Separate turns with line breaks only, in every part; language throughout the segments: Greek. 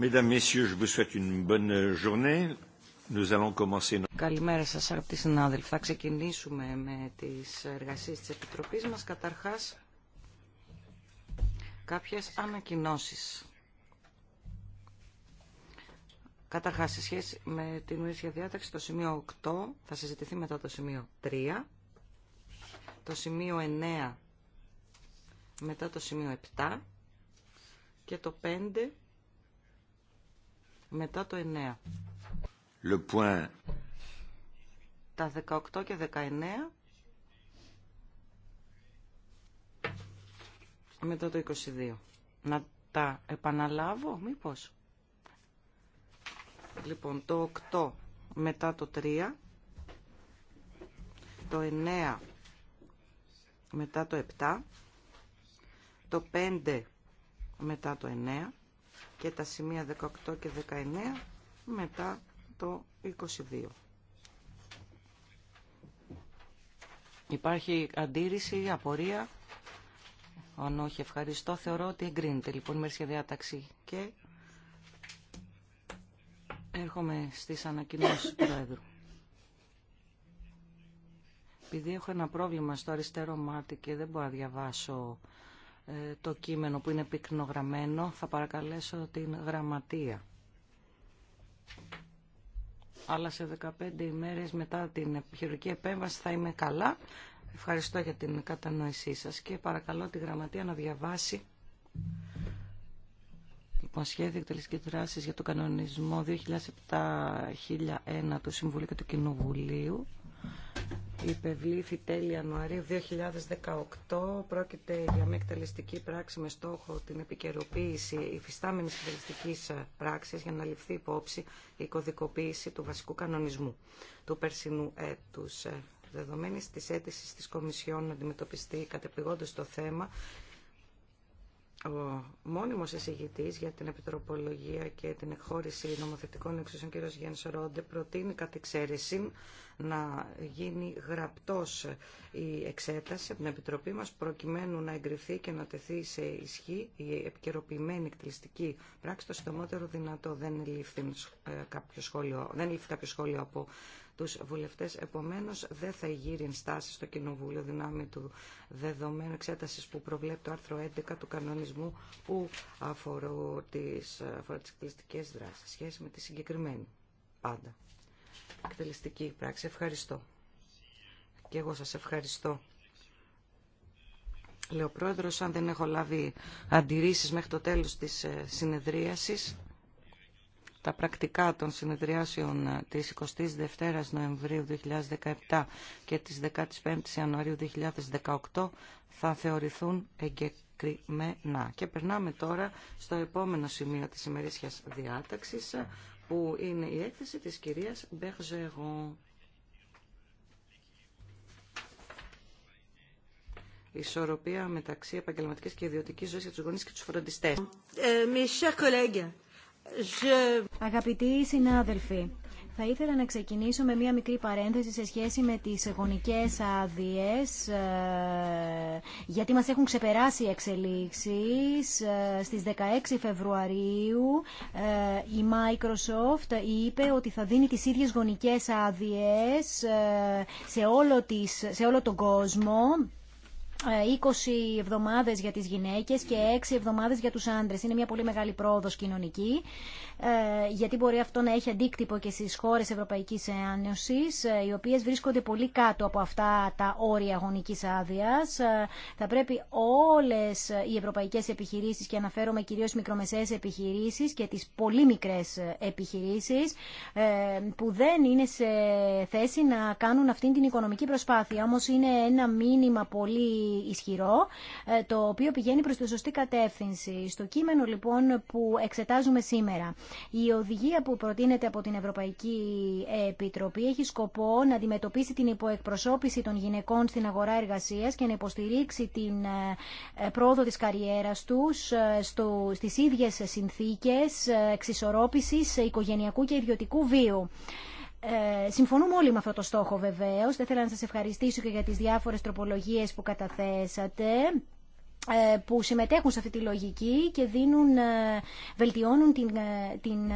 Mesdames, Messieurs, je vous souhaite une bonne euh, journée. Nous allons commencer...
Καλημέρα σας αγαπητοί συνάδελφοι. Θα ξεκινήσουμε με τις εργασίες της Επιτροπής μας. Καταρχάς, κάποιες ανακοινώσεις. Καταρχά, σε σχέση με την ίδια διάταξη, το σημείο 8 θα συζητηθεί μετά το σημείο 3, το σημείο 9 μετά το σημείο 7 και το 5 μετά το 9.
Le point.
Τα 18 και 19. Μετά το 22. Να τα επαναλάβω, μήπως. Λοιπόν, το 8 μετά το 3. Το 9 μετά το 7. Το 5 μετά το 9 και τα σημεία 18 και 19 μετά το 22. Υπάρχει αντίρρηση, απορία. Αν όχι, ευχαριστώ. Θεωρώ ότι εγκρίνεται λοιπόν η για διάταξη. Και έρχομαι στις ανακοινώσεις του Πρόεδρου. Επειδή έχω ένα πρόβλημα στο αριστερό μάτι και δεν μπορώ να διαβάσω ε, το κείμενο που είναι πυκνογραμμένο. Θα παρακαλέσω την γραμματεία. Αλλά σε 15 ημέρες μετά την χειρουργική επέμβαση θα είμαι καλά. Ευχαριστώ για την κατανόησή σας και παρακαλώ τη γραμματεία να διαβάσει λοιπόν, σχέδιο εκτελεστική δράση για τον κανονισμό 2007-2001 του Συμβουλίου και του Κοινοβουλίου υπευλήθη τέλη Ιανουαρίου 2018. Πρόκειται για μια εκτελεστική πράξη με στόχο την επικαιροποίηση υφιστάμενης εκτελεστικής πράξης για να ληφθεί υπόψη η κωδικοποίηση του βασικού κανονισμού του περσινού έτους. Ε, δεδομένης της αίτησης της Κομισιόν να αντιμετωπιστεί κατεπηγόντως το θέμα, ο μόνιμος εισηγητής για την επιτροπολογία και την εκχώρηση νομοθετικών εξουσιών κ. Γιάννης Ρόντε προτείνει κατ' εξαίρεση να γίνει γραπτός η εξέταση από την Επιτροπή μας προκειμένου να εγκριθεί και να τεθεί σε ισχύ η επικαιροποιημένη εκτελεστική πράξη το συντομότερο δυνατό. Δεν ε, κάποιο δεν λήφθη κάποιο σχόλιο από τους βουλευτές. Επομένως, δεν θα γύρει ενστάσεις στο Κοινοβούλιο δυνάμει του δεδομένου εξέτασης που προβλέπει το άρθρο 11 του κανονισμού που αφορά τις, αφορά δράσει δράσεις, σχέση με τη συγκεκριμένη πάντα. Εκτελεστική πράξη. Ευχαριστώ. Και εγώ σας ευχαριστώ. Λέω πρόεδρος, αν δεν έχω λάβει αντιρρήσεις μέχρι το τέλος της ε, συνεδρίασης, τα πρακτικά των συνεδριάσεων της 22ης Νοεμβρίου 2017 και της 15ης Ιανουαρίου 2018 θα θεωρηθούν εγκεκριμένα. Και περνάμε τώρα στο επόμενο σημείο της ημερήσιας διάταξης που είναι η έκθεση της κυρίας Μπερζεγόν. Ισορροπία μεταξύ επαγγελματικής και ιδιωτικής ζωής για τους γονείς και τους φροντιστές.
Ε, ε mes chers Αγαπητοί συνάδελφοι, θα ήθελα να ξεκινήσω με μία μικρή παρένθεση σε σχέση με τις γονικές άδειες, ε, γιατί μας έχουν ξεπεράσει οι εξελίξεις. Ε, στις 16 Φεβρουαρίου ε, η Microsoft είπε ότι θα δίνει τις ίδιες γονικές άδειες σε σε όλο τον κόσμο, 20 ε, εβδομάδες για τις γυναίκες και 6 εβδομάδες για τους άντρες. Είναι μια πολύ μεγάλη πρόοδος κοινωνική, ε, γιατί μπορεί αυτό να έχει αντίκτυπο και στις χώρες Ευρωπαϊκής Ένωσης, ε, οι οποίες βρίσκονται πολύ κάτω από αυτά τα όρια αγωνικής άδεια. Θα πρέπει όλες οι ευρωπαϊκές επιχειρήσεις, και αναφέρομαι κυρίως μικρομεσαίες επιχειρήσεις και τις πολύ μικρές επιχειρήσεις, που δεν είναι σε θέση να κάνουν αυτή την οικονομική προσπάθεια. Όμως είναι ένα μήνυμα πολύ ισχυρό, ε, το οποίο πηγαίνει προς τη σωστή κατεύθυνση. Στο κείμενο λοιπόν που εξετάζουμε σήμερα, η οδηγία που προτείνεται από την Ευρωπαϊκή Επιτροπή έχει σκοπό να αντιμετωπίσει την υποεκπροσώπηση των γυναικών στην αγορά εργασίας και να υποστηρίξει την ε, ε, πρόοδο της καριέρας τους στι στις ίδιες συνθήκες εξισορρόπησης οικογενειακού και ιδιωτικού βίου. Ε, συμφωνούμε όλοι με αυτό το στόχο βεβαίως. Θα ήθελα να σας ευχαριστήσω και για τις διάφορες τροπολογίες που καταθέσατε ε, που συμμετέχουν σε αυτή τη λογική και δίνουν, ε, βελτιώνουν την, ε, την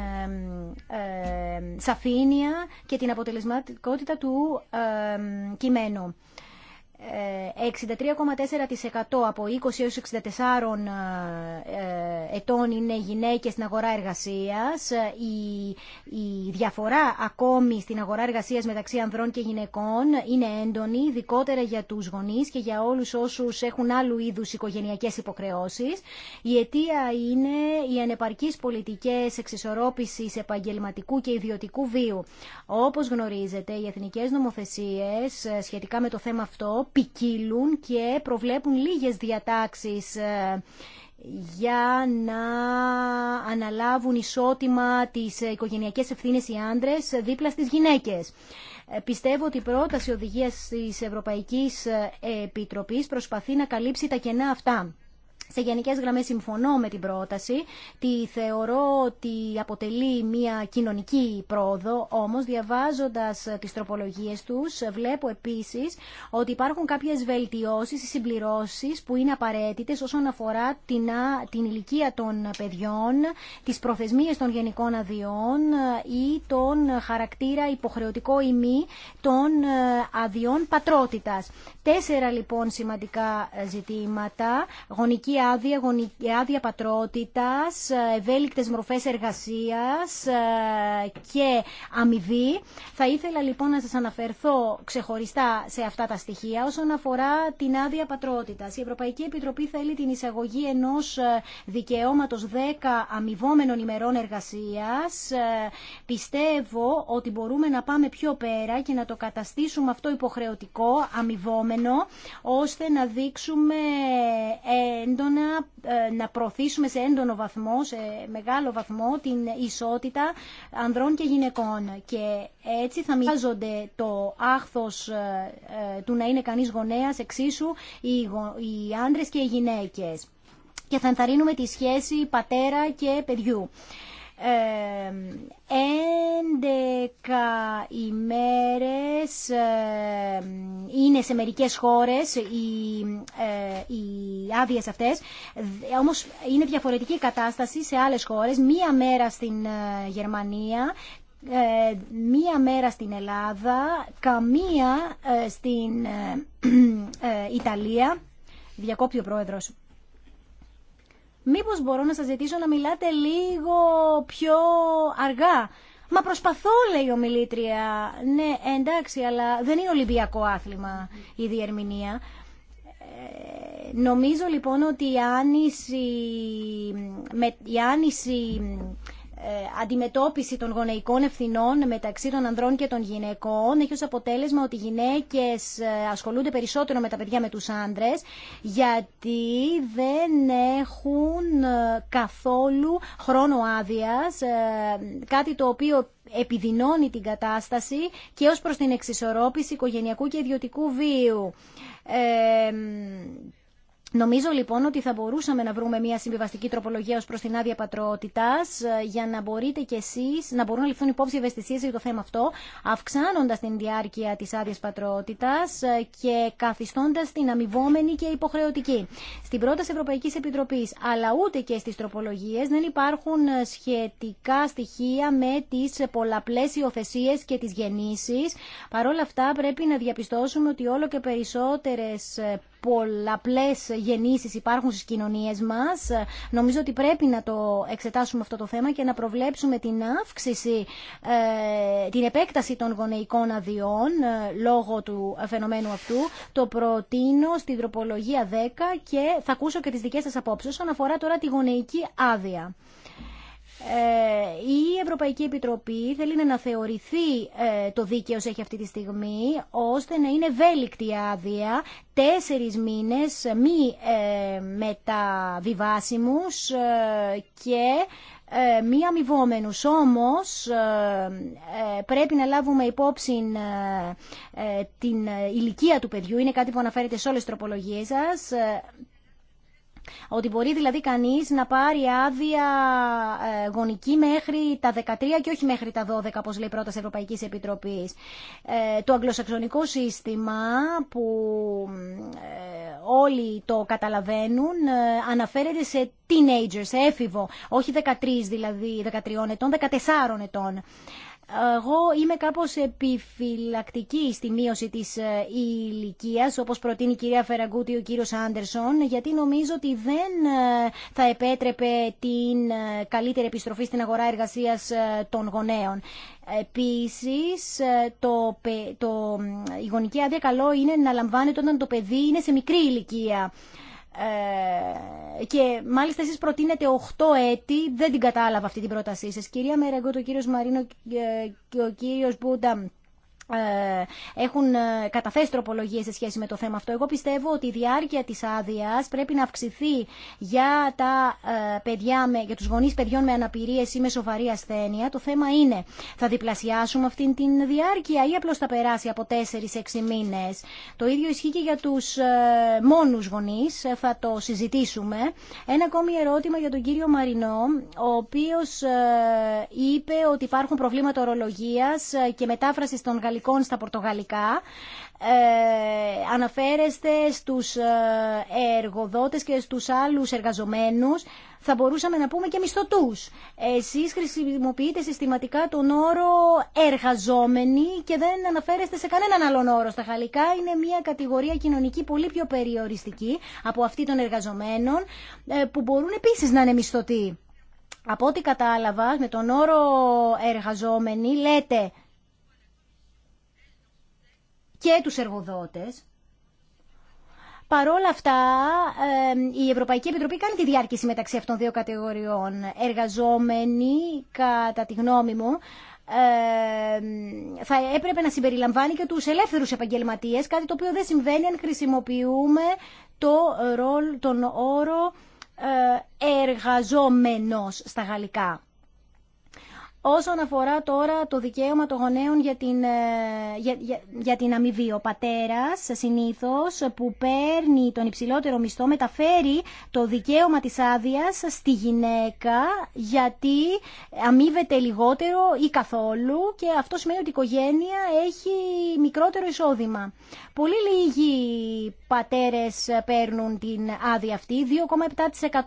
ε, σαφήνεια και την αποτελεσματικότητα του ε, κειμένου. 63,4% ε, από 20 έως 64 ε, ε, ετών είναι γυναίκες στην αγορά εργασίας. Η, η διαφορά ακόμη στην αγορά εργασίας μεταξύ ανδρών και γυναικών είναι έντονη, ειδικότερα για τους γονείς και για όλους όσους έχουν άλλου είδους οικογενειακές υποχρεώσεις. Η αιτία είναι οι ανεπαρκείς πολιτικές εξισορρόπησης επαγγελματικού και ιδιωτικού βίου. Όπως γνωρίζετε, οι εθνικές νομοθεσίες σχετικά με το θέμα αυτό ποικίλουν και προβλέπουν λίγες διατάξεις ε, για να αναλάβουν ισότιμα τις ε, οικογενειακές ευθύνες οι άντρες δίπλα στις γυναίκες. Ε, πιστεύω ότι η πρόταση οδηγίας της Ευρωπαϊκής Επιτροπής προσπαθεί να καλύψει τα κενά αυτά. Σε γενικέ γραμμέ, συμφωνώ με την πρόταση, τη θεωρώ ότι αποτελεί μια κοινωνική πρόοδο, όμως διαβάζοντας ε, τις τροπολογίες τους βλέπω επίσης ότι υπάρχουν κάποιες βελτιώσεις ή συμπληρώσεις που είναι απαραίτητες όσον αφορά την, την ηλικία των παιδιών, τις προθεσμίες των γενικών αδειών ε, ή τον χαρακτήρα υποχρεωτικό ή μη των ε, αδειών πατρότητας. Τέσσερα λοιπόν σημαντικά ζητήματα, γονική άδεια, ε, άδεια πατρότητας, ε, ευέλικτες μορφές εργασίας ε, και αμοιβή. Θα ήθελα λοιπόν να σας αναφερθώ ξεχωριστά σε αυτά τα στοιχεία όσον αφορά την άδεια πατρότητας. Η Ευρωπαϊκή Επιτροπή θέλει την εισαγωγή ενός δικαιώματος 10 αμοιβόμενων ημερών εργασίας. Πιστεύω ότι μπορούμε να πάμε πιο πέρα και να το καταστήσουμε αυτό υποχρεωτικό, αμοιβόμενο, ώστε να δείξουμε έντονα ε, να προωθήσουμε σε έντονο βαθμό, σε μεγάλο βαθμό, την ισότητα ανδρών και γυναικών. Και έτσι θα μοιάζονται το άχθος ε, ε, του να είναι κανείς γονέας εξίσου οι άντρες και οι γυναίκες. Και θα ενθαρρύνουμε τη σχέση πατέρα και παιδιού. 11 ημέρες είναι σε μερικές χώρες οι, ε, οι άδειε αυτές, όμως είναι διαφορετική κατάσταση σε άλλες χώρες. Μία μέρα στην ε, Γερμανία, ε, μία μέρα στην Ελλάδα, καμία στην Ιταλία. Διακόπτει ο πρόεδρος. Μήπως μπορώ να σας ζητήσω να μιλάτε λίγο πιο αργά. Μα προσπαθώ, λέει η ομιλήτρια. Ναι, εντάξει, αλλά δεν είναι ολυμπιακό άθλημα η διερμηνία. Ε, νομίζω λοιπόν ότι η άνηση, με, η άνηση ε, αντιμετώπιση των γονεϊκών ευθυνών μεταξύ των ανδρών και των γυναικών έχει ως αποτέλεσμα ότι οι γυναίκες ε, ασχολούνται περισσότερο με τα παιδιά με τους άνδρες γιατί δεν έχουν ε, καθόλου χρόνο άδειας, κάτι το οποίο επιδεινώνει την κατάσταση και ως προς την εξισορρόπηση οικογενειακού και ιδιωτικού βίου. Νομίζω λοιπόν ότι θα μπορούσαμε να βρούμε μια συμβιβαστική τροπολογία ω προ την άδεια πατρότητα ε, για να μπορείτε κι εσείς να μπορούν να ληφθούν υπόψη ευαισθησίε για το θέμα αυτό αυξάνοντα την διάρκεια τη άδεια πατρότητα ε, και καθιστώντα την αμοιβόμενη και υποχρεωτική. Στην πρόταση Ευρωπαϊκή Επιτροπή, αλλά ούτε και στι τροπολογίε, δεν υπάρχουν ε, σχετικά στοιχεία με τι πολλαπλέ υιοθεσίε και τι γεννήσει. Παρ' όλα αυτά πρέπει να διαπιστώσουμε ότι όλο και περισσότερε πολλαπλές γεννήσει υπάρχουν στις κοινωνίε μας. Νομίζω ότι πρέπει να το εξετάσουμε αυτό το θέμα και να προβλέψουμε την αύξηση, ε, την επέκταση των γονεϊκών αδειών ε, λόγω του φαινομένου αυτού. Το προτείνω στην τροπολογία 10 και θα ακούσω και τις δικές σας απόψει όσον αφορά τώρα τη γονεϊκή άδεια. Ε, η Ευρωπαϊκή Επιτροπή θέλει να θεωρηθεί ε, το δίκαιο σε αυτή τη στιγμή, ώστε να είναι ευέλικτη άδεια τέσσερις μήνες μη ε, μεταβιβάσιμους και μη αμοιβόμενους. Όμως πρέπει να λάβουμε υπόψη την ηλικία του παιδιού. Είναι κάτι που αναφέρεται σε όλες τις τροπολογίες σας. Ότι μπορεί δηλαδή κανεί να πάρει άδεια ε, γονική μέχρι τα 13 και όχι μέχρι τα 12, όπω λέει η πρόταση Ευρωπαϊκή Επιτροπή. Ε, το αγγλοσαξονικό σύστημα που ε, όλοι το καταλαβαίνουν αναφέρεται σε teenagers, σε έφηβο, όχι 13 δηλαδή, 13 ετών, 14 ετών εγώ είμαι κάπως επιφυλακτική στη μείωση της ε, ηλικία, όπως προτείνει η κυρία Φεραγκούτη ο κύριος Άντερσον, γιατί νομίζω ότι δεν ε, θα επέτρεπε την ε, καλύτερη επιστροφή στην αγορά εργασίας των γονέων. Επίσης, το, το, η γονική άδεια καλό είναι να λαμβάνεται όταν το παιδί είναι σε μικρή ηλικία. Ε, και μάλιστα εσείς προτείνετε 8 έτη, δεν την κατάλαβα αυτή την πρότασή σας. Κυρία Μερεγκό, το κύριος Μαρίνο και ε, ο κύριος Μπούντα ε, έχουν ε, καταθέσει τροπολογίε σε σχέση με το θέμα αυτό. Εγώ πιστεύω ότι η διάρκεια τη άδεια πρέπει να αυξηθεί για, τα, ε, παιδιά με, για τους γονείς παιδιών με αναπηρίε ή με σοβαρή ασθένεια. Το θέμα είναι, θα διπλασιάσουμε αυτήν την διάρκεια ή απλώ θα περάσει από 4-6 μήνε. Το ίδιο ισχύει και για τους μόνους γονείς, θα το συζητήσουμε. Ένα ακόμη ερώτημα για τον κύριο Μαρινό, ο οποίος είπε ότι υπάρχουν προβλήματα ορολογία και μετάφραση των Ιταλικών στα Πορτογαλικά. Ε, αναφέρεστε στους ε, εργοδότες και στους άλλους εργαζομένους. Θα μπορούσαμε να πούμε και μισθωτούς. Εσείς χρησιμοποιείτε συστηματικά τον όρο εργαζόμενοι και δεν αναφέρεστε σε κανέναν άλλον όρο. Στα χαλικά είναι μια κατηγορία κοινωνική πολύ πιο περιοριστική από αυτή των εργαζομένων ε, που μπορούν επίσης να είναι μισθωτοί. Από ό,τι κατάλαβα, με τον όρο εργαζόμενοι λέτε και τους εργοδότες. Παρόλα αυτά, η Ευρωπαϊκή Επιτροπή κάνει τη διάρκεια μεταξύ αυτών δύο κατηγοριών. Εργαζόμενοι, κατά τη γνώμη μου, θα έπρεπε να συμπεριλαμβάνει και τους ελεύθερους επαγγελματίες, κάτι το οποίο δεν συμβαίνει αν χρησιμοποιούμε το ρόλ, τον όρο ε, εργαζόμενος στα γαλλικά. Όσον αφορά τώρα το δικαίωμα των γονέων για την, ε, για, την αμοιβή, ο πατέρα, συνήθως που παίρνει τον υψηλότερο μισθό μεταφέρει το δικαίωμα της άδεια στη γυναίκα γιατί αμείβεται λιγότερο ή καθόλου και αυτό σημαίνει ότι η οικογένεια έχει μικρότερο εισόδημα. Πολύ λίγοι πατέρες παίρνουν την άδεια αυτή, 2,7%.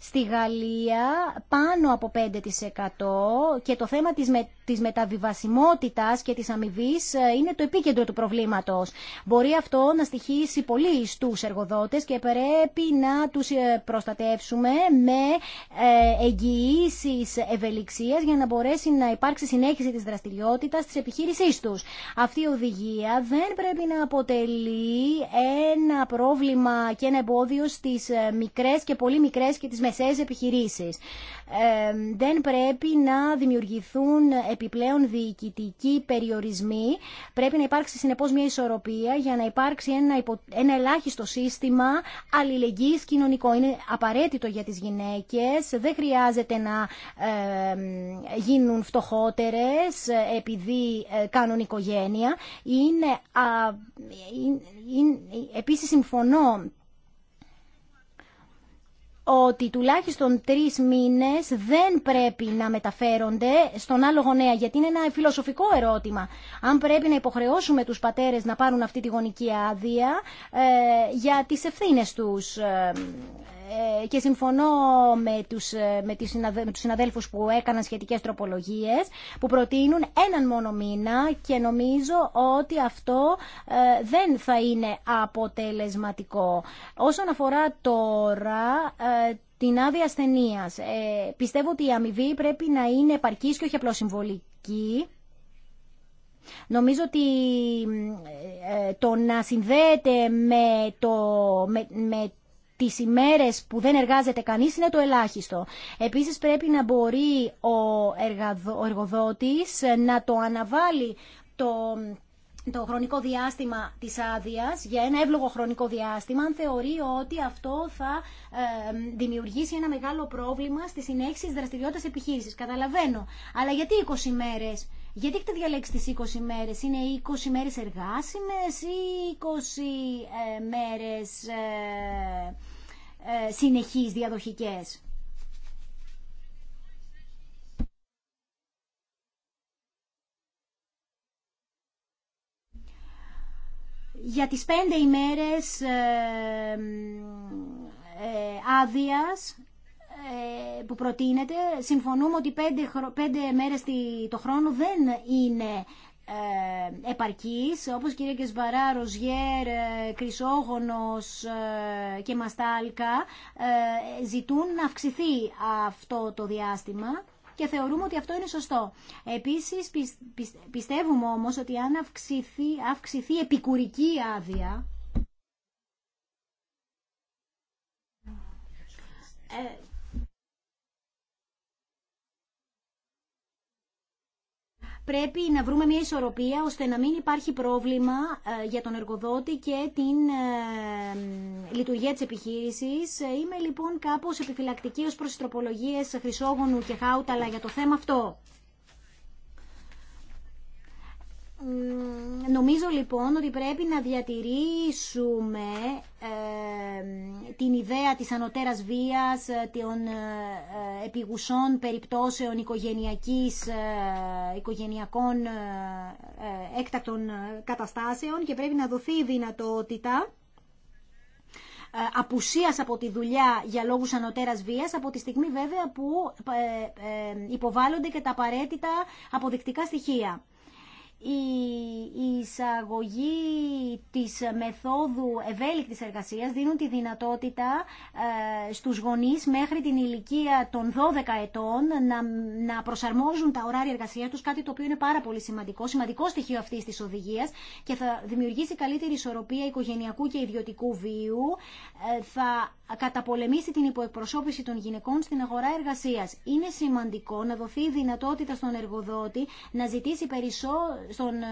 Στη Γαλλία πάνω από 5% και το θέμα της, με, της μεταβιβασιμότητας και της αμοιβή ε, είναι το επίκεντρο του προβλήματος. Μπορεί αυτό να στοιχήσει πολύ στους εργοδότες και πρέπει να τους ε, προστατεύσουμε με ε, εγγυήσει ευελιξίας για να μπορέσει να υπάρξει συνέχιση της δραστηριότητας της επιχείρησής τους. Αυτή η οδηγία δεν πρέπει να αποτελεί ένα πρόβλημα και ένα εμπόδιο στις μικρές και πολύ μικρές και τις μεσαίες επιχειρήσεις. δεν πρέπει να δημιουργηθούν επιπλέον διοικητικοί περιορισμοί. Πρέπει να υπάρξει συνεπώ μια ισορροπία για να υπάρξει ένα, ένα ελάχιστο σύστημα αλληλεγγύη κοινωνικό. Είναι απαραίτητο για τι γυναίκε, δεν χρειάζεται να γίνουν φτωχότερε επειδή ε, κάνουν οικογένεια. Είναι, ε, ε, επίσης συμφωνώ ότι τουλάχιστον τρει μήνες δεν πρέπει να μεταφέρονται στον άλλο γονέα, γιατί είναι ένα φιλοσοφικό ερώτημα. Αν πρέπει να υποχρεώσουμε τους πατέρες να πάρουν αυτή τη γονική άδεια ε, για τις ευθύνες τους. Ε, ε, και συμφωνώ με τους, ε, με συναδέλφους που έκαναν σχετικές τροπολογίες που προτείνουν έναν μόνο μήνα και νομίζω ότι αυτό ε, δεν θα είναι αποτελεσματικό. Όσον αφορά τώρα την άδεια ασθενεία. πιστεύω ότι η αμοιβή πρέπει να είναι επαρκής και όχι απλώς συμβολική. Νομίζω ότι το να συνδέεται με, το, με τις ημέρε που δεν εργάζεται κανεί είναι το ελάχιστο. Επίση πρέπει να μπορεί ο εργοδότης να το αναβάλει το το χρονικό διάστημα της άδεια για ένα εύλογο χρονικό διάστημα αν θεωρεί ότι αυτό θα ε, δημιουργήσει ένα μεγάλο πρόβλημα στη συνέχιση της δραστηριότητας επιχείρησης. Καταλαβαίνω. Αλλά γιατί 20 μέρες. Γιατί έχετε διαλέξει τις 20 μέρες. Είναι 20 μέρες εργάσιμες ή 20 ε, μέρες... Ε, ε, συνεχείς διαδοχικές. Για τις πέντε ημέρες ε, ε, άδειας που προτείνεται, συμφωνούμε ότι πέντε, πέντε μέρες το χρόνο δεν είναι ε, επαρκής, όπως κύριε Κεσβαρά, Ροζιέρ, Κρυσόγονος ε, ε, και Μαστάλκα, ε, ζητούν να αυξηθεί αυτό το διάστημα και θεωρούμε ότι αυτό είναι σωστό. Επίσης πιστεύουμε όμως ότι αν αυξηθεί, αυξηθεί επικουρική άδεια, πρέπει να βρούμε μια ισορροπία ώστε να μην υπάρχει πρόβλημα ε, για τον εργοδότη και την ε, λειτουργία της επιχείρησης. Ε, είμαι λοιπόν κάπως επιφυλακτική ως προς τις τροπολογίες Χρυσόγονου και Χάουταλα για το θέμα αυτό. Νομίζω λοιπόν ότι πρέπει να διατηρήσουμε ε, την ιδέα της ανωτέρας βίας, ε, των ε, επιγουσών περιπτώσεων οικογενειακής, οικογενειακών έκτακτων καταστάσεων και πρέπει να δοθεί η δυνατότητα απουσίας από τη δουλειά για λόγους ανωτέρας βίας από τη στιγμή βέβαια που υποβάλλονται και τα απαραίτητα αποδεικτικά στοιχεία η εισαγωγή της μεθόδου ευέλικτης εργασίας δίνουν τη δυνατότητα ε, στους γονείς μέχρι την ηλικία των 12 ετών να προσαρμόζουν τα ωράρια εργασίας τους, κάτι το οποίο είναι πάρα πολύ σημαντικό, σημαντικό στοιχείο αυτής της οδηγίας και θα δημιουργήσει καλύτερη ισορροπία οικογενειακού και ιδιωτικού βίου, ε, θα καταπολεμήσει την υποεκπροσώπηση των γυναικών στην αγορά εργασίας. Είναι σημαντικό να δοθεί δυνατότητα στον εργοδότη να ζητήσει περισσότερο στον ε,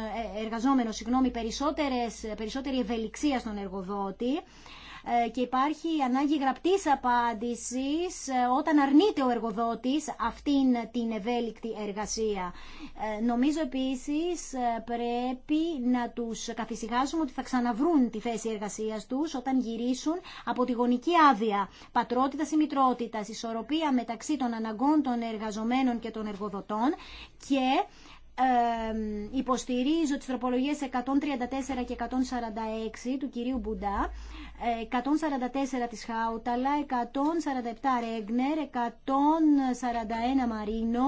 εργαζόμενο συγγνώμη, περισσότερες, περισσότερη ευελιξία στον εργοδότη ε, και υπάρχει ανάγκη γραπτής απάντησης ε, όταν αρνείται ο εργοδότης αυτήν την ευέλικτη εργασία. Νομίζω επίσης πρέπει να τους καθησυχάσουμε ότι θα ξαναβρούν τη θέση εργασίας τους όταν γυρίσουν από τη γονική άδεια πατρότητας ή μητρότητας, ισορροπία μεταξύ των αναγκών των εργαζομένων και των εργοδοτών και υποστηρίζω τις τροπολογίες 134 και 146 του κυρίου Μπουντά, 144 ε, της Χάουταλα, 147 Ρέγνερ, 141 Μαρίνο,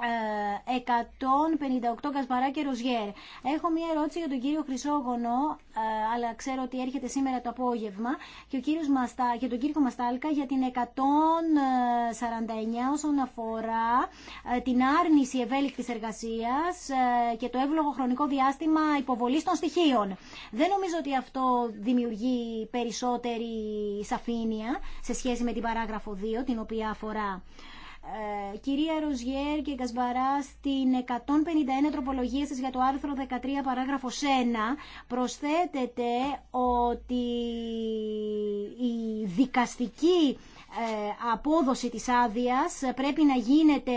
158 ε, Κασπαρά και Ροζιέρ. Έχω μία ερώτηση για τον κύριο Χρυσόγονο, ε, αλλά ξέρω ότι έρχεται σήμερα το απόγευμα, και, ο κύριος Μαστά, και τον κύριο Μαστάλκα για την 149 όσον αφορά ε, την άρνηση ευέλικτης εργασίας και το εύλογο χρονικό διάστημα υποβολής των στοιχείων. Δεν νομίζω ότι αυτό δημιουργεί περισσότερη σαφήνεια σε σχέση με την παράγραφο 2, την οποία αφορά ε, κυρία Ροζιέρ και Γκασμπαρά στην 151 τροπολογία σας για το άρθρο 13 παράγραφος 1 προσθέτεται ότι η δικαστική ε, απόδοση της άδεια ε, πρέπει να γίνεται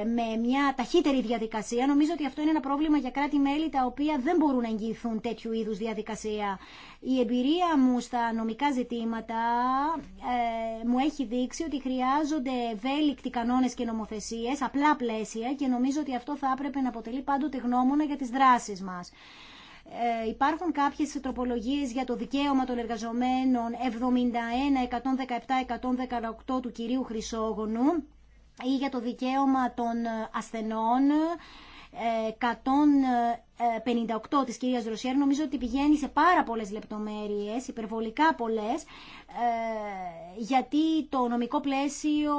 ε, με μια ταχύτερη διαδικασία. Νομίζω ότι αυτό είναι ένα πρόβλημα για κράτη-μέλη τα οποία δεν μπορούν να εγγυηθούν τέτοιου είδους διαδικασία. Η εμπειρία μου στα νομικά ζητήματα μου έχει δείξει ότι χρειάζονται ευέλικτοι κανόνες και νομοθεσίες, απλά πλαίσια και νομίζω ότι αυτό θα έπρεπε να αποτελεί πάντοτε γνώμονα για τις δράσεις μας. Ε, υπάρχουν κάποιες τροπολογίες για το δικαίωμα των εργαζομένων 71, 117, 118 του κυρίου Χρυσόγονου ή για το δικαίωμα των ε, ασθενών 158 ε, της κυρίας Ρωσιέρ νομίζω ότι πηγαίνει σε πάρα πολλές λεπτομέρειες, υπερβολικά πολλές ε, γιατί το νομικό πλαίσιο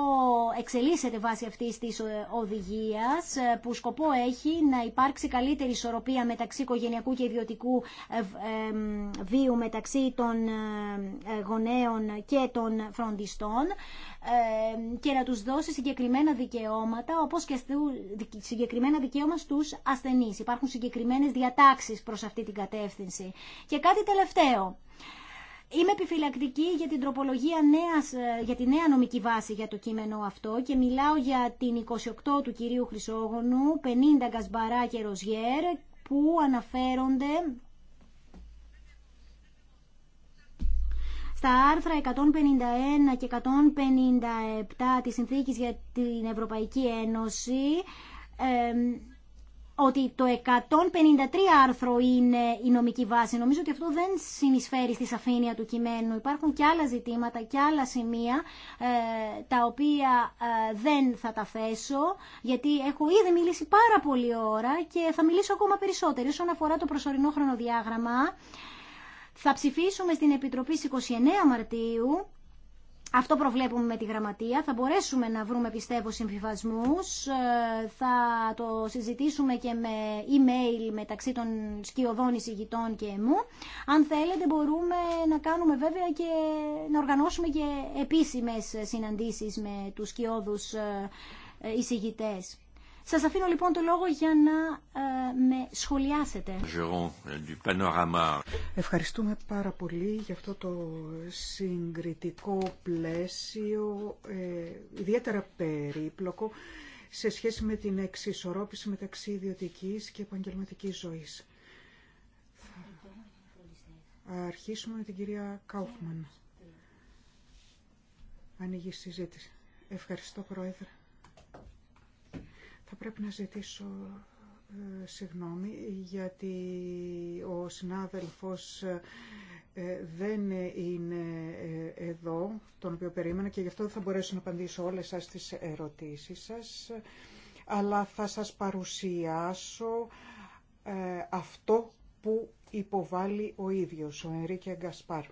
εξελίσσεται βάσει αυτής της ε, οδηγίας ε, που σκοπό έχει να υπάρξει καλύτερη ισορροπία μεταξύ οικογενειακού και ιδιωτικού βίου μεταξύ των γονέων και των φροντιστών και να τους δώσει συγκεκριμένα δικαιώματα όπως και συγκεκριμένα δικαιώματα στους ασθενείς. Υπάρχουν συγκεκριμένες διατάξεις προς αυτή την κατεύθυνση. Και κάτι τελευταίο. Είμαι επιφυλακτική για την τροπολογία νέας, ε, για τη νέα νομική βάση για το κείμενο αυτό και μιλάω για την 28 του κυρίου Χρυσόγονου, 50 Γκασμπαρά και Ροζιέρ που αναφέρονται στα άρθρα 151 και 157 της Συνθήκης για την Ευρωπαϊκή Ένωση ότι το 153 άρθρο είναι η νομική βάση. Νομίζω ότι αυτό δεν συνεισφέρει στη σαφήνεια του κειμένου. Υπάρχουν και άλλα ζητήματα και άλλα σημεία ε, τα οποία ε, δεν θα τα θέσω γιατί έχω ήδη μιλήσει πάρα πολύ ώρα και θα μιλήσω ακόμα περισσότερο. Όσον αφορά το προσωρινό χρονοδιάγραμμα θα ψηφίσουμε στην Επιτροπή στις 29 Μαρτίου αυτό προβλέπουμε με τη γραμματεία. Θα μπορέσουμε να βρούμε, πιστεύω, συμφιβασμούς. Ε, θα το συζητήσουμε και με email μεταξύ των σκιωδών εισηγητών και μου. Αν θέλετε μπορούμε να κάνουμε βέβαια και να οργανώσουμε και επίσημες συναντήσεις με τους σκιώδους ε, εισηγητέ. Σας αφήνω λοιπόν το λόγο για να ε, με σχολιάσετε.
Euh, Ευχαριστούμε πάρα πολύ για αυτό το συγκριτικό πλαίσιο, ε, ιδιαίτερα περίπλοκο, σε σχέση με την εξισορρόπηση μεταξύ ιδιωτική και επαγγελματική ζωής. Θα αρχίσουμε με την κυρία Κάουφμαν. Ανοίγει η συζήτηση. Ευχαριστώ, Πρόεδρε. Θα πρέπει να ζητήσω ε, συγγνώμη γιατί ο συνάδελφος ε, δεν είναι ε, εδώ, τον οποίο περίμενα και γι' αυτό δεν θα μπορέσω να απαντήσω όλες σας τις ερωτήσεις σας, αλλά θα σας παρουσιάσω ε, αυτό που υποβάλλει ο ίδιος, ο Ενρίκε Γκασπάρ.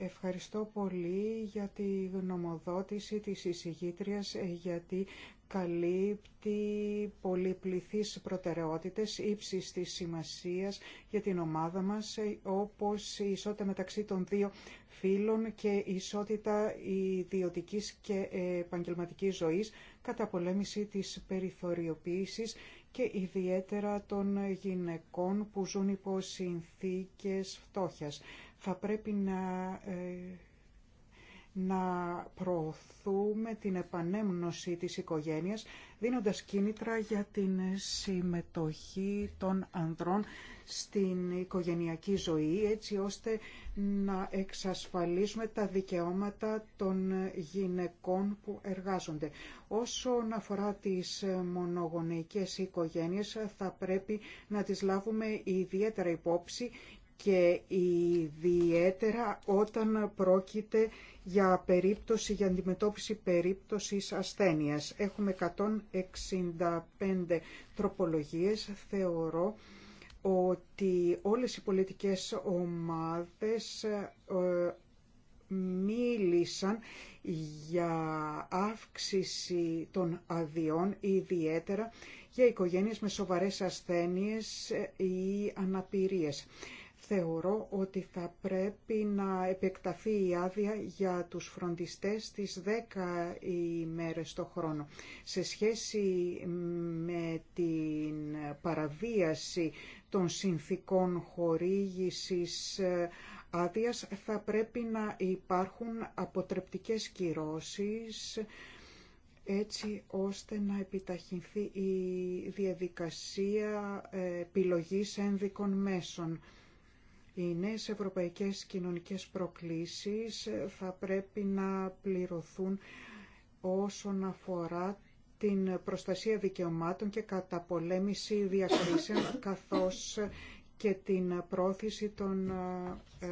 Ευχαριστώ πολύ για τη γνωμοδότηση της εισηγήτριας, γιατί καλύπτει πολυπληθείς προτεραιότητες ύψης της σημασίας για την ομάδα μας, ε, όπως η ισότητα μεταξύ των δύο φύλων και η ισότητα ιδιωτική και επαγγελματικής ζωής, πολέμηση της περιθωριοποίησης και ιδιαίτερα των γυναικών που ζουν υπό συνθήκες φτώχειας. Θα πρέπει να ε, να προωθούμε την επανέμνωση της οικογένειας, δίνοντας κίνητρα για την συμμετοχή των ανδρών στην οικογενειακή ζωή, έτσι ώστε να εξασφαλίσουμε τα δικαιώματα των γυναικών που εργάζονται. Όσον αφορά τις μονογονεϊκές οικογένειες, θα πρέπει να τις λάβουμε ιδιαίτερα υπόψη και ιδιαίτερα όταν πρόκειται για περίπτωση, για αντιμετώπιση περίπτωσης ασθένειας. Έχουμε 165 τροπολογίες. Θεωρώ ότι όλες οι πολιτικές ομάδες ε, μίλησαν για αύξηση των αδειών, ιδιαίτερα για οικογένειες με σοβαρές ασθένειες ή αναπηρίες. Θεωρώ ότι θα πρέπει να επεκταθεί η άδεια για τους φροντιστές τις 10 ημέρες το χρόνο. Σε σχέση με την παραβίαση των συνθήκων χορήγησης ε, άδεια, θα πρέπει να υπάρχουν αποτρεπτικές κυρώσεις έτσι ώστε να επιταχυνθεί η διαδικασία ε, επιλογής ένδικων μέσων. Οι νέες ευρωπαϊκές κοινωνικές προκλήσεις θα πρέπει να πληρωθούν όσον αφορά την προστασία δικαιωμάτων και καταπολέμηση διακρίσεων καθώς και την πρόθεση των ε,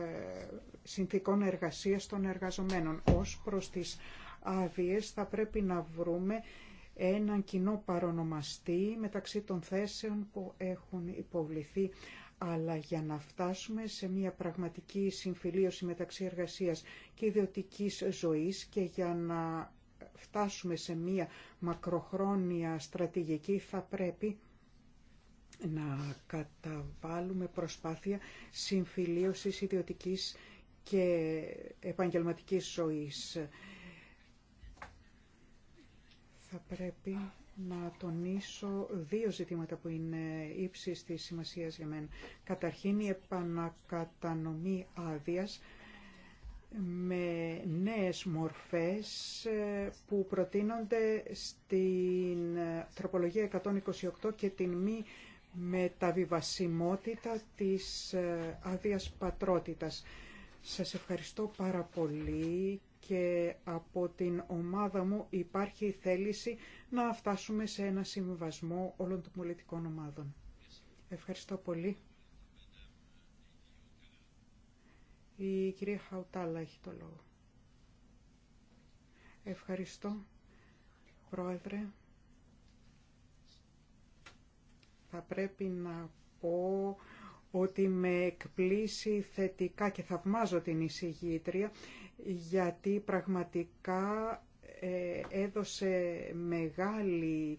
συνθήκων εργασίας των εργαζομένων. Ως προς τις άδειες θα πρέπει να βρούμε έναν κοινό παρονομαστή μεταξύ των θέσεων που έχουν υποβληθεί αλλά για να φτάσουμε σε μια πραγματική συμφιλίωση μεταξύ εργασίας και ιδιωτικής ζωής και για να φτάσουμε σε μια μακροχρόνια στρατηγική θα πρέπει να καταβάλουμε προσπάθεια συμφιλίωσης ιδιωτικής και επαγγελματικής ζωής. Θα πρέπει να τονίσω δύο ζητήματα που είναι ύψη τη σημασίας για μένα. Καταρχήν η επανακατανομή άδεια με νέες μορφές ε, που προτείνονται στην ε, τροπολογία 128 και την μη μεταβιβασιμότητα της ε, άδεια πατρότητας. Σας ευχαριστώ πάρα πολύ και από την ομάδα μου υπάρχει η θέληση να φτάσουμε σε ένα συμβασμό όλων των πολιτικών ομάδων. Ευχαριστώ πολύ. Η κυρία Χαουτάλα έχει το λόγο. Ευχαριστώ, Πρόεδρε. Θα πρέπει να πω ότι με εκπλήσει θετικά και θαυμάζω την εισηγήτρια γιατί πραγματικά ε, έδωσε μεγάλη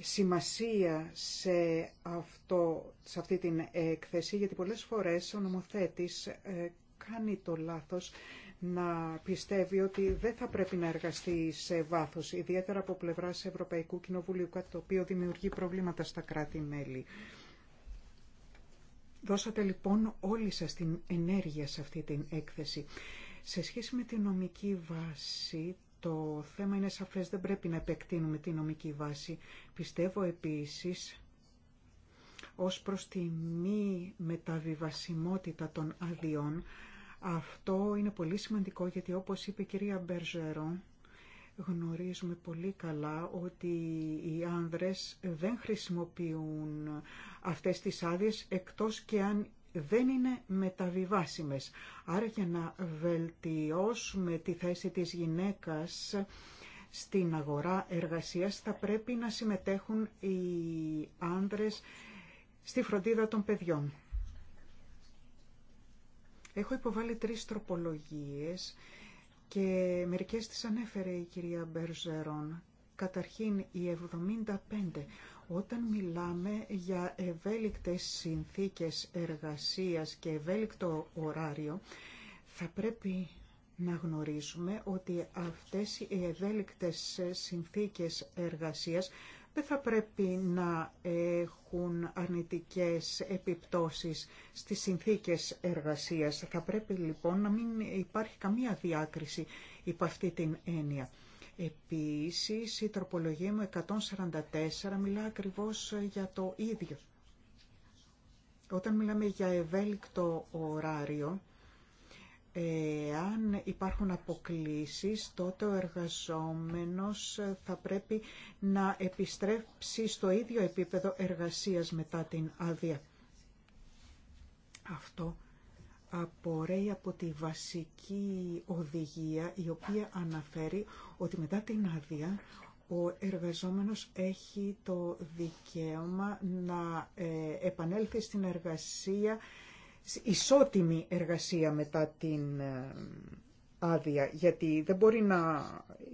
σημασία σε, αυτό, σε αυτή την έκθεση γιατί πολλές φορές ο νομοθέτης ε, κάνει το λάθος να πιστεύει ότι δεν θα πρέπει να εργαστεί σε βάθος, ιδιαίτερα από πλευράς Ευρωπαϊκού Κοινοβουλίου, κάτι το οποίο δημιουργεί προβλήματα στα κράτη-μέλη. Δώσατε λοιπόν όλη σας την ενέργεια σε αυτή την έκθεση. Σε σχέση με την νομική βάση, το θέμα είναι σαφές, δεν πρέπει να επεκτείνουμε τη νομική βάση. Πιστεύω επίσης ως προς τη μη μεταβιβασιμότητα των αδειών. Αυτό είναι πολύ σημαντικό γιατί όπως είπε η κυρία Μπερζερό, Γνωρίζουμε πολύ καλά ότι οι άνδρες δεν χρησιμοποιούν αυτές τις άδειες εκτός και αν δεν είναι μεταβιβάσιμες. Άρα για να βελτιώσουμε τη θέση της γυναίκας στην αγορά εργασίας θα πρέπει να συμμετέχουν οι άνδρες στη φροντίδα των παιδιών. Έχω υποβάλει τρεις τροπολογίες και μερικές τις ανέφερε η κυρία Μπερζερόν. Καταρχήν η 75. Όταν μιλάμε για ευέλικτες συνθήκες εργασίας και ευέλικτο ωράριο, θα πρέπει να γνωρίζουμε ότι αυτές οι ευέλικτες συνθήκες εργασίας δεν θα πρέπει να έχουν αρνητικές επιπτώσεις στις συνθήκες εργασίας. Θα πρέπει λοιπόν να μην υπάρχει καμία διάκριση υπό αυτή την έννοια. Επίσης, η τροπολογία μου 144 μιλά ακριβώς για το ίδιο. Όταν μιλάμε για ευέλικτο ωράριο, Εάν υπάρχουν αποκλήσεις, τότε ο εργαζόμενος θα πρέπει να επιστρέψει στο ίδιο επίπεδο εργασίας μετά την άδεια. Αυτό απορρέει από τη βασική οδηγία η οποία αναφέρει ότι μετά την άδεια ο εργαζόμενος έχει το δικαίωμα να ε, επανέλθει στην εργασία ισότιμη εργασία μετά την ε, άδεια, γιατί δεν μπορεί να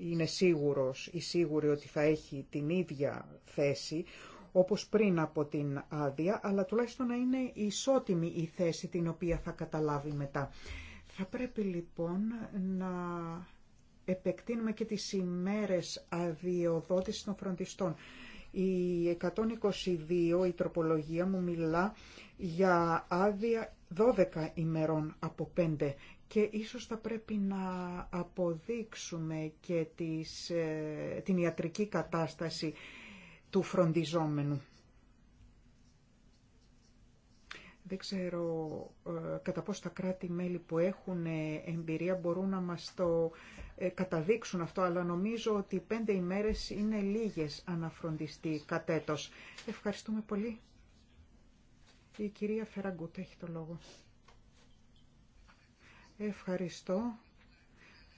είναι σίγουρος ή σίγουρη ότι θα έχει την ίδια θέση όπως πριν από την άδεια, αλλά τουλάχιστον να είναι ισότιμη η θέση την οποία θα καταλάβει μετά. Θα πρέπει λοιπόν να επεκτείνουμε και τις ημέρες αδειοδότησης των φροντιστών. Η 122, η τροπολογία μου μιλά για άδεια 12 ημερών από 5 και ίσως θα πρέπει να αποδείξουμε και τις, ε, την ιατρική κατάσταση του φροντιζόμενου. Δεν ξέρω ε, κατά πόσο τα κράτη-μέλη που έχουν ε, εμπειρία μπορούν να μας το καταδείξουν αυτό, αλλά νομίζω ότι πέντε ημέρες είναι λίγες αναφροντιστή κατέτος. Ευχαριστούμε πολύ. Η κυρία Φεραγκούτ έχει το λόγο. Ευχαριστώ.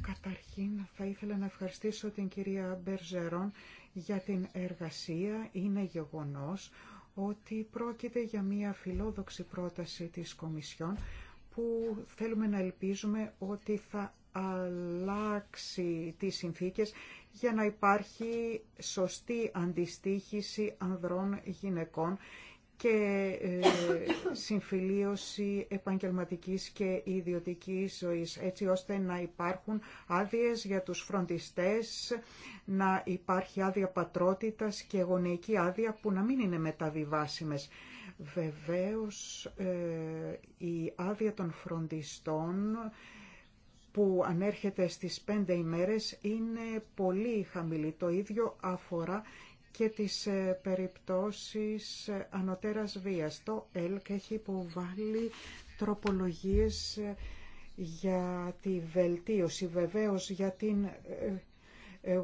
Καταρχήν θα ήθελα να ευχαριστήσω την κυρία Μπερζερόν για την εργασία. Είναι γεγονός ότι πρόκειται για μια φιλόδοξη πρόταση της Κομισιόν που θέλουμε να ελπίζουμε ότι θα αλλάξει τις συνθήκες για να υπάρχει σωστή αντιστήχηση ανδρών γυναικών και ε, συμφιλίωση επαγγελματικής και ιδιωτικής ζωής, έτσι ώστε να υπάρχουν άδειες για τους φροντιστές, να υπάρχει άδεια πατρότητας και γονεϊκή άδεια που να μην είναι μεταβιβάσιμες. Βεβαίως, ε, η άδεια των φροντιστών που ανέρχεται στις πέντε ημέρες είναι πολύ χαμηλή. Το ίδιο αφορά και τις ε, περιπτώσεις ε, ανωτέρας βίας. Το ΕΛΚ έχει υποβάλει τροπολογίες ε, για τη βελτίωση. Βεβαίως για την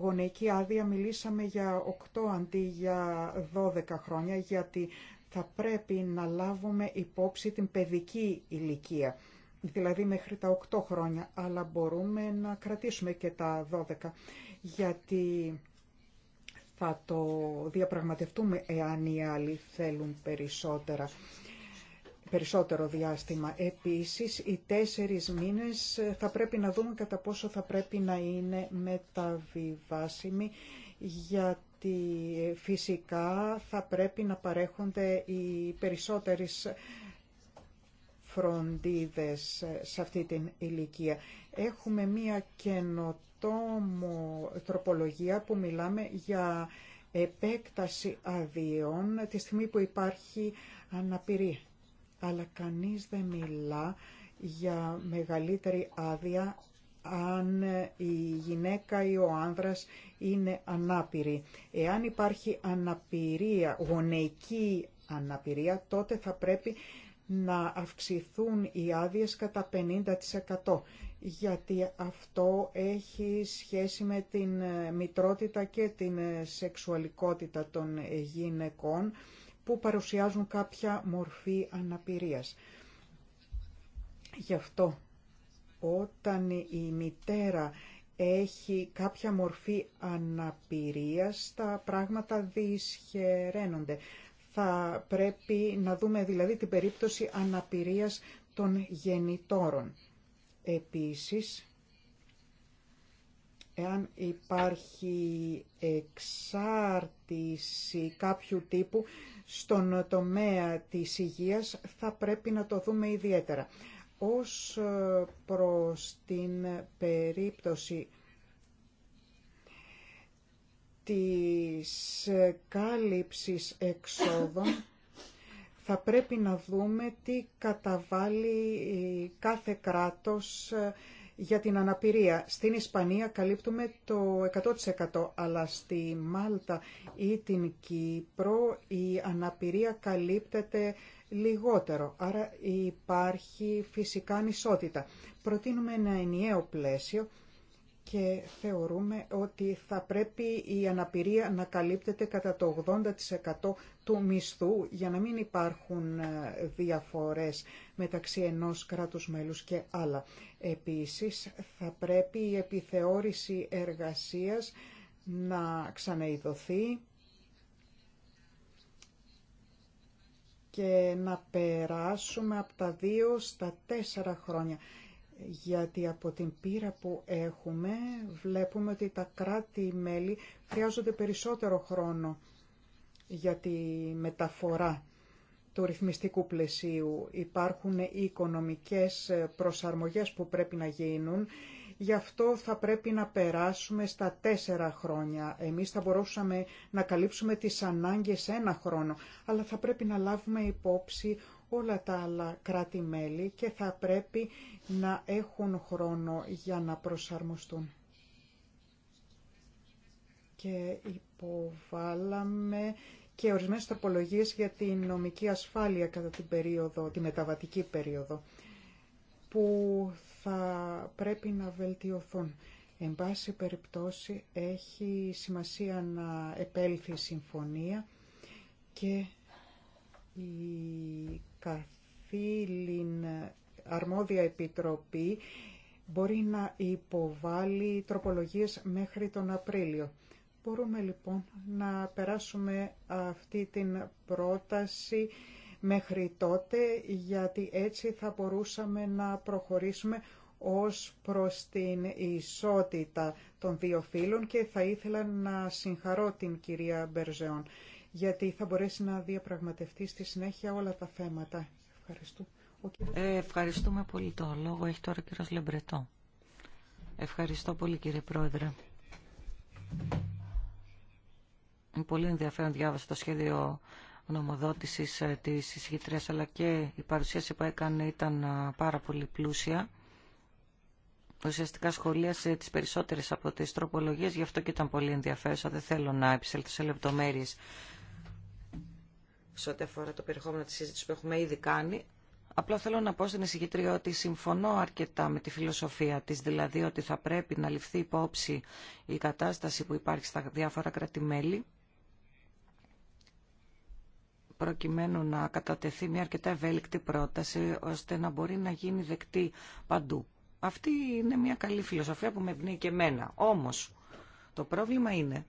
γονεϊκή άδεια μιλήσαμε για 8 αντί για 12 χρόνια γιατί θα πρέπει να λάβουμε υπόψη την παιδική ηλικία, δηλαδή μέχρι τα 8 χρόνια, αλλά μπορούμε να κρατήσουμε και τα 12, γιατί θα το διαπραγματευτούμε εάν οι άλλοι θέλουν περισσότερα περισσότερο διάστημα. Επίσης, οι τέσσερις μήνες θα πρέπει να δούμε κατά πόσο θα πρέπει να είναι μεταβιβάσιμοι, γιατί φυσικά θα πρέπει να παρέχονται οι περισσότερες φροντίδες σε αυτή την ηλικία. Έχουμε μία καινοτομία μου τροπολογία που μιλάμε για επέκταση αδειών τη στιγμή που υπάρχει αναπηρία. Αλλά κανείς δεν μιλά για μεγαλύτερη άδεια αν η γυναίκα ή ο άνδρας είναι ανάπηρη. Εάν υπάρχει αναπηρία, γονεϊκή αναπηρία, τότε θα πρέπει να αυξηθούν οι άδειες κατά 50% γιατί αυτό έχει σχέση με την ε, μητρότητα και την ε, σεξουαλικότητα των ε, γυναικών που παρουσιάζουν κάποια μορφή αναπηρίας. Γι' αυτό όταν η μητέρα έχει κάποια μορφή αναπηρίας, τα πράγματα δυσχεραίνονται. Θα πρέπει να δούμε δηλαδή την περίπτωση αναπηρίας των γεννητόρων. Επίσης, εάν υπάρχει εξάρτηση κάποιου τύπου στον τομέα της υγείας, θα πρέπει να το δούμε ιδιαίτερα. Ως προς την περίπτωση της κάλυψης εξόδων θα πρέπει να δούμε τι καταβάλει ε, κάθε κράτος ε, για την αναπηρία. Στην Ισπανία καλύπτουμε το 100%, αλλά στη Μάλτα ή την Κύπρο η αναπηρία καλύπτεται λιγότερο. Άρα υπάρχει φυσικά ανισότητα. Προτείνουμε ένα ενιαίο πλαίσιο και θεωρούμε ότι θα πρέπει η αναπηρία να καλύπτεται κατά το 80% του μισθού για να μην υπάρχουν ε, διαφορές μεταξύ ενός κράτους μέλους και άλλα. Επίσης, θα πρέπει η επιθεώρηση εργασίας να ξαναειδωθεί και να περάσουμε από τα δύο στα τέσσερα χρόνια γιατί από την πείρα που έχουμε βλέπουμε ότι τα κράτη-μέλη χρειάζονται περισσότερο χρόνο για τη μεταφορά του ρυθμιστικού πλαισίου. Υπάρχουν οι οικονομικές προσαρμογές που πρέπει να γίνουν, γι' αυτό θα πρέπει να περάσουμε στα τέσσερα χρόνια. Εμείς θα μπορούσαμε να καλύψουμε τις ανάγκες ένα χρόνο, αλλά θα πρέπει να λάβουμε υπόψη όλα τα άλλα κράτη-μέλη και θα πρέπει να έχουν χρόνο για να προσαρμοστούν. Και υποβάλαμε και ορισμένες τροπολογίες για την νομική ασφάλεια κατά την περίοδο, τη μεταβατική περίοδο, που θα πρέπει να βελτιωθούν. Εν πάση περιπτώσει έχει σημασία να επέλθει η συμφωνία και η καθήλυν αρμόδια επιτροπή μπορεί να υποβάλει τροπολογίες μέχρι τον Απρίλιο. Μπορούμε λοιπόν να περάσουμε αυτή την πρόταση μέχρι τότε, γιατί έτσι θα μπορούσαμε να προχωρήσουμε ως προς την ισότητα των δύο φύλων και θα ήθελα να συγχαρώ την κυρία Μπερζεόν γιατί θα μπορέσει να διαπραγματευτεί στη συνέχεια όλα τα θέματα. Ευχαριστώ.
ε, ευχαριστούμε πολύ το λόγο. Έχει τώρα ο κύριος Λεμπρετό. Ευχαριστώ πολύ κύριε Πρόεδρε. Είναι πολύ ενδιαφέρον διάβασα το σχέδιο νομοδότησης ε, της εισηγητρίας αλλά και η παρουσίαση που έκανε ήταν ε, πάρα πολύ πλούσια. Ουσιαστικά σχολίασε τις περισσότερες από τις τροπολογίες, γι' αυτό και ήταν πολύ ενδιαφέρουσα. Δεν θέλω να επισέλθω σε λεπτομέρειες σε ό,τι αφορά το περιεχόμενο τη συζήτηση που έχουμε ήδη κάνει. Απλά θέλω να πω στην εισηγήτρια ότι συμφωνώ αρκετά με τη φιλοσοφία τη, δηλαδή ότι θα πρέπει να ληφθεί υπόψη η κατάσταση που υπάρχει στα διάφορα κρατημέλη, προκειμένου να κατατεθεί μια αρκετά ευέλικτη πρόταση, ώστε να μπορεί να γίνει δεκτή παντού. Αυτή είναι μια καλή φιλοσοφία που με εμπνέει και εμένα. Όμως, το πρόβλημα είναι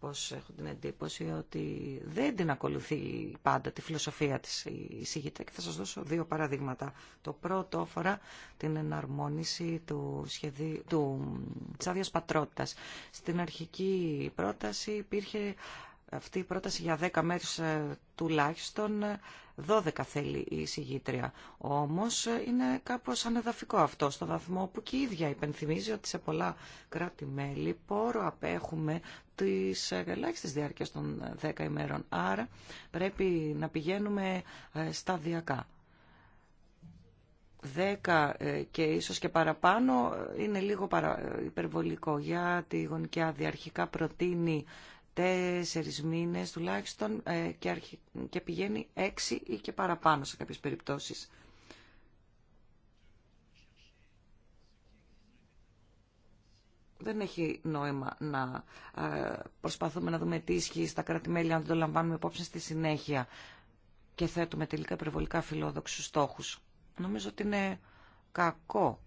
πως έχω την εντύπωση ότι δεν την ακολουθεί πάντα τη φιλοσοφία της η και θα σας δώσω δύο παραδείγματα. Το πρώτο αφορά την εναρμόνιση του σχεδί... του... της πατρότητας. Στην αρχική πρόταση υπήρχε αυτή η πρόταση για 10 μέρες ε, τουλάχιστον ε, 12 θέλει η εισηγήτρια. Όμως είναι κάπως ανεδαφικό αυτό στο βαθμό που και η ίδια υπενθυμίζει ότι σε πολλά κράτη-μέλη πόρο απέχουμε τις ελάχιστες διάρκειες των 10 ημέρων. Άρα πρέπει να πηγαίνουμε ε, σταδιακά. 10 ε, και ίσως και παραπάνω ε, είναι λίγο υπερβολικό για τη γονική διαρχικά Αρχικά προτείνει τέσσερις μήνες τουλάχιστον ε, και, αρχι... και πηγαίνει έξι ή και παραπάνω σε κάποιες περιπτώσεις. Δεν έχει νόημα να ε, προσπαθούμε να δούμε τι ισχύει στα κράτη-μέλη αν δεν το λαμβάνουμε υπόψη στη συνέχεια και θέτουμε τελικά υπερβολικά φιλόδοξους στόχους. Νομίζω ότι είναι κακό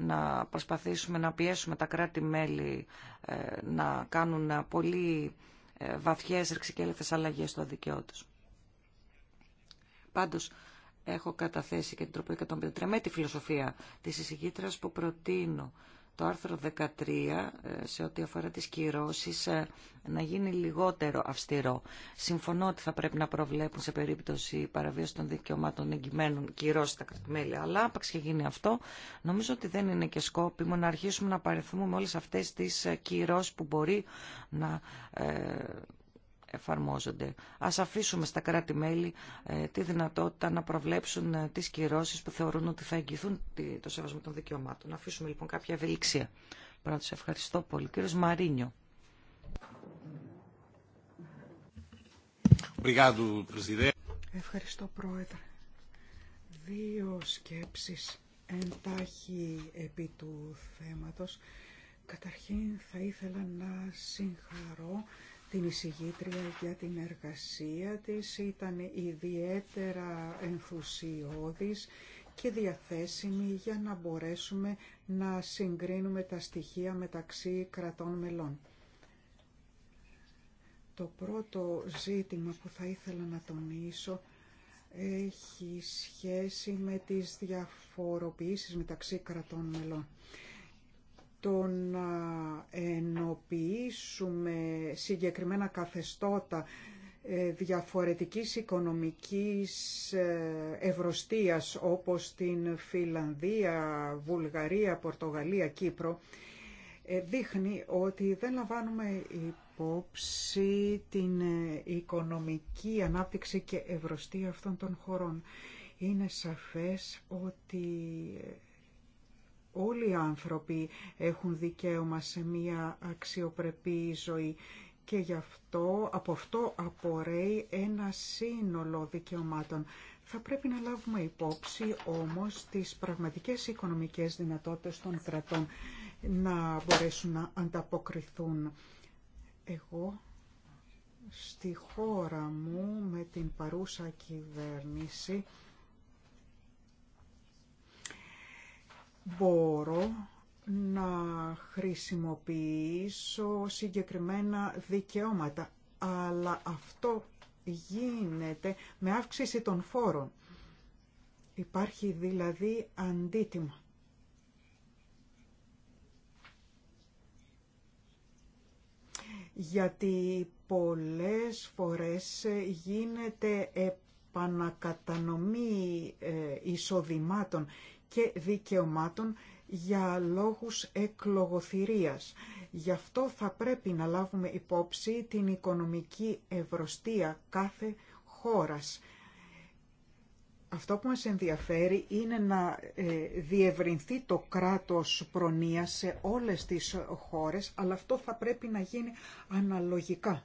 να προσπαθήσουμε να πιέσουμε τα κράτη-μέλη ε, να κάνουν πολύ ε, βαθιές ρηξικέλευτες αλλαγές στο δικαιό τους. Πάντως, έχω καταθέσει και την τροπή 153 με τη φιλοσοφία της εισηγήτρας που προτείνω το άρθρο 13 ε, σε ό,τι αφορά τις κυρώσεις ε, να γίνει λιγότερο αυστηρό. Συμφωνώ ότι θα πρέπει να προβλέπουν σε περίπτωση παραβίαση των δικαιωμάτων εγκυμένων κυρώσεις στα κρατημέλη, αλλά άπαξ και γίνει αυτό, νομίζω ότι δεν είναι και σκόπιμο να αρχίσουμε να παρεθούμε με όλες αυτές τις ε, κυρώσεις που μπορεί να εφαρμόζονται. Ας αφήσουμε στα κράτη-μέλη ε, τη δυνατότητα να προβλέψουν ε, τις κυρώσεις που θεωρούν ότι θα εγγυηθούν το σεβασμό των δικαιωμάτων. Να αφήσουμε λοιπόν κάποια ευελιξία. Πρώτος, ευχαριστώ πολύ. Κύριος Μαρίνιο. Ευχαριστώ Πρόεδρε.
Δύο σκέψεις εντάχει επί του θέματος. Καταρχήν θα ήθελα να συγχαρώ την εισηγήτρια για την εργασία της. Ήταν ιδιαίτερα ενθουσιώδης και διαθέσιμη για να μπορέσουμε να συγκρίνουμε τα στοιχεία μεταξύ κρατών μελών. Το πρώτο ζήτημα που θα ήθελα να τονίσω έχει σχέση με τις διαφοροποιήσεις μεταξύ κρατών μελών το να ενοποιήσουμε συγκεκριμένα καθεστώτα ε, διαφορετικής οικονομικής ε, ευρωστίας όπως την Φιλανδία, Βουλγαρία, Πορτογαλία, Κύπρο ε, δείχνει ότι δεν λαμβάνουμε υπόψη την οικονομική ανάπτυξη και ευρωστία αυτών των χωρών. Είναι σαφές ότι όλοι οι άνθρωποι έχουν δικαίωμα σε μία αξιοπρεπή ζωή και γι' αυτό, από αυτό απορρέει ένα σύνολο δικαιωμάτων. Θα πρέπει να λάβουμε υπόψη όμως τις πραγματικές οικονομικές δυνατότητες των κρατών να μπορέσουν να ανταποκριθούν. Εγώ στη χώρα μου με την παρούσα κυβέρνηση μπορώ να χρησιμοποιήσω συγκεκριμένα δικαιώματα, αλλά αυτό γίνεται με αύξηση των φόρων. Υπάρχει δηλαδή αντίτιμο. Γιατί πολλές φορές γίνεται επανακατανομή ε, εισοδημάτων και δικαιωμάτων για λόγους εκλογοθυρίας. Γι' αυτό θα πρέπει να λάβουμε υπόψη την οικονομική ευρωστία κάθε χώρας. Αυτό που μας ενδιαφέρει είναι να ε, διευρυνθεί το κράτος προνοίας σε όλες τις χώρες, αλλά αυτό θα πρέπει να γίνει αναλογικά,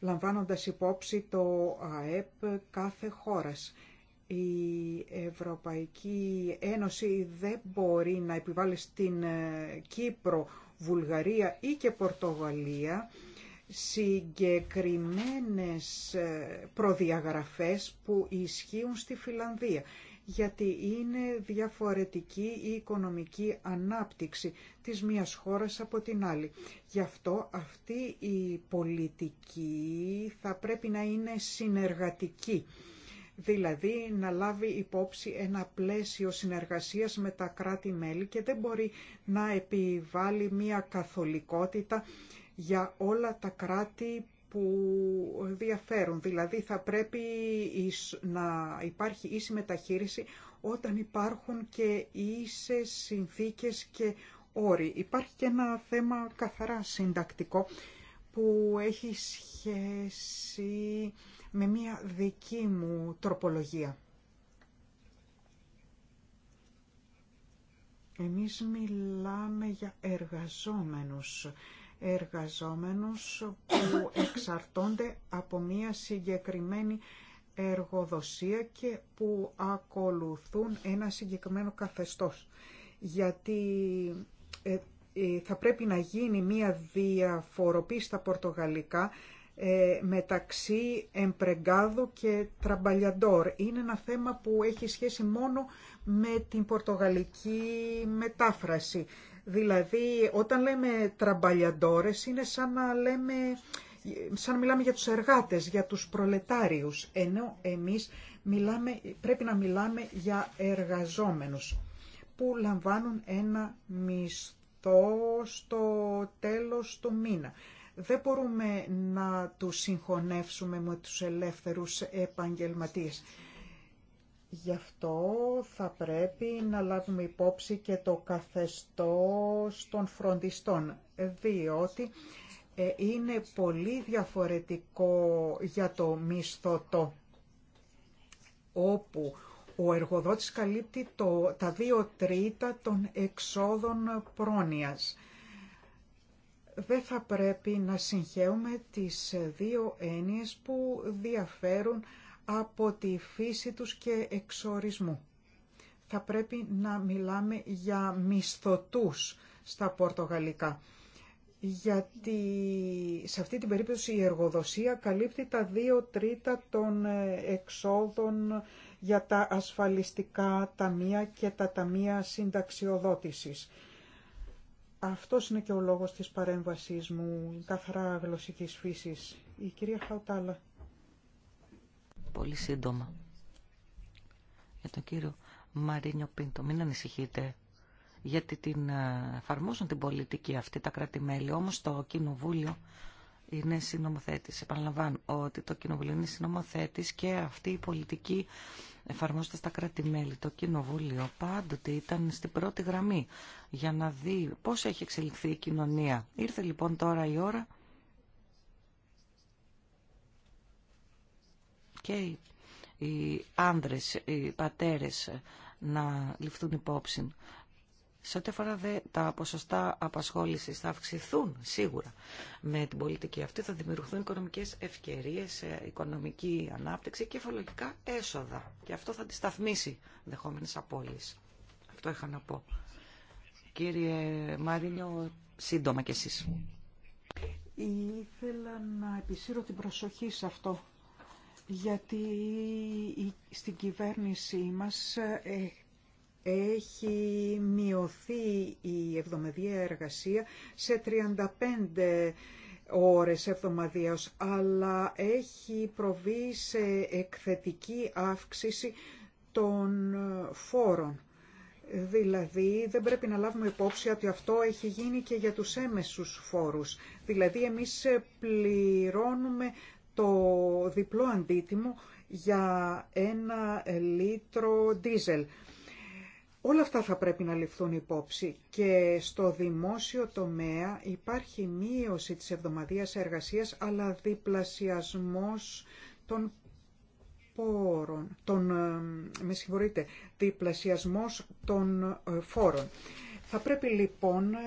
λαμβάνοντας υπόψη το ΑΕΠ κάθε χώρας η Ευρωπαϊκή Ένωση δεν μπορεί να επιβάλλει στην ε, Κύπρο, Βουλγαρία ή και Πορτογαλία συγκεκριμένες ε, προδιαγραφές που ισχύουν στη Φιλανδία γιατί είναι διαφορετική η οικονομική ανάπτυξη της μίας χώρας από την άλλη. Γι' αυτό αυτή η πολιτική θα πρέπει να είναι συνεργατική δηλαδή να λάβει υπόψη ένα πλαίσιο συνεργασίας με τα κράτη-μέλη και δεν μπορεί να επιβάλλει μία καθολικότητα για όλα τα κράτη που διαφέρουν. Δηλαδή θα πρέπει να υπάρχει ίση μεταχείριση όταν υπάρχουν και ίσες συνθήκες και όροι. Υπάρχει και ένα θέμα καθαρά συντακτικό που έχει σχέση με μία δική μου τροπολογία. Εμείς μιλάμε για εργαζόμενους, εργαζόμενους που εξαρτώνται από μία συγκεκριμένη εργοδοσία και που ακολουθούν ένα συγκεκριμένο καθεστώς. Γιατί ε, ε, θα πρέπει να γίνει μία διαφοροποίηση στα πορτογαλικά ε, μεταξύ Εμπρεγκάδου και Τραμπαλιαντόρ. Είναι ένα θέμα που έχει σχέση μόνο με την πορτογαλική μετάφραση. Δηλαδή, όταν λέμε τραμπαλιαντόρες, είναι σαν να λέμε, σαν να μιλάμε για τους εργάτες, για τους προλετάριους, ενώ εμείς μιλάμε, πρέπει να μιλάμε για εργαζόμενους που λαμβάνουν ένα μισθό στο τέλος του μήνα δεν μπορούμε να του συγχωνεύσουμε με τους ελεύθερους επαγγελματίες. Γι' αυτό θα πρέπει να λάβουμε υπόψη και το καθεστώς των φροντιστών, διότι ε, είναι πολύ διαφορετικό για το μισθωτό, όπου ο εργοδότης καλύπτει το, τα δύο τρίτα των εξόδων πρόνοιας δεν θα πρέπει να συγχέουμε τις δύο έννοιες που διαφέρουν από τη φύση τους και εξορισμού. Θα πρέπει να μιλάμε για μισθωτούς στα πορτογαλικά, γιατί σε αυτή την περίπτωση η εργοδοσία καλύπτει τα δύο τρίτα των εξόδων για τα ασφαλιστικά ταμεία και τα ταμεία συνταξιοδότησης. Αυτό είναι και ο λόγος της παρέμβασής μου, καθαρά γλωσσικής φύσης. Η κυρία Χαουτάλα.
Πολύ σύντομα. Για τον κύριο Μαρίνιο Πίντο, μην ανησυχείτε, γιατί την ε, εφαρμόζουν την πολιτική αυτή τα κρατη όμως το Κοινοβούλιο είναι συνομοθέτης. Επαναλαμβάνω ότι το Κοινοβούλιο είναι συνομοθέτης και αυτή η πολιτική εφαρμόζεται στα κράτη-μέλη. Το Κοινοβούλιο πάντοτε ήταν στην πρώτη γραμμή για να δει πώ έχει εξελιχθεί η κοινωνία. Ήρθε λοιπόν τώρα η ώρα και οι άνδρες, οι πατέρες να ληφθούν υπόψη σε ό,τι αφορά δε, τα ποσοστά απασχόληση θα αυξηθούν σίγουρα με την πολιτική αυτή, θα δημιουργηθούν οικονομικέ ευκαιρίε, ε, οικονομική ανάπτυξη και φορολογικά έσοδα. Και αυτό θα αντισταθμίσει δεχόμενε απώλειε. Αυτό είχα να πω. Κύριε Μαρίνιο, σύντομα κι εσείς.
Ήθελα να επισύρω την προσοχή σε αυτό, γιατί στην κυβέρνησή μας ε, έχει μειωθεί η εβδομαδιαία εργασία σε 35 ώρες εβδομαδίως, αλλά έχει προβεί σε εκθετική αύξηση των φόρων. Δηλαδή δεν πρέπει να λάβουμε υπόψη ότι αυτό έχει γίνει και για τους έμεσους φόρους. Δηλαδή εμείς πληρώνουμε το διπλό αντίτιμο για ένα λίτρο ντίζελ. Όλα αυτά θα πρέπει να ληφθούν υπόψη και στο δημόσιο τομέα υπάρχει μείωση της εβδομαδίας εργασίας αλλά διπλασιασμός των πόρων, των, ε, με συγχωρείτε, διπλασιασμός των ε, φόρων. Θα πρέπει λοιπόν ε,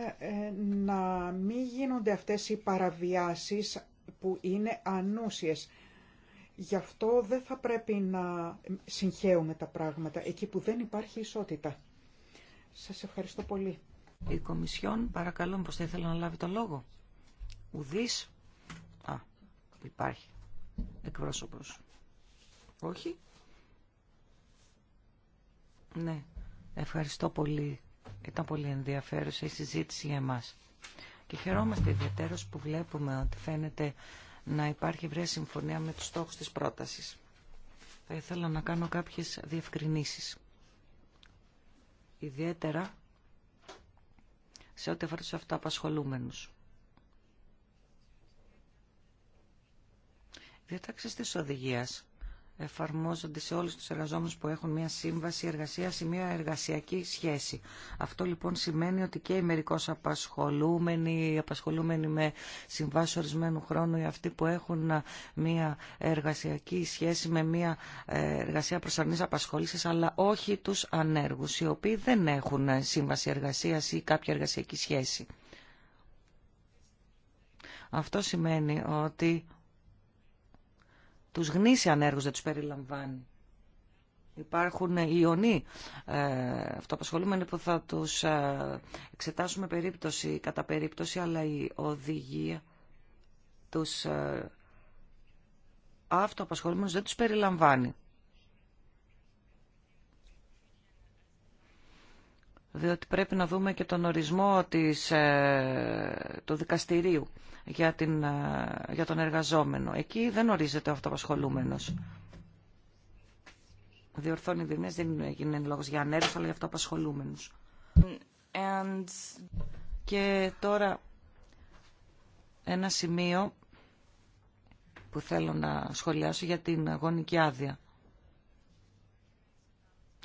να μην γίνονται αυτές οι παραβιάσεις που είναι ανούσιες. Γι' αυτό δεν θα πρέπει να συγχαίουμε τα πράγματα εκεί που δεν υπάρχει ισότητα. Σας ευχαριστώ πολύ. Η
Κομισιόν, παρακαλώ, πως θα ήθελα να λάβει το λόγο. Ουδής. Α, υπάρχει εκπρόσωπος. Όχι. Ναι, ευχαριστώ πολύ. Ήταν πολύ ενδιαφέρουσα η συζήτηση για εμάς. Και χαιρόμαστε ιδιαίτερως που βλέπουμε ότι φαίνεται να υπάρχει βρέα συμφωνία με τους στόχους της πρότασης. Θα ήθελα να κάνω κάποιες διευκρινήσεις ιδιαίτερα σε ό,τι αφορά τους αυτοαπασχολούμενους. Διατάξεις της οδηγίας εφαρμόζονται σε όλους τους εργαζόμενους που έχουν μια σύμβαση εργασία ή μια εργασιακή σχέση. Αυτό λοιπόν σημαίνει ότι και οι μερικώς απασχολούμενοι, οι απασχολούμενοι με συμβάσει ορισμένου χρόνου ή αυτοί που έχουν μια εργασιακή σχέση με μια ε, εργασία προσαρμή απασχόλησης, αλλά όχι τους ανέργους, οι οποίοι δεν έχουν σύμβαση εργασία ή κάποια εργασιακή σχέση. Αυτό σημαίνει ότι τους γνήσια ανέργους δεν τους περιλαμβάνει. Υπάρχουν ιονοί ε, αυτοαπασχολούμενοι που θα τους ε, εξετάσουμε περίπτωση κατά περίπτωση, αλλά η οδηγία τους ε, αυτοαπασχολούμενους δεν τους περιλαμβάνει. διότι πρέπει να δούμε και τον ορισμό της, ε, του δικαστηρίου για, την, ε, για τον εργαζόμενο. Εκεί δεν ορίζεται ο αυτοαπασχολούμενος. Διορθώνει διεθνές, δεν έγινε λόγος για ανέρους, αλλά για αυτοαπασχολούμενους. Και τώρα ένα σημείο που θέλω να σχολιάσω για την γονική άδεια.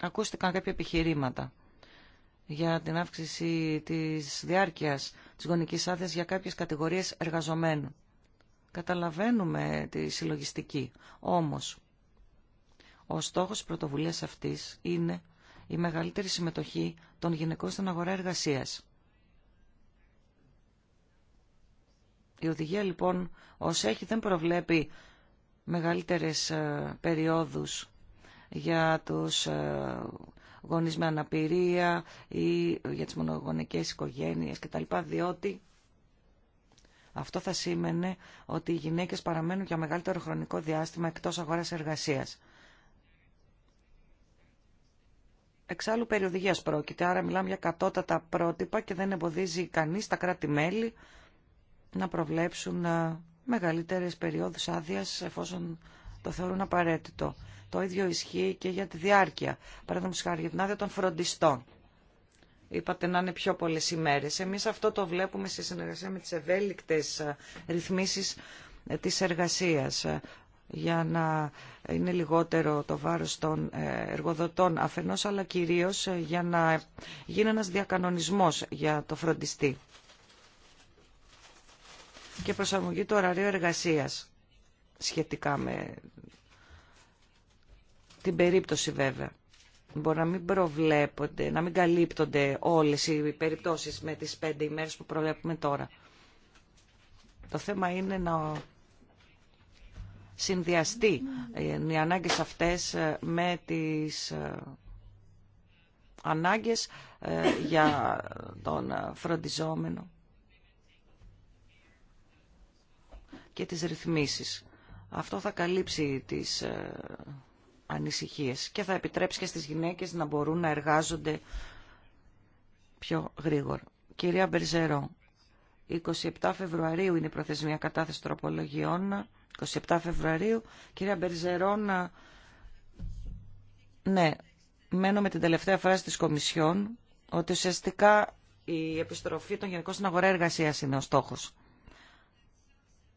Ακούστηκαν κάποια επιχειρήματα για την αύξηση της διάρκειας της γονικής άδειας για κάποιες κατηγορίες εργαζομένων. Καταλαβαίνουμε τη συλλογιστική. Όμως, ο στόχος της πρωτοβουλίας αυτής είναι η μεγαλύτερη συμμετοχή των γυναικών στην αγορά εργασίας. Η οδηγία λοιπόν ως έχει δεν προβλέπει μεγαλύτερες ε, περιόδους για τους ε, γονείς με αναπηρία ή για τις μονογονικές οικογένειες κτλ. Διότι αυτό θα σήμαινε ότι οι γυναίκες παραμένουν για μεγαλύτερο χρονικό διάστημα εκτός αγοράς εργασίας. Εξάλλου περιοδηγίας πρόκειται, άρα μιλάμε για κατώτατα πρότυπα και δεν εμποδίζει κανείς τα κράτη-μέλη να προβλέψουν ε, μεγαλύτερες περιόδους άδειας εφόσον το θεωρούν απαραίτητο. Το ίδιο ισχύει και για τη διάρκεια, παράδειγμα χάρη για την άδεια των φροντιστών. Είπατε να είναι πιο πολλέ ημέρε. Εμεί αυτό το βλέπουμε σε συνεργασία με τις ευέλικτε ε, ρυθμίσεις ε, της εργασίας ε, για να είναι λιγότερο το βάρος των εργοδοτών αφενός, αλλά κυρίως για να γίνει ένας διακανονισμός για το φροντιστή και προσαρμογή του ωραρίου εργασίας σχετικά με την περίπτωση βέβαια. Μπορεί να μην προβλέπονται, να μην καλύπτονται όλες οι περιπτώσεις με τις πέντε ημέρες που προβλέπουμε τώρα. Το θέμα είναι να συνδυαστεί οι ανάγκες αυτές ε, με τις ε, ανάγκες ε, για τον φροντιζόμενο και τις ρυθμίσεις. Αυτό θα καλύψει τις ανησυχίες και θα επιτρέψει και στις γυναίκες να μπορούν να εργάζονται πιο γρήγορα. Κυρία Μπερζερό, 27 Φεβρουαρίου είναι η προθεσμία κατάθεση τροπολογιών. 27 Φεβρουαρίου. Κυρία Μπερζερόν, ναι, μένω με την τελευταία φράση της Κομισιόν, ότι ουσιαστικά η επιστροφή των γενικών στην αγορά εργασίας είναι ο στόχος.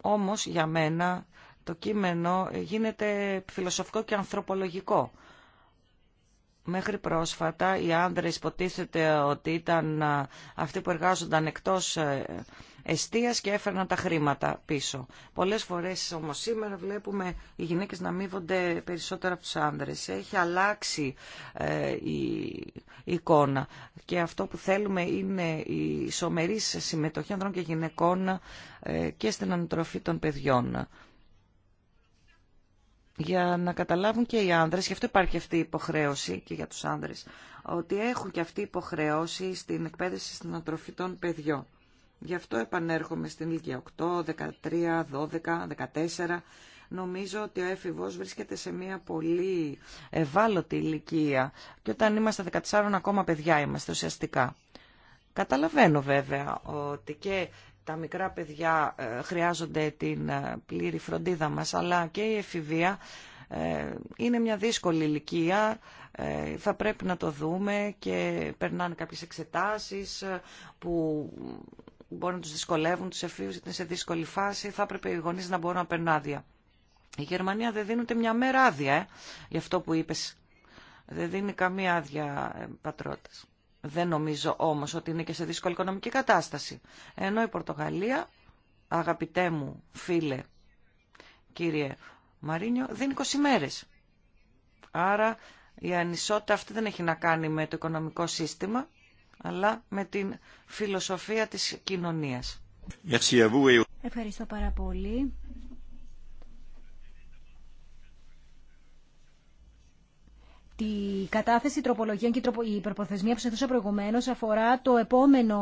Όμως, για μένα, το κείμενο γίνεται φιλοσοφικό και ανθρωπολογικό. Μέχρι πρόσφατα οι άνδρες υποτίθεται ότι ήταν αυτοί που εργάζονταν εκτός ε, εστίας και έφερναν τα χρήματα πίσω. Πολλές φορές όμως σήμερα βλέπουμε οι γυναίκες να μείβονται περισσότερο από τους άνδρες. Έχει αλλάξει ε, η εικόνα και αυτό που θέλουμε είναι η σομερή συμμετοχή ανδρών και γυναικών ε, και στην ανατροφή των παιδιών για να καταλάβουν και οι άνδρες, γι' αυτό υπάρχει αυτή η υποχρέωση και για τους άνδρες, ότι έχουν και αυτή η υποχρέωση στην εκπαίδευση στην ανατροφή των παιδιών. Γι' αυτό επανέρχομαι στην ηλικία 8, 13, 12, 14. Νομίζω ότι ο έφηβος βρίσκεται σε μια πολύ ευάλωτη ηλικία και όταν είμαστε 14 ακόμα παιδιά είμαστε ουσιαστικά. Καταλαβαίνω βέβαια ότι και τα μικρά παιδιά ε, χρειάζονται την ε, πλήρη φροντίδα μας, αλλά και η εφηβεία ε, είναι μια δύσκολη ηλικία, θα πρέπει να το δούμε και περνάνε κάποιες εξετάσεις που μπορεί να τους δυσκολεύουν, τους εφήβους είναι σε δύσκολη φάση, θα έπρεπε οι γονείς να μπορούν να περνάνε άδεια. Η Γερμανία δεν δίνουν μια μέρα άδεια, ε, αυτό που είπες. Δεν δίνει καμία άδεια πατρότες. Δεν νομίζω όμως ότι είναι και σε δύσκολη οικονομική κατάσταση. Ενώ η Πορτογαλία, αγαπητέ μου φίλε, κύριε Μαρίνιο, δίνει 20 μέρες. Άρα η ανισότητα αυτή δεν έχει να κάνει με το οικονομικό σύστημα, αλλά με την φιλοσοφία της κοινωνίας.
Ευχαριστώ πάρα πολύ. Τη κατάθεση τροπολογίων και η προποθεσμία που έδωσα προηγουμένω αφορά το επόμενο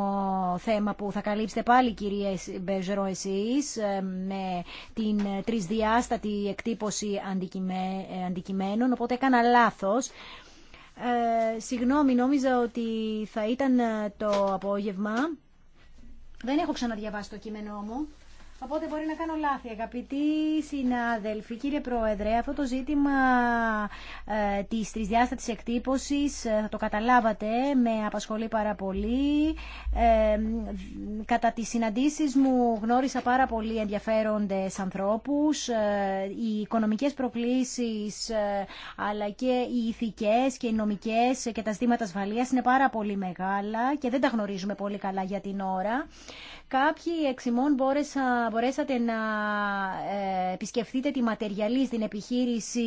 θέμα που θα καλύψετε πάλι κυρία Μπεζερό εσεί ε, με την τρισδιάστατη εκτύπωση ε, αντικειμένων, οπότε έκανα λάθο. Ε, συγγνώμη, νόμιζα ότι θα ήταν το απόγευμα. Δεν έχω ξαναδιαβάσει το κείμενό μου. Οπότε μπορεί να κάνω λάθη. Αγαπητοί συνάδελφοι, κύριε Πρόεδρε, αυτό το ζήτημα ε, της τρισδιάστατης εκτύπωσης, ε, το καταλάβατε, με απασχολεί πάρα πολύ. Ε, κατά τις συναντήσεις μου γνώρισα πάρα πολύ ενδιαφέροντες ανθρώπους. Ε, οι οικονομικές προκλήσεις, ε, αλλά και οι ηθικές και οι νομικές και τα ζητήματα ασφαλείας είναι πάρα πολύ μεγάλα και δεν τα γνωρίζουμε πολύ καλά για την ώρα. Κάποιοι εξημών μπόρεσαν μπορέσατε να ε, επισκεφθείτε τη Ματεριαλή στην επιχείρηση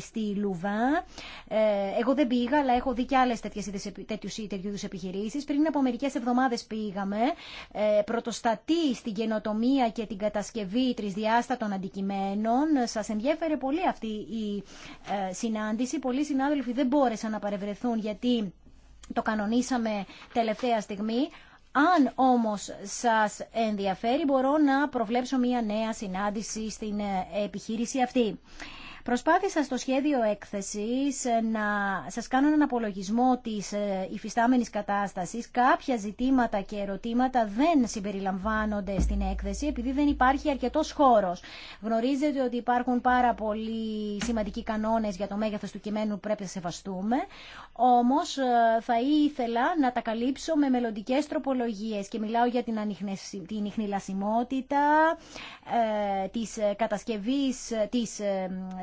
στη Λουβά. Ε, εγώ δεν πήγα, αλλά έχω δει και άλλε τέτοιου είδου επιχειρήσει. Πριν από μερικέ εβδομάδε πήγαμε. Ε, πρωτοστατή στην καινοτομία και την κατασκευή τρισδιάστατων αντικειμένων. Σα ενδιέφερε πολύ αυτή η συνάντηση. Πολλοί συνάδελφοι δεν μπόρεσαν να παρευρεθούν γιατί το κανονίσαμε τελευταία στιγμή, αν όμως σας ενδιαφέρει μπορώ να προβλέψω μια νέα συνάντηση στην ε, επιχείρηση αυτή. Προσπάθησα στο σχέδιο έκθεσης να σας κάνω έναν απολογισμό της ε, υφιστάμενης κατάστασης. Κάποια ζητήματα και ερωτήματα δεν συμπεριλαμβάνονται στην έκθεση επειδή δεν υπάρχει αρκετός χώρος. Γνωρίζετε ότι υπάρχουν πάρα πολλοί σημαντικοί κανόνες για το μέγεθος του κειμένου που πρέπει να σεβαστούμε. Όμως ε, θα ήθελα να τα καλύψω με μελλοντικέ τροπολογίες και μιλάω για την, ανιχνηλασιμότητα, τη ε, κατασκευή τη.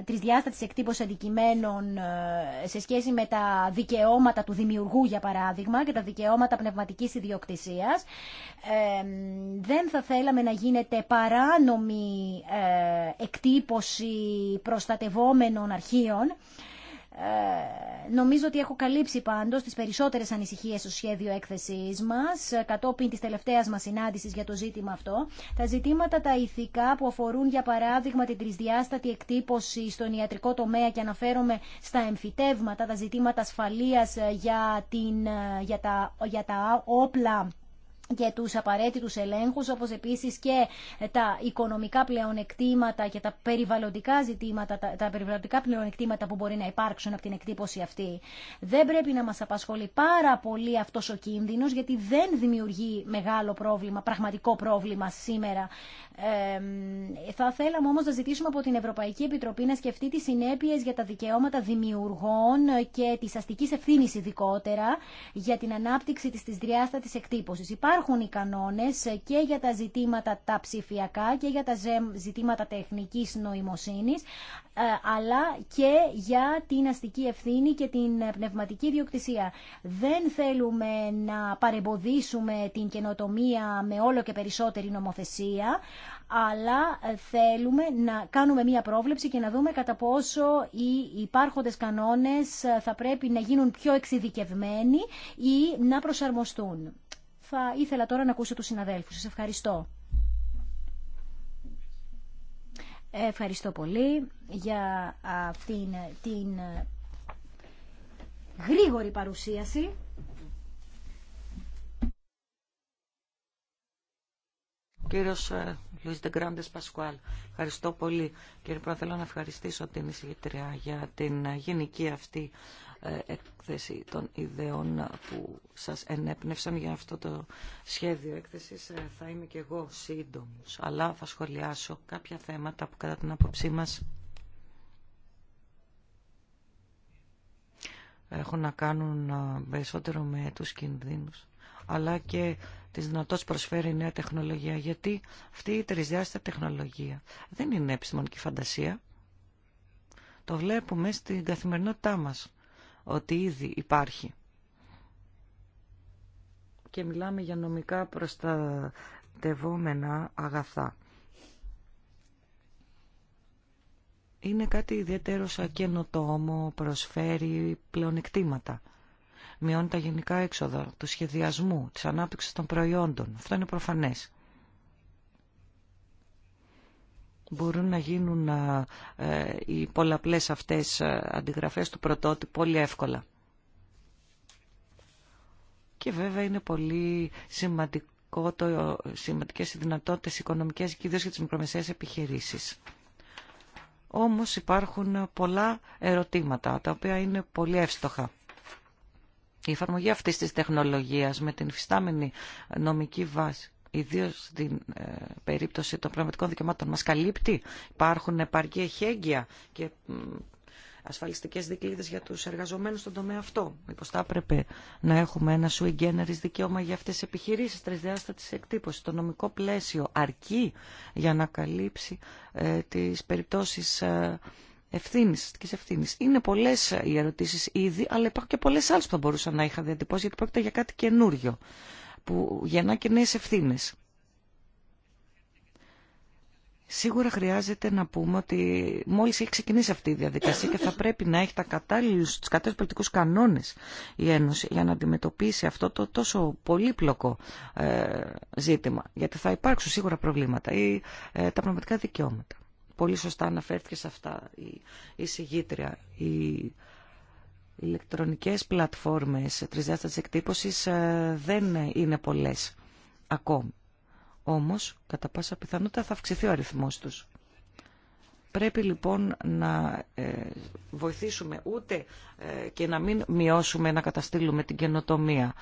της τις εκτύπωση αντικειμένων ε, σε σχέση με τα δικαιώματα του δημιουργού, για παράδειγμα, και τα δικαιώματα πνευματικής ιδιοκτησίας. Ε, δεν θα θέλαμε να γίνεται παράνομη ε, εκτύπωση προστατευόμενων αρχείων. Ε, νομίζω ότι έχω καλύψει πάντως τις περισσότερες ανησυχίες στο σχέδιο έκθεσής μας ε, κατόπιν της τελευταίας μας συνάντησης για το ζήτημα αυτό. Τα ζητήματα τα ηθικά που αφορούν για παράδειγμα την τρισδιάστατη εκτύπωση στον ιατρικό τομέα και αναφέρομαι στα εμφυτεύματα, τα ζητήματα ασφαλείας ε, για, την, για, τα, για τα όπλα και τους απαραίτητους ελέγχους, όπως επίσης και τα οικονομικά πλεονεκτήματα και τα περιβαλλοντικά ζητήματα, τα, περιβαλλοντικά πλεονεκτήματα που μπορεί να υπάρξουν από την εκτύπωση αυτή. Δεν πρέπει να μας απασχολεί πάρα πολύ αυτός ο κίνδυνος, γιατί δεν δημιουργεί μεγάλο πρόβλημα, πραγματικό πρόβλημα σήμερα. Ε, θα θέλαμε όμως να ζητήσουμε από την Ευρωπαϊκή Επιτροπή να σκεφτεί τις συνέπειες για τα δικαιώματα δημιουργών και τη αστική ευθύνης ειδικότερα για την ανάπτυξη της, της διάστατης εκτύπωσης υπάρχουν οι κανόνες και για τα ζητήματα τα ψηφιακά και για τα ζητήματα τεχνικής νοημοσύνης ε, αλλά και για την αστική ευθύνη και την πνευματική διοκτησία. Δεν θέλουμε να παρεμποδίσουμε την καινοτομία με όλο και περισσότερη νομοθεσία αλλά θέλουμε να κάνουμε μία πρόβλεψη και να δούμε κατά πόσο οι υπάρχοντες κανόνες θα πρέπει να γίνουν πιο εξειδικευμένοι ή να προσαρμοστούν. Θα ήθελα τώρα να ακούσω τους συναδέλφους. Σας ευχαριστώ. Ευχαριστώ πολύ για αυτήν την ε, γρήγορη παρουσίαση.
κύριος ε, Λουίς Ντεγκράντες Πασκουάλ, ευχαριστώ πολύ. Κύριε Πρόεδρε, θέλω να ευχαριστήσω την εισηγητριά για την ε, γενική αυτή ε, έκθεση των ιδεών που σας ενέπνευσαν για αυτό το σχέδιο έκθεσης. Ε, θα είμαι και εγώ σύντομος, αλλά θα σχολιάσω κάποια θέματα που κατά την άποψή μας έχουν να κάνουν ε, περισσότερο με τους κινδύνους αλλά και τις δυνατότητες προσφέρει η νέα τεχνολογία. Γιατί αυτή η τρισδιάστατη τεχνολογία δεν είναι επιστημονική φαντασία. Το βλέπουμε στην καθημερινότητά μας ότι ήδη υπάρχει. Και μιλάμε για νομικά προστατευόμενα αγαθά. Είναι κάτι ιδιαίτερο σαν καινοτόμο, προσφέρει πλεονεκτήματα. Μειώνει τα γενικά έξοδα του σχεδιασμού, της ανάπτυξης των προϊόντων. Αυτό είναι προφανές. μπορούν να γίνουν ε, οι πολλαπλές αυτές ε, αντιγραφές του πρωτότυπου πολύ εύκολα. Και βέβαια είναι πολύ σημαντικό το, σημαντικές οι δυνατότητες οικονομικές και ιδίως για τις μικρομεσαίες επιχειρήσεις. Όμως υπάρχουν πολλά ερωτήματα, τα οποία είναι πολύ εύστοχα. Η εφαρμογή αυτής της τεχνολογίας με την υφιστάμενη νομική βάση Ιδίω στην ε, περίπτωση των πνευματικών δικαιωμάτων μα καλύπτει, υπάρχουν επαρκή εχέγγυα και ασφαλιστικέ δικλείδες για του εργαζομένους στον τομέα αυτό. Μήπω θα έπρεπε να έχουμε ένα σου εγκαίνερης δικαίωμα για αυτέ τις επιχειρήσεις τρισδιάστατη εκτύπωση, Το νομικό πλαίσιο αρκεί για να καλύψει ε, τις περιπτώσεις ε, τη ευθύνης. Είναι πολλέ ε, οι ερωτήσει ήδη, αλλά υπάρχουν και πολλέ άλλε που θα μπορούσαν να είχα διατυπώσει, γιατί πρόκειται για κάτι καινούριο που γεννά και νέες ευθύνες. Σίγουρα χρειάζεται να πούμε ότι μόλις έχει ξεκινήσει αυτή η διαδικασία και θα πρέπει να έχει τα κατάλληλους, τους κατάλληλους πολιτικούς κανόνες η Ένωση για να αντιμετωπίσει αυτό το τόσο πολύπλοκο ε, ζήτημα. Γιατί θα υπάρξουν σίγουρα προβλήματα ή ε, τα πραγματικά δικαιώματα. Πολύ σωστά αναφέρθηκε σε αυτά η, η συγγήτρια. Η, ηλεκτρονικές πλατφόρμες τρισδιάστατης εκτύπωσης ε, δεν είναι πολλές ακόμη. Όμως, κατά πάσα πιθανότητα θα αυξηθεί ο αριθμός τους. Πρέπει λοιπόν να ε, βοηθήσουμε ούτε ε, και να μην μειώσουμε, να καταστήλουμε την καινοτομία.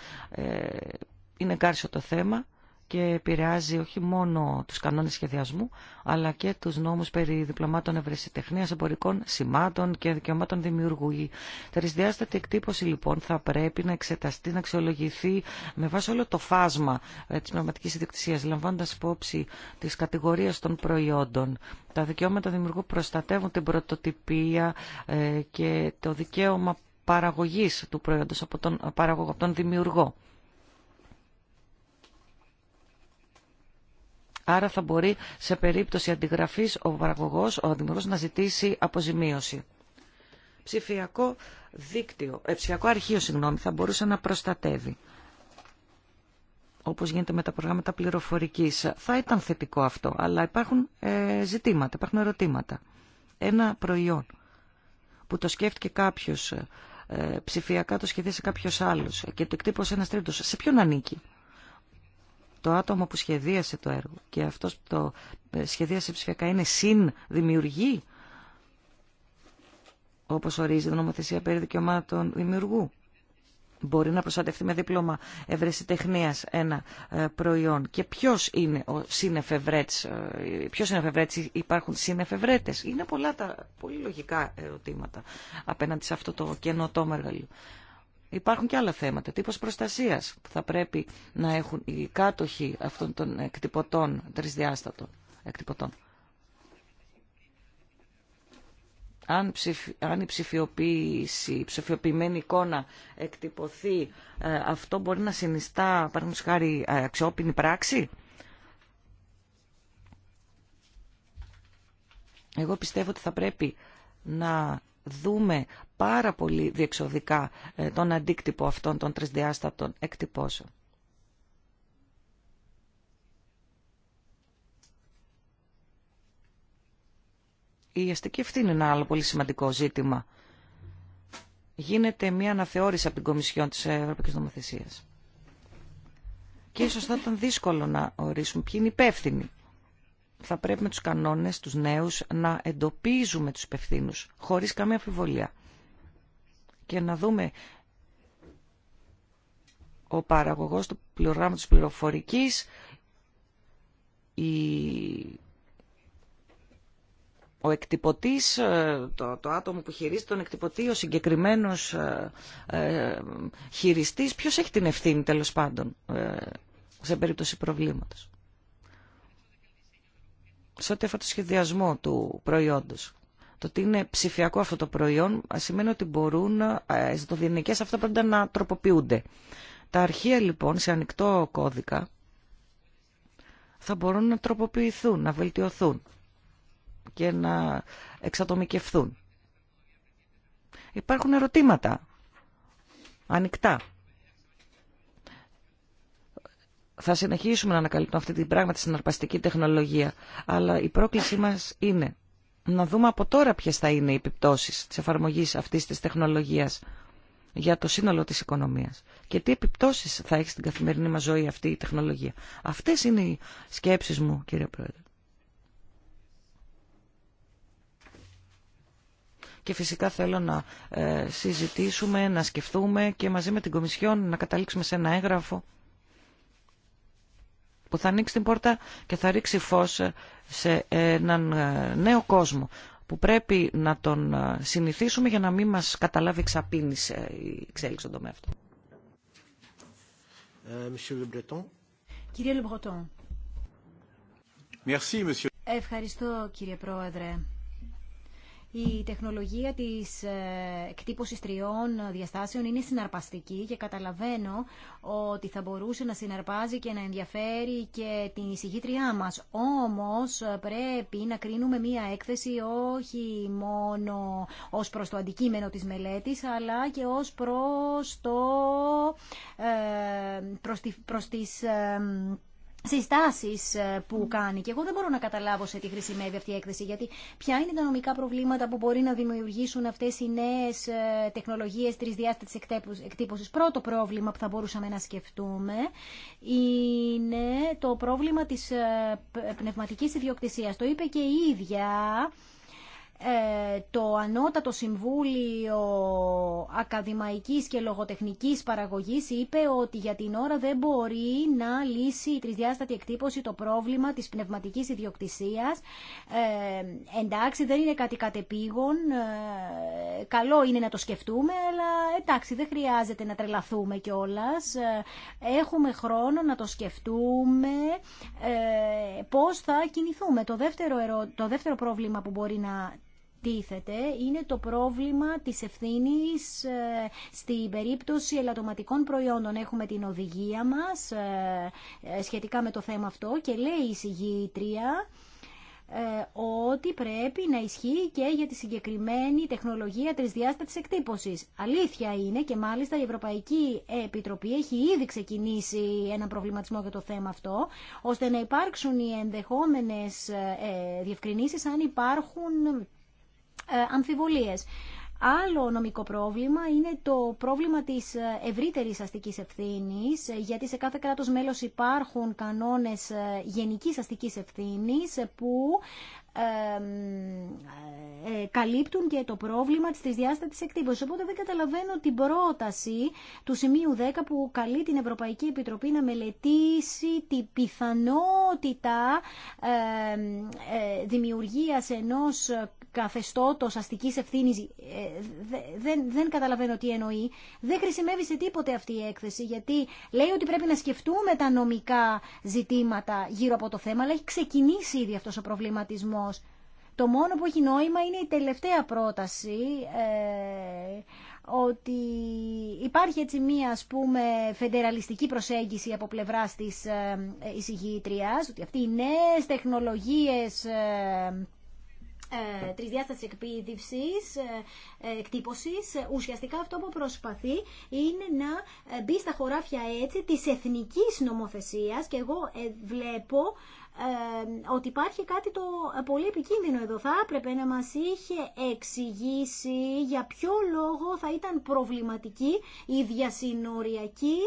Είναι κάρσιο το θέμα και επηρεάζει όχι μόνο τους κανόνες σχεδιασμού, αλλά και τους νόμους περί διπλωμάτων ευρεσιτεχνίας, εμπορικών σημάτων και δικαιωμάτων δημιουργού. Η τρισδιάστατη εκτύπωση λοιπόν θα πρέπει να εξεταστεί, να αξιολογηθεί με βάση όλο το φάσμα ε, της πνευματικής ιδιοκτησίας, λαμβάνοντας υπόψη της κατηγορίας των προϊόντων. Τα δικαιώματα δημιουργού προστατεύουν την πρωτοτυπία ε, και το δικαίωμα παραγωγής του προϊόντος από τον παραγωγό, από τον δημιουργό. Άρα θα μπορεί σε περίπτωση αντιγραφής ο παραγωγός, ο δημιουργός να ζητήσει αποζημίωση. Ψηφιακό, δίκτυο, ε, ψηφιακό αρχείο συγγνώμη, θα μπορούσε να προστατεύει όπως γίνεται με τα προγράμματα πληροφορικής. Θα ήταν θετικό αυτό, αλλά υπάρχουν ε, ζητήματα, υπάρχουν ερωτήματα. Ένα προϊόν που το σκέφτηκε κάποιος, ε, ψηφιακά το σχεδίσε κάποιος άλλος και το εκτύπωσε ένας τρίτος. Σε ποιον ανήκει το άτομο που σχεδίασε το έργο και αυτός που το ε, σχεδίασε ψηφιακά είναι συνδημιουργή, όπως ορίζει η νομοθεσία περί δικαιωμάτων δημιουργού. Μπορεί να προστατευτεί με δίπλωμα ευρεσιτεχνίας ένα ε, προϊόν. Και ποιος είναι ο συνεφευρέτης, ε, ποιος είναι εφευρέτης, υπάρχουν συνεφευρέτες. Είναι πολλά τα πολύ λογικά ερωτήματα απέναντι σε αυτό το καινοτόμο εργαλείο. Υπάρχουν και άλλα θέματα, τύπος προστασίας που θα πρέπει να έχουν οι κάτοχοι αυτών των εκτυπωτών, τρισδιάστατων εκτυπωτών. Αν, αν η η ψηφιοποιημένη εικόνα εκτυπωθεί, ε, αυτό μπορεί να συνιστά, παραδείγματος χάρη, ε, αξιόπινη πράξη. Εγώ πιστεύω ότι θα πρέπει να δούμε πάρα πολύ διεξοδικά ε, τον αντίκτυπο αυτών των τρισδιάστατων εκτυπώσεων. Η αστική ευθύνη είναι ένα άλλο πολύ σημαντικό ζήτημα. Γίνεται μια αναθεώρηση από την Κομισιόν της Ευρωπαϊκής Νομοθεσίας. Και ίσως θα ήταν δύσκολο να ορίσουμε ποιοι είναι υπεύθυνοι θα πρέπει με τους κανόνες, τους νέους, να εντοπίζουμε τους υπευθύνου, χωρίς καμία αμφιβολία. Και να δούμε ο παραγωγός του πληρογράμματος πληροφορικής, η... ο εκτυπωτής, ε, το, το άτομο που χειρίζει τον εκτυπωτή, ο συγκεκριμένος ε, ε, χειριστής, ποιος έχει την ευθύνη τέλος πάντων ε, σε περίπτωση προβλήματος σε ό,τι αφορά το σχεδιασμό του προϊόντος. Το ότι είναι ψηφιακό αυτό το προϊόν σημαίνει ότι μπορούν οι ζητοδιενικέ αυτά πάντα να τροποποιούνται. Τα αρχεία λοιπόν σε ανοιχτό κώδικα θα μπορούν να τροποποιηθούν, να βελτιωθούν και να εξατομικευθούν. Υπάρχουν ερωτήματα ανοιχτά θα συνεχίσουμε να ανακαλύπτουμε αυτή την πράγματι συναρπαστική τεχνολογία. Αλλά η πρόκλησή μα είναι να δούμε από τώρα ποιε θα είναι οι επιπτώσει τη εφαρμογή αυτή τη τεχνολογία για το σύνολο τη οικονομία. και τι επιπτώσει θα έχει στην καθημερινή μα ζωή αυτή η τεχνολογία. Αυτέ είναι οι σκέψει μου, κύριε Πρόεδρε. Και φυσικά θέλω να ε, συζητήσουμε, να σκεφτούμε και μαζί με την Κομισιόν να καταλήξουμε σε ένα έγγραφο που θα ανοίξει την πόρτα και θα ρίξει φως σε έναν ε, νέο κόσμο που πρέπει να τον ε, συνηθίσουμε για να μην μας καταλάβει εξαπίνης ε, η
εξέλιξη στον τομέα αυτό.
Κύριε Ευχαριστώ κύριε Πρόεδρε. Η τεχνολογία της ε, εκτύπωσης τριών διαστάσεων είναι συναρπαστική και καταλαβαίνω ότι θα μπορούσε να συναρπάζει και να ενδιαφέρει και την εισηγήτριά μας. Όμως ε, πρέπει να κρίνουμε μία έκθεση όχι μόνο ως προς το αντικείμενο της μελέτης αλλά και ως προς, το, ε, προς, τις συστάσει ε, που κάνει. Και εγώ δεν μπορώ να καταλάβω σε τι χρησιμεύει αυτή η έκθεση, γιατί ποια είναι τα νομικά προβλήματα που μπορεί να δημιουργήσουν αυτέ οι νέε τεχνολογίε τρισδιάστατη εκτύπωση. Πρώτο πρόβλημα που θα μπορούσαμε να σκεφτούμε είναι το πρόβλημα τη ε, πνευματική ιδιοκτησία. Το είπε και η ίδια ε, το Ανώτατο Συμβούλιο Ακαδημαϊκής και Λογοτεχνικής Παραγωγής είπε ότι για την ώρα δεν μπορεί να λύσει η τρισδιάστατη εκτύπωση το πρόβλημα της πνευματικής ιδιοκτησίας. Ε, εντάξει, δεν είναι κάτι κατεπήγον, ε, καλό είναι να το σκεφτούμε, αλλά εντάξει, δεν χρειάζεται να τρελαθούμε κιόλα. Ε, έχουμε χρόνο να το σκεφτούμε ε, πώς θα κινηθούμε. Το δεύτερο, το δεύτερο πρόβλημα που μπορεί να είναι το πρόβλημα της ευθύνης ε, στην περίπτωση ελαττωματικών προϊόντων. Έχουμε την οδηγία μας ε, ε, σχετικά με το θέμα αυτό και λέει η συγγήτρια ότι πρέπει να ισχύει και για τη συγκεκριμένη τεχνολογία τρισδιάστατης εκτύπωσης. Αλήθεια είναι και μάλιστα η Ευρωπαϊκή Επιτροπή έχει ήδη ξεκινήσει ένα προβληματισμό για το θέμα αυτό, ώστε να υπάρξουν οι ενδεχόμενες διευκρινήσεις αν υπάρχουν ε, αμφιβολίες. Άλλο νομικό πρόβλημα είναι το πρόβλημα της ε, ευρύτερης αστικής ευθύνης, ε, γιατί σε κάθε κράτος μέλος υπάρχουν κανόνες γενικής αστικής ευθύνης που καλύπτουν και το πρόβλημα της τρισδιάστατης εκτύπωσης. Οπότε δεν καταλαβαίνω την πρόταση του σημείου 10 που καλεί την Ευρωπαϊκή Επιτροπή να μελετήσει τη πιθανότητα δημιουργίας ενός καθεστώτος αστικής ευθύνης ε, δεν, δεν καταλαβαίνω τι εννοεί δεν χρησιμεύει σε τίποτε αυτή η έκθεση γιατί λέει ότι πρέπει να σκεφτούμε τα νομικά ζητήματα γύρω από το θέμα αλλά έχει ξεκινήσει ήδη αυτός ο προβληματισμός το μόνο που έχει νόημα είναι η τελευταία πρόταση ε, ότι υπάρχει έτσι μία ας πούμε φεντεραλιστική προσέγγιση από πλευράς της ε, εισηγήτριας ότι αυτοί οι νέες τεχνολογίες ε, ε, τρισδιάσταση εκτύπωση. Ε, ε, εκτύπωσης. Ουσιαστικά αυτό που προσπαθεί είναι να ε, μπει στα χωράφια έτσι της εθνικής νομοθεσίας και εγώ βλέπω ότι υπάρχει κάτι το πολύ επικίνδυνο εδώ. Θα έπρεπε να μας είχε εξηγήσει για ποιο λόγο θα ήταν προβληματική η διασυνοριακή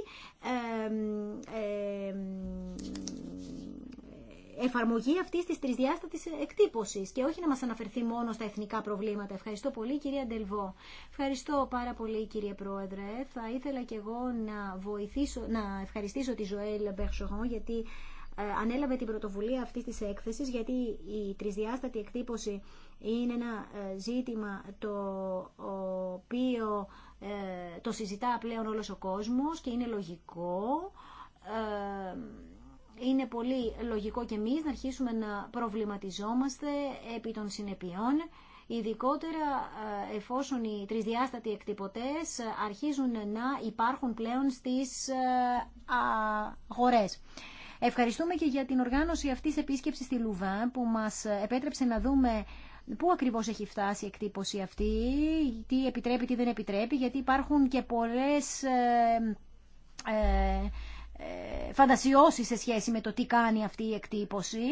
εφαρμογή αυτή τη τρισδιάστατης εκτύπωση και όχι να μας αναφερθεί μόνο στα εθνικά προβλήματα. Ευχαριστώ πολύ κυρία Ντελβό. Ευχαριστώ πάρα πολύ κύριε Πρόεδρε. Θα ήθελα και εγώ να, βοηθήσω, να ευχαριστήσω τη Ζωέλ Μπερσογόν, γιατί ε, ανέλαβε την πρωτοβουλία αυτή τη έκθεση γιατί η τρισδιάστατη εκτύπωση είναι ένα ε, ζήτημα το οποίο ε, το συζητά πλέον όλος ο κόσμος και είναι λογικό είναι πολύ λογικό και εμείς να αρχίσουμε να προβληματιζόμαστε επί των συνεπειών, ειδικότερα ε, εφόσον οι τρισδιάστατοι εκτυπωτές αρχίζουν να υπάρχουν πλέον στις ε, αγορές. Ευχαριστούμε και για την οργάνωση αυτής της επίσκεψης στη Λουβά που μας επέτρεψε να δούμε πού ακριβώς έχει φτάσει η εκτύπωση αυτή, τι επιτρέπει, τι δεν επιτρέπει, γιατί υπάρχουν και πολλές ε, ε, φαντασιώσει σε σχέση με το τι κάνει αυτή η εκτύπωση.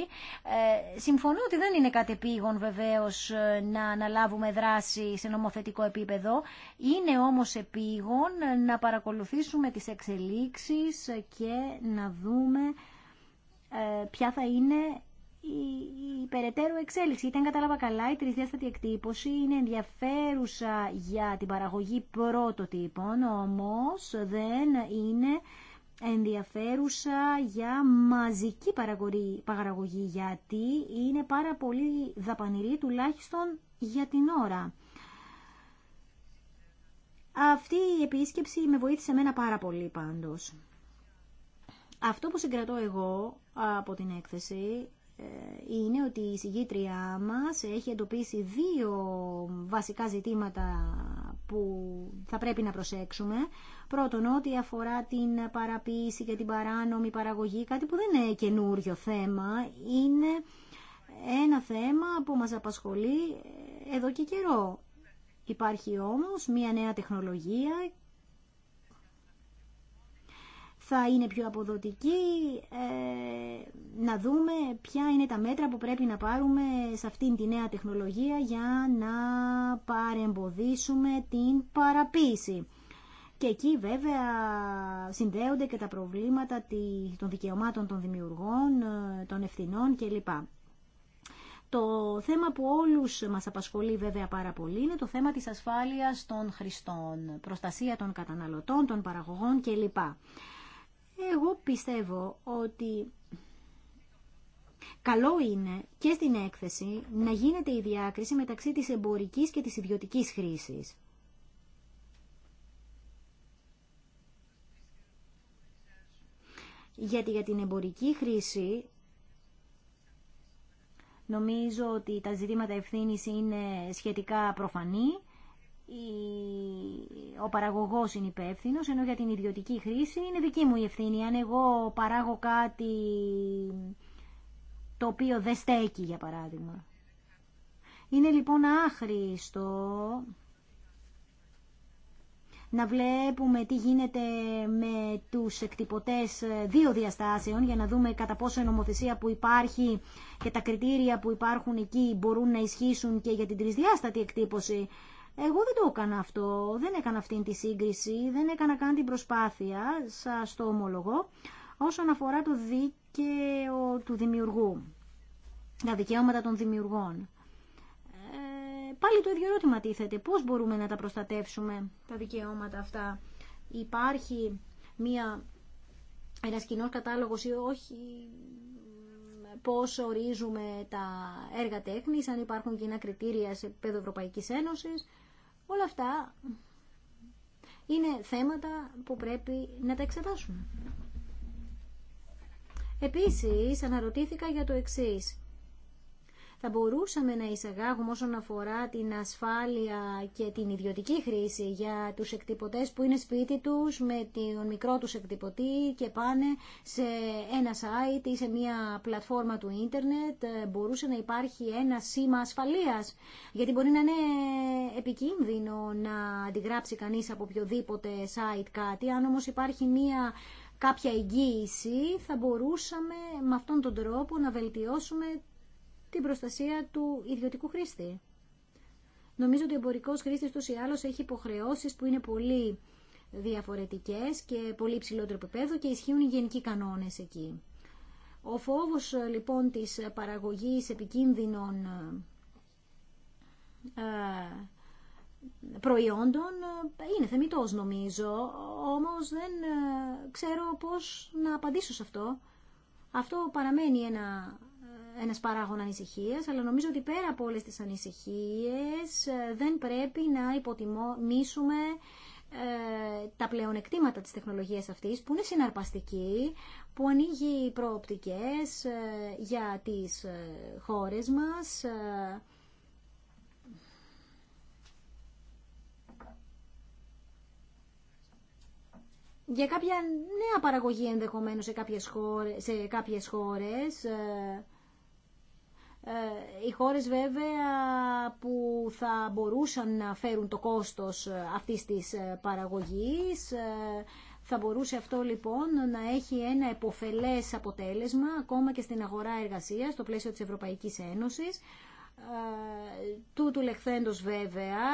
Ε, συμφωνώ ότι δεν είναι επίγον βεβαίως ε, να αναλάβουμε δράση σε νομοθετικό επίπεδο. Είναι όμως επίγον να παρακολουθήσουμε τις εξελίξεις και να δούμε ποια θα είναι η περαιτέρω εξέλιξη. Ήταν κατάλαβα καλά, η τρισδιάστατη εκτύπωση είναι ενδιαφέρουσα για την παραγωγή πρωτοτύπων, όμως δεν είναι ενδιαφέρουσα για μαζική παραγωγή γιατί είναι πάρα πολύ δαπανηρή τουλάχιστον για την ώρα. Αυτή η επίσκεψη με βοήθησε μένα πάρα πολύ πάντως. Αυτό που συγκρατώ εγώ από την έκθεση ε, είναι ότι η συγγήτριά μας έχει εντοπίσει δύο βασικά ζητήματα που θα πρέπει να προσέξουμε. Πρώτον, ό,τι αφορά την παραποίηση και την παράνομη παραγωγή, κάτι που δεν είναι καινούριο θέμα, είναι ένα θέμα που μας απασχολεί εδώ και καιρό. Υπάρχει όμως μια νέα τεχνολογία θα είναι πιο αποδοτική, ε, να δούμε ποια είναι τα μέτρα που πρέπει να πάρουμε σε αυτήν τη νέα τεχνολογία για να παρεμποδίσουμε την παραποίηση. Και εκεί βέβαια συνδέονται και τα προβλήματα των δικαιωμάτων των δημιουργών, ε, των ευθυνών κλπ. Το θέμα που όλους μας απασχολεί βέβαια πάρα πολύ είναι το θέμα της ασφάλειας των χρηστών, προστασία των καταναλωτών, των παραγωγών κλπ. Εγώ πιστεύω ότι καλό είναι και στην έκθεση να γίνεται η διάκριση μεταξύ της εμπορικής και της ιδιωτικής χρήσης. Γιατί για την εμπορική χρήση νομίζω ότι τα ζητήματα ευθύνης είναι σχετικά προφανή ο παραγωγός είναι υπεύθυνο, ενώ για την ιδιωτική χρήση είναι δική μου η ευθύνη. Αν εγώ παράγω κάτι το οποίο δεν στέκει, για παράδειγμα. Είναι λοιπόν άχρηστο να βλέπουμε τι γίνεται με τους εκτυπωτές δύο διαστάσεων για να δούμε κατά πόσο η νομοθεσία που υπάρχει και τα κριτήρια που υπάρχουν εκεί μπορούν να ισχύσουν και για την τρισδιάστατη εκτύπωση. Εγώ δεν το έκανα αυτό, δεν έκανα αυτήν τη σύγκριση, δεν έκανα καν την προσπάθεια, σας το ομολογώ, όσον αφορά το δίκαιο του δημιουργού, τα δικαιώματα των δημιουργών. Ε, πάλι το ίδιο ερώτημα τίθεται, πώς μπορούμε να τα προστατεύσουμε τα δικαιώματα αυτά. Υπάρχει μια, ένας κοινός κατάλογος ή όχι, πώς ορίζουμε τα έργα τέχνης, αν υπάρχουν κοινά κριτήρια σε επίπεδο Ευρωπαϊκής Ένωσης. Όλα αυτά είναι θέματα που πρέπει να τα εξετάσουμε. Επίσης, αναρωτήθηκα για το εξής θα μπορούσαμε να εισαγάγουμε όσον αφορά την ασφάλεια και την ιδιωτική χρήση για τους εκτυπωτές που είναι σπίτι τους με τον μικρό τους εκτυπωτή και πάνε σε ένα site ή σε μια πλατφόρμα του ίντερνετ μπορούσε να υπάρχει ένα σήμα ασφαλείας γιατί μπορεί να είναι επικίνδυνο να αντιγράψει κανείς από οποιοδήποτε site κάτι αν όμως υπάρχει μια κάποια εγγύηση θα μπορούσαμε με αυτόν τον τρόπο να βελτιώσουμε την προστασία του ιδιωτικού χρήστη. Νομίζω ότι ο εμπορικός χρήστη του ή άλλω έχει υποχρεώσει που είναι πολύ διαφορετικέ και πολύ υψηλότερο επίπεδο και ισχύουν οι γενικοί κανόνε εκεί. Ο φόβο λοιπόν τη παραγωγή επικίνδυνων ε, προϊόντων είναι θεμητός νομίζω, όμως δεν ε, ξέρω πώς να απαντήσω σε αυτό. Αυτό παραμένει ένα ένας παράγων ανησυχίας, αλλά νομίζω ότι πέρα από όλες τις ανησυχίες ε, δεν πρέπει να υποτιμήσουμε ε, τα πλεονεκτήματα της τεχνολογίας αυτής που είναι συναρπαστική, που ανοίγει προοπτικές ε, για τις χώρες μας. Για κάποια νέα παραγωγή ενδεχομένως σε κάποιες χώρες, σε κάποιες χώρες ε, οι χώρες βέβαια που θα μπορούσαν να φέρουν το κόστος ε, αυτής της ε, παραγωγής θα μπορούσε αυτό λοιπόν να έχει ένα εποφελές αποτέλεσμα ακόμα και στην αγορά εργασίας στο πλαίσιο της Ευρωπαϊκής Ένωσης τούτου λεχθέντος βέβαια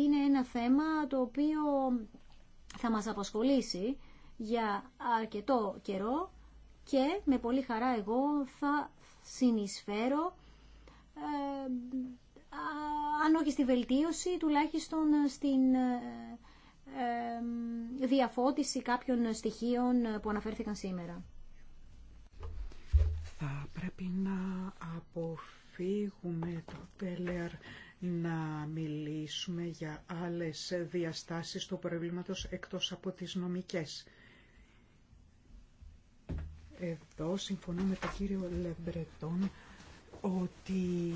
είναι ένα θέμα το οποίο θα μας απασχολήσει για αρκετό καιρό και με πολύ χαρά εγώ θα συνεισφέρω ε, αν όχι στη βελτίωση, τουλάχιστον στην ε, ε, διαφώτιση κάποιων στοιχείων που αναφέρθηκαν σήμερα.
Θα πρέπει να αποφύγουμε το τέλεαρ να μιλήσουμε για άλλες διαστάσεις του προβλήματος εκτός από τις νομικές. Εδώ συμφωνώ με τον κύριο Λεμπρετών ότι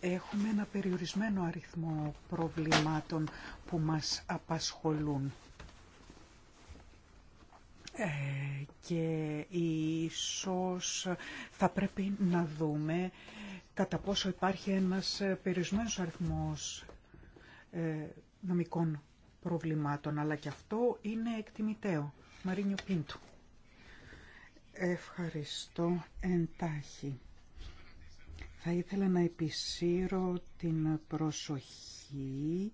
έχουμε ένα περιορισμένο αριθμό προβλημάτων που μας απασχολούν. Ε, και ίσως θα πρέπει να δούμε κατά πόσο υπάρχει ένας περιορισμένος αριθμός ε, νομικών προβλημάτων, αλλά και αυτό είναι εκτιμητέο. Μαρίνιο Πίντου. Ευχαριστώ εντάχει. Θα ήθελα να επισύρω την προσοχή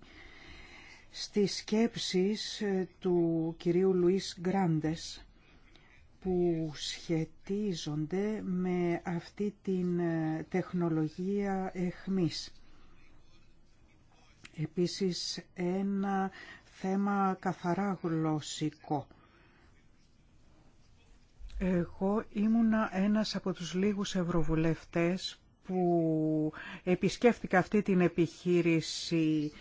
στις σκέψεις του κυρίου Λουίς Γκράντες που σχετίζονται με αυτή την τεχνολογία εχμής. Επίσης ένα θέμα καθαρά γλωσσικό. Εγώ ήμουνα ένας από τους λίγους ευρωβουλευτές που επισκέφτηκα αυτή την επιχείρηση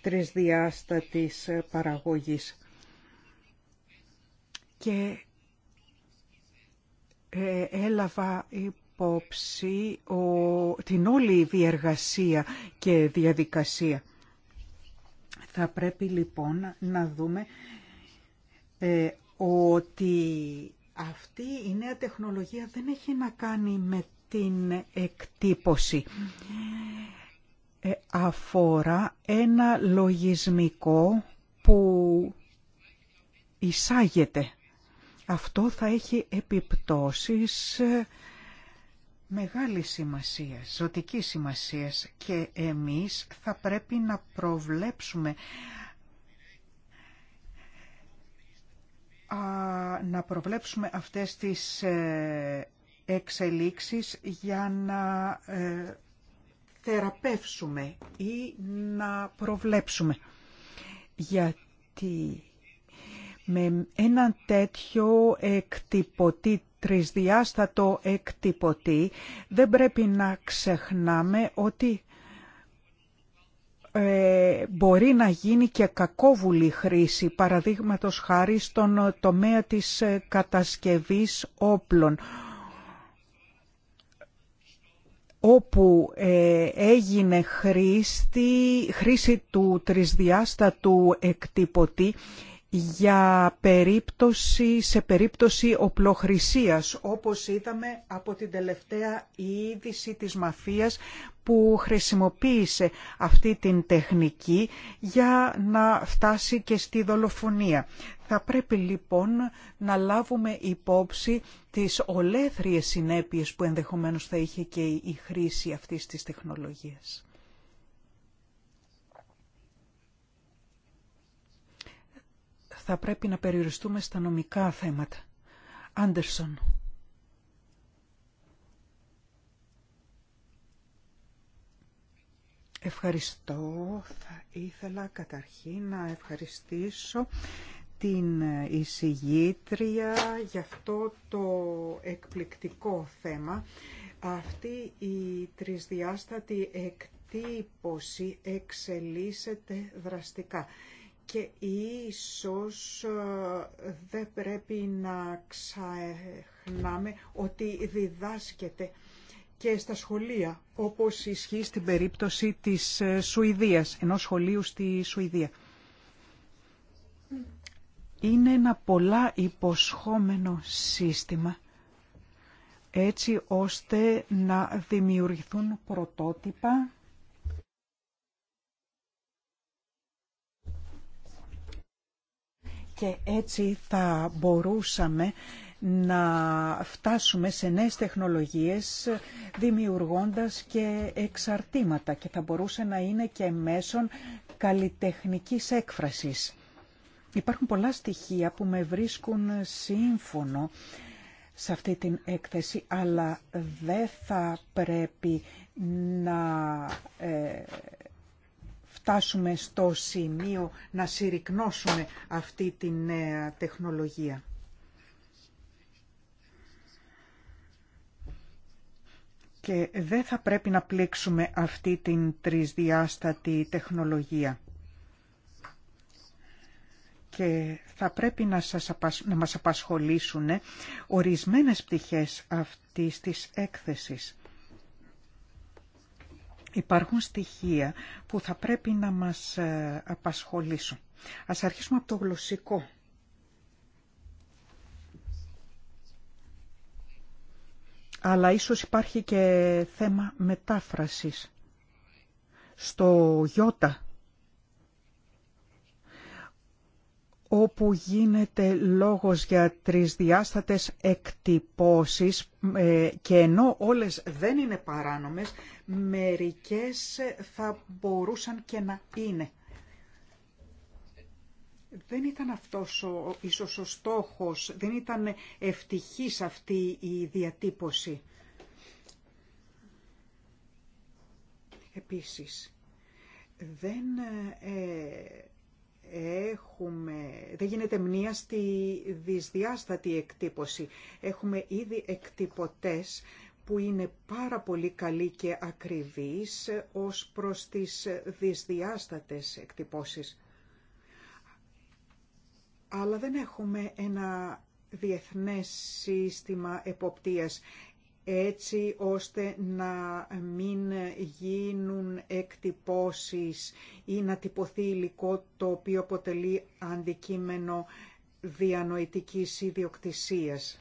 τρισδιάστατης παραγωγής. Και ε, έλαβα υπόψη την όλη διεργασία και διαδικασία. Θα πρέπει λοιπόν να δούμε ε, ότι αυτή η νέα τεχνολογία δεν έχει να κάνει με την εκτύπωση. Ε, αφορά ένα λογισμικό που εισάγεται. Αυτό θα έχει επιπτώσεις ε, μεγάλη σημασίας, ζωτική σημασίας. και εμείς θα πρέπει να προβλέψουμε να προβλέψουμε αυτές τις ε, εξελίξεις για να ε, θεραπεύσουμε ή να προβλέψουμε. Γιατί με έναν τέτοιο εκτυπωτή, τρισδιάστατο εκτυπωτή, δεν πρέπει να ξεχνάμε ότι ε, μπορεί να γίνει και κακόβουλη χρήση, παραδείγματος χάρη στον τομέα της ε, κατασκευής όπλων όπου ε, έγινε χρήση του τρισδιάστατου εκτυπωτή για περίπτωση, σε περίπτωση οπλοχρησίας, όπως είδαμε από την τελευταία είδηση της μαφίας που χρησιμοποίησε αυτή την τεχνική για να φτάσει και στη δολοφονία. Θα πρέπει λοιπόν να λάβουμε υπόψη τις ολέθριες συνέπειες που ενδεχομένως θα είχε και η χρήση αυτής της τεχνολογίας. θα πρέπει να περιοριστούμε στα νομικά θέματα. Άντερσον. Ευχαριστώ. Θα ήθελα καταρχήν να ευχαριστήσω την εισηγήτρια για αυτό το εκπληκτικό θέμα. Αυτή η τρισδιάστατη εκτύπωση εξελίσσεται δραστικά και ίσως ε, δεν πρέπει να ξεχνάμε ότι διδάσκεται και στα σχολεία, όπως ισχύει στην περίπτωση της ε, Σουηδίας, ενός σχολείου στη Σουηδία. Είναι ένα πολλά υποσχόμενο σύστημα, έτσι ώστε να δημιουργηθούν πρωτότυπα και έτσι θα μπορούσαμε να φτάσουμε σε νέες τεχνολογίες δημιουργώντας και εξαρτήματα και θα μπορούσε να είναι και μέσον καλλιτεχνικής έκφρασης. Υπάρχουν πολλά στοιχεία που με βρίσκουν σύμφωνο σε αυτή την έκθεση, αλλά δεν θα πρέπει να φτάσουμε στο σημείο να συρρυκνώσουμε αυτή τη νέα τεχνολογία. Και δεν θα πρέπει να πλήξουμε αυτή την τρισδιάστατη τεχνολογία. Και θα πρέπει να, σας, να μας απασχολήσουν ορισμένες πτυχές αυτής της έκθεσης. Υπάρχουν στοιχεία που θα πρέπει να μας ε, απασχολήσουν. Ας αρχίσουμε από το γλωσσικό. Αλλά ίσως υπάρχει και θέμα μετάφρασης. Στο γιώτα όπου γίνεται λόγος για τρισδιάστατες εκτυπώσεις ε, και ενώ όλες δεν είναι παράνομες, μερικές θα μπορούσαν και να είναι. Δεν ήταν αυτός ο, ίσως ο στόχος, δεν ήταν ευτυχής αυτή η διατύπωση. Επίσης, δεν ε, έχουμε, δεν γίνεται μνήα στη δυσδιάστατη εκτύπωση. Έχουμε ήδη εκτυπωτές που είναι πάρα πολύ καλοί και ακριβείς ως προς τις δυσδιάστατες εκτυπώσεις. Αλλά δεν έχουμε ένα διεθνές σύστημα εποπτείας έτσι ώστε να μην γίνουν εκτυπώσεις ή να τυπωθεί υλικό το οποίο αποτελεί αντικείμενο διανοητικής ιδιοκτησίας.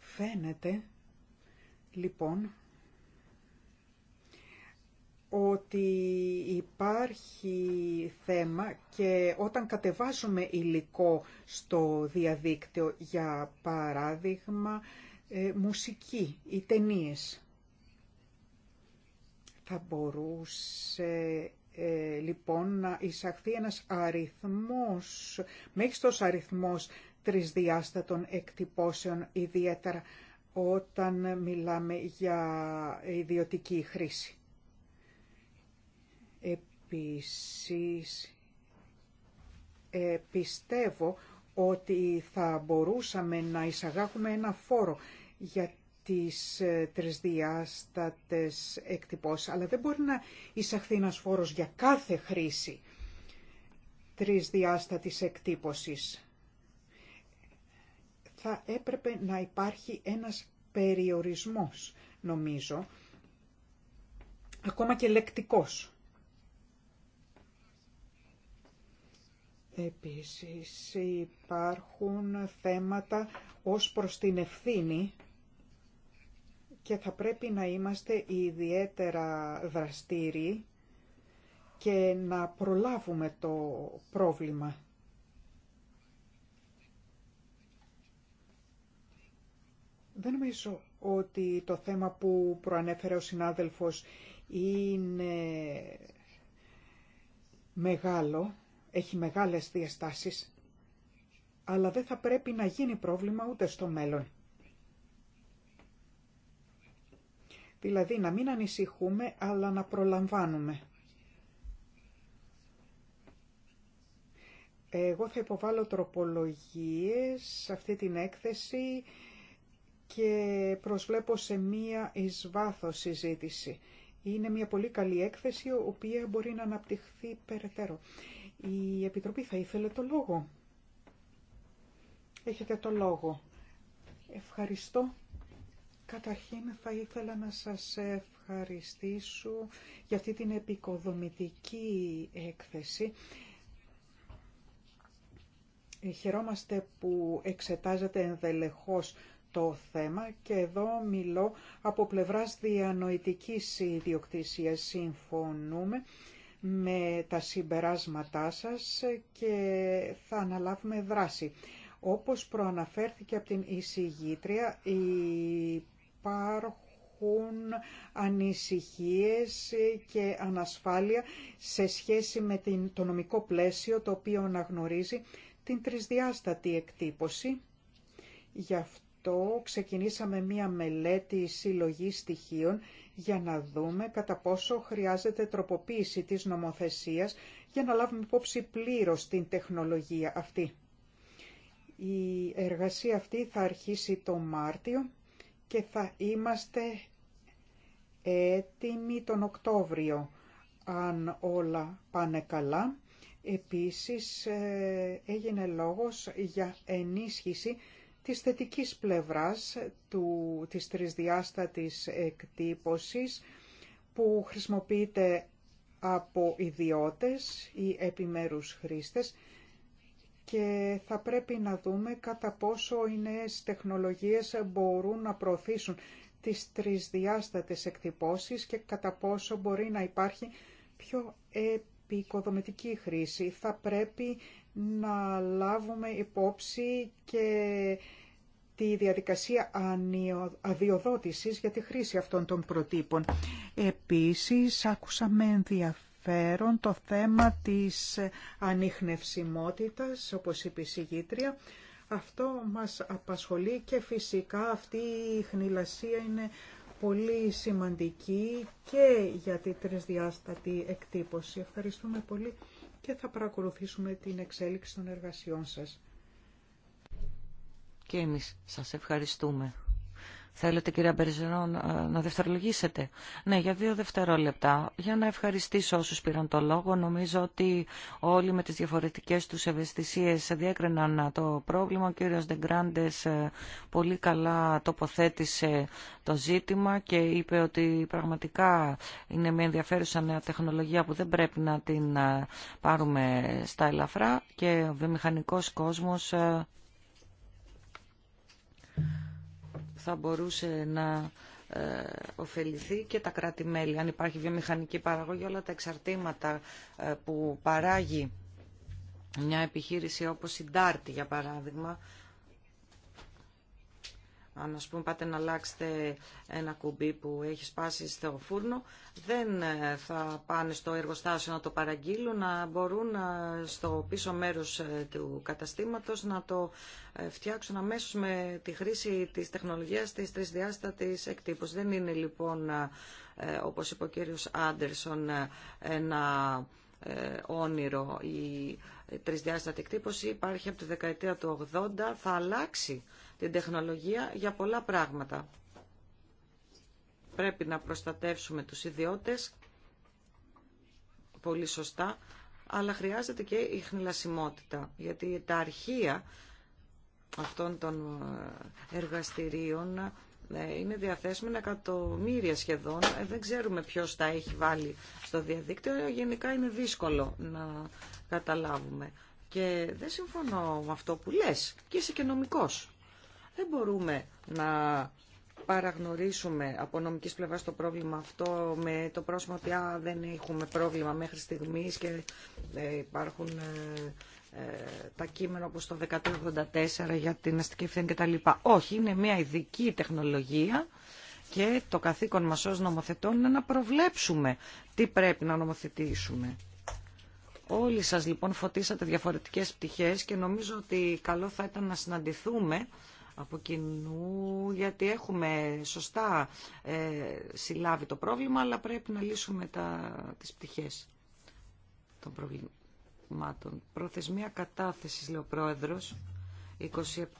Φαίνεται, λοιπόν, ότι υπάρχει θέμα και όταν κατεβάζουμε υλικό στο διαδίκτυο, για παράδειγμα, ε, μουσική ή ταινίες. Θα μπορούσε ε, λοιπόν να εισαχθεί ένας αριθμός, μέγιστος αριθμός τρισδιάστατων εκτυπώσεων ιδιαίτερα όταν μιλάμε για ιδιωτική χρήση. Επίσης, ε, πιστεύω ότι θα μπορούσαμε να εισαγάγουμε ένα φόρο για τις ε, τρισδιάστατες εκτυπώσεις, αλλά δεν μπορεί να εισαχθεί ένας φόρος για κάθε χρήση τρισδιάστατης εκτύπωσης. Θα έπρεπε να υπάρχει ένας περιορισμός, νομίζω, ακόμα και λεκτικός. Επίσης υπάρχουν θέματα ως προς την ευθύνη και θα πρέπει να είμαστε ιδιαίτερα δραστήριοι και να προλάβουμε το πρόβλημα. Δεν νομίζω ότι το θέμα που προανέφερε ο συνάδελφος είναι μεγάλο, έχει μεγάλες διαστάσεις, αλλά δεν θα πρέπει να γίνει πρόβλημα ούτε στο μέλλον. Δηλαδή να μην ανησυχούμε αλλά να προλαμβάνουμε. Εγώ θα υποβάλω τροπολογίες σε αυτή την έκθεση και προσβλέπω σε μία εις βάθος συζήτηση. Είναι μια πολύ καλή έκθεση, η οποία μπορεί να αναπτυχθεί περαιτέρω. Η Επιτροπή θα ήθελε το λόγο. Έχετε το λόγο. Ευχαριστώ. Καταρχήν θα ήθελα να σας ευχαριστήσω για αυτή την επικοδομητική έκθεση. Ε, χαιρόμαστε που εξετάζετε ενδελεχώς το θέμα και εδώ μιλώ από πλευράς διανοητικής ιδιοκτησίας. Συμφωνούμε με τα συμπεράσματά σας και θα αναλάβουμε δράση. Όπως προαναφέρθηκε από την εισηγήτρια, η υπάρχουν ανησυχίες και ανασφάλεια σε σχέση με την, το νομικό πλαίσιο το οποίο αναγνωρίζει την τρισδιάστατη εκτύπωση. Γι' αυτό ξεκινήσαμε μία μελέτη συλλογή στοιχείων για να δούμε κατά πόσο χρειάζεται τροποποίηση της νομοθεσίας για να λάβουμε υπόψη πλήρως την τεχνολογία αυτή. Η εργασία αυτή θα αρχίσει το Μάρτιο και θα είμαστε έτοιμοι τον Οκτώβριο, αν όλα πάνε καλά. Επίσης ε, έγινε λόγος για ενίσχυση της θετικής πλευράς του, της τρισδιάστατης εκτύπωσης που χρησιμοποιείται από ιδιώτες ή επιμέρους χρήστες και θα πρέπει να δούμε κατά πόσο οι νέες τεχνολογίες μπορούν να προωθήσουν τις τρισδιάστατες εκτυπώσεις και κατά πόσο μπορεί να υπάρχει πιο επικοδομητική χρήση. Θα πρέπει να λάβουμε υπόψη και τη διαδικασία αδειοδότησης για τη χρήση αυτών των προτύπων. Επίσης, άκουσα με ενδιαφέρον ενδιαφέρον το θέμα της ανιχνευσιμότητας, όπως είπε η συγγήτρια. Αυτό μας απασχολεί και φυσικά αυτή η χνηλασία είναι πολύ σημαντική και για τη τρισδιάστατη εκτύπωση. Ευχαριστούμε πολύ και θα παρακολουθήσουμε την εξέλιξη των εργασιών σας.
Και εμείς σας ευχαριστούμε. Θέλετε κυρία Μπεριζερό ε, να δευτερολογήσετε. Ναι, για δύο δευτερόλεπτα. Για να ευχαριστήσω όσους πήραν το λόγο. Νομίζω ότι όλοι με τις διαφορετικές του ευαισθησίες διέκριναν το πρόβλημα. Ο κύριος Ντεγκράντες ε, πολύ καλά τοποθέτησε το ζήτημα και είπε ότι πραγματικά είναι μια ενδιαφέρουσα νέα τεχνολογία που δεν πρέπει να την ε, πάρουμε στα ελαφρά και ο βιομηχανικός κόσμος θα μπορούσε να ε, ωφεληθεί και τα κράτη-μέλη. Αν υπάρχει βιομηχανική παραγωγή, όλα τα εξαρτήματα ε, που παράγει μια επιχείρηση όπως η Ντάρτη, για παράδειγμα, αν ας πούμε πάτε να αλλάξετε ένα κουμπί που έχει σπάσει στο φούρνο, δεν ε, θα πάνε στο εργοστάσιο να το παραγγείλουν, να μπορούν ε, στο πίσω μέρος ε, του καταστήματος να το φτιάξουν αμέσως με τη χρήση της τεχνολογίας της τρισδιάστατης εκτύπωσης. Δεν είναι λοιπόν, όπως είπε ο κύριος Άντερσον, ένα όνειρο η τρισδιάστατη εκτύπωση. Υπάρχει από τη δεκαετία του 80, θα αλλάξει την τεχνολογία για πολλά πράγματα. Πρέπει να προστατεύσουμε τους ιδιώτες, πολύ σωστά, αλλά χρειάζεται και η χνηλασιμότητα, γιατί τα αρχεία αυτών των ε, εργαστηρίων ε, είναι διαθέσιμα εκατομμύρια σχεδόν. Ε, δεν ξέρουμε ποιος τα έχει βάλει στο διαδίκτυο. Γενικά είναι δύσκολο να καταλάβουμε. Και δεν συμφωνώ με αυτό που λες. Και είσαι και νομικός. Δεν μπορούμε να παραγνωρίσουμε από νομική πλευρά το πρόβλημα αυτό με το πρόσημο ότι δεν έχουμε πρόβλημα μέχρι στιγμής και ε, υπάρχουν ε, ε, τα κείμενα όπως το 1384 για την αστική ευθύνη κτλ. Όχι, είναι μια ειδική τεχνολογία και το καθήκον μας ως νομοθετών είναι να προβλέψουμε τι πρέπει να νομοθετήσουμε. Όλοι σας λοιπόν φωτίσατε διαφορετικές πτυχές και νομίζω ότι καλό θα ήταν να συναντηθούμε από κοινού, γιατί έχουμε σωστά ε, συλλάβει το πρόβλημα, αλλά πρέπει να λύσουμε τα, τις πτυχές των προβλημάτων. Προθεσμία κατάθεσης, λέει ο Πρόεδρος,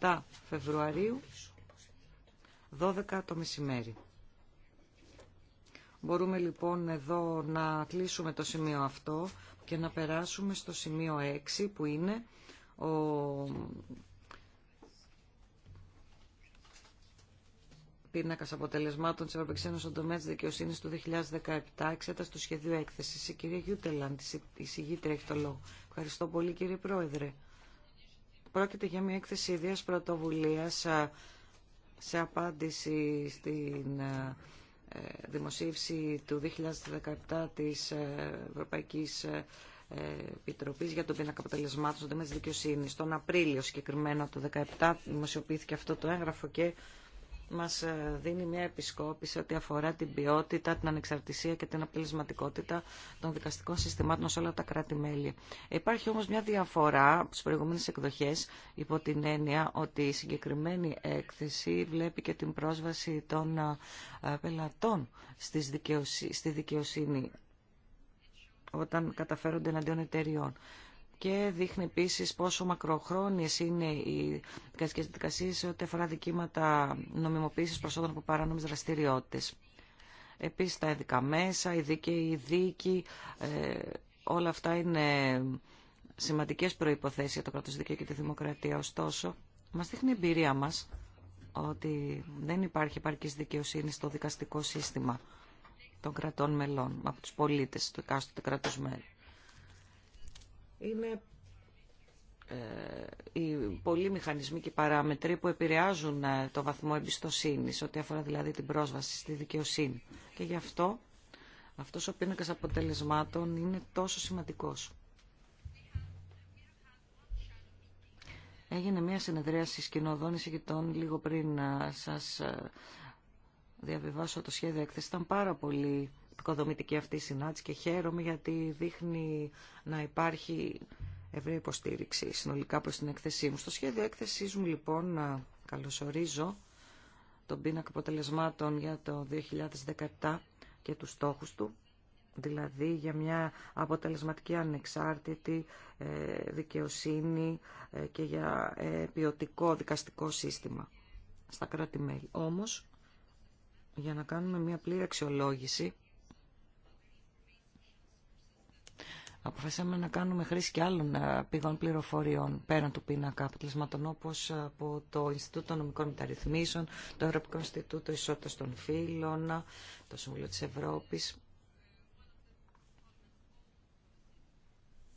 27 Φεβρουαρίου, 12 το μεσημέρι. Μπορούμε λοιπόν εδώ να κλείσουμε το σημείο αυτό και να περάσουμε στο σημείο 6 που είναι ο πίνακα αποτελεσμάτων τη Ευρωπαϊκή Ένωση στον τομέα τη δικαιοσύνη του 2017, εξέταση του σχεδίου έκθεση. Η κυρία Γιούτελαντ, η συγγήτρια, έχει το λόγο. Ευχαριστώ πολύ, κύριε Πρόεδρε. Πρόκειται για μια έκθεση ιδέα πρωτοβουλία σε απάντηση στην ε, δημοσίευση του 2017 της ε, Ευρωπαϊκής ε, Επιτροπή για τον πίνακα αποτελεσμάτων στον τομέα τη δικαιοσύνη. Τον Απρίλιο συγκεκριμένα του 2017 δημοσιοποιήθηκε αυτό το έγγραφο και μας ε, δίνει μια επισκόπηση ό,τι αφορά την ποιότητα, την ανεξαρτησία και την αποτελεσματικότητα των δικαστικών συστημάτων σε όλα τα κράτη-μέλη. Υπάρχει όμως μια διαφορά από τις προηγούμενες εκδοχές υπό την έννοια ότι η συγκεκριμένη έκθεση βλέπει και την πρόσβαση των ε, πελατών στη δικαιοσύνη όταν καταφέρονται εναντίον εταιριών και δείχνει επίσης πόσο μακροχρόνιες είναι οι δικαστικές δικασίες σε ό,τι αφορά δικήματα νομιμοποίησης προσόδων από παράνομες δραστηριότητες. Επίσης τα ειδικά μέσα, η δίκαιη, η δίκη, ε, όλα αυτά είναι σημαντικές προϋποθέσεις για το κράτος δικαίου και τη δημοκρατία. Ωστόσο, μας δείχνει η εμπειρία μας ότι δεν υπάρχει επαρκής δικαιοσύνη στο δικαστικό σύστημα των κρατών μελών, από τους πολίτες του εκάστοτε κράτους μέλους είναι ε, οι πολλοί μηχανισμοί και παράμετροι που επηρεάζουν ε, το βαθμό εμπιστοσύνης, ό,τι αφορά δηλαδή την πρόσβαση στη δικαιοσύνη. Και γι' αυτό αυτός ο πίνακας αποτελεσμάτων είναι τόσο σημαντικός. Έγινε μια συνεδρίαση σκηνοδών εισηγητών λίγο πριν ε, σας διαβιβάσω το σχέδιο έκθεση. Ήταν πάρα πολύ επικοδομητική αυτή συνάντηση και χαίρομαι γιατί δείχνει να υπάρχει ευρύ υποστήριξη συνολικά προς την έκθεσή μου. Στο σχέδιο έκθεσής μου λοιπόν καλωσορίζω τον πίνακα αποτελεσμάτων για το 2017 και τους στόχους του, δηλαδή για μια αποτελεσματική ανεξάρτητη ε, δικαιοσύνη ε, και για ε, ποιοτικό δικαστικό σύστημα στα κράτη-μέλη. Όμως, για να κάνουμε μια πλήρη αξιολόγηση αποφασίσαμε να κάνουμε χρήση και άλλων ε, πηγών πληροφοριών πέραν του πίνακα αποτελεσματών όπως ε, από το Ινστιτούτο Νομικών Μεταρρυθμίσεων, το Ευρωπαϊκό Ινστιτούτο Ισότητας των Φύλων, το Συμβουλίο της Ευρώπης.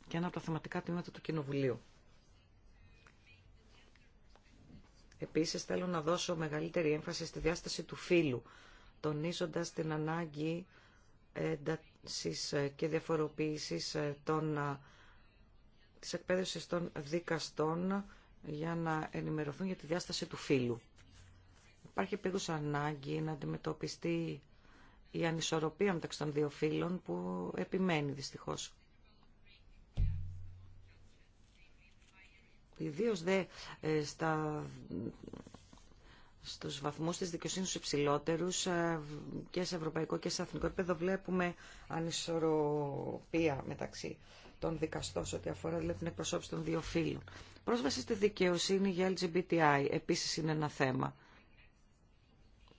και ένα από τα θεματικά τμήματα του Κοινοβουλίου. Επίσης θέλω να δώσω μεγαλύτερη έμφαση στη διάσταση του φύλου, τονίζοντας την ανάγκη έντασης και διαφοροποίησης των, της εκπαίδευσης των δικαστών για να ενημερωθούν για τη διάσταση του φύλου. Υπάρχει επίγουσα ανάγκη να αντιμετωπιστεί η ανισορροπία μεταξύ των δύο φύλων που επιμένει δυστυχώς. Ιδίω δε ε, στα Στου βαθμού της δικαιοσύνη του υψηλότερου ε, και σε ευρωπαϊκό και σε εθνικό επίπεδο βλέπουμε ανισορροπία μεταξύ των δικαστών σε ό,τι αφορά δηλαδή, την εκπροσώπηση των δύο φύλων. Πρόσβαση στη δικαιοσύνη για LGBTI επίσης είναι ένα θέμα.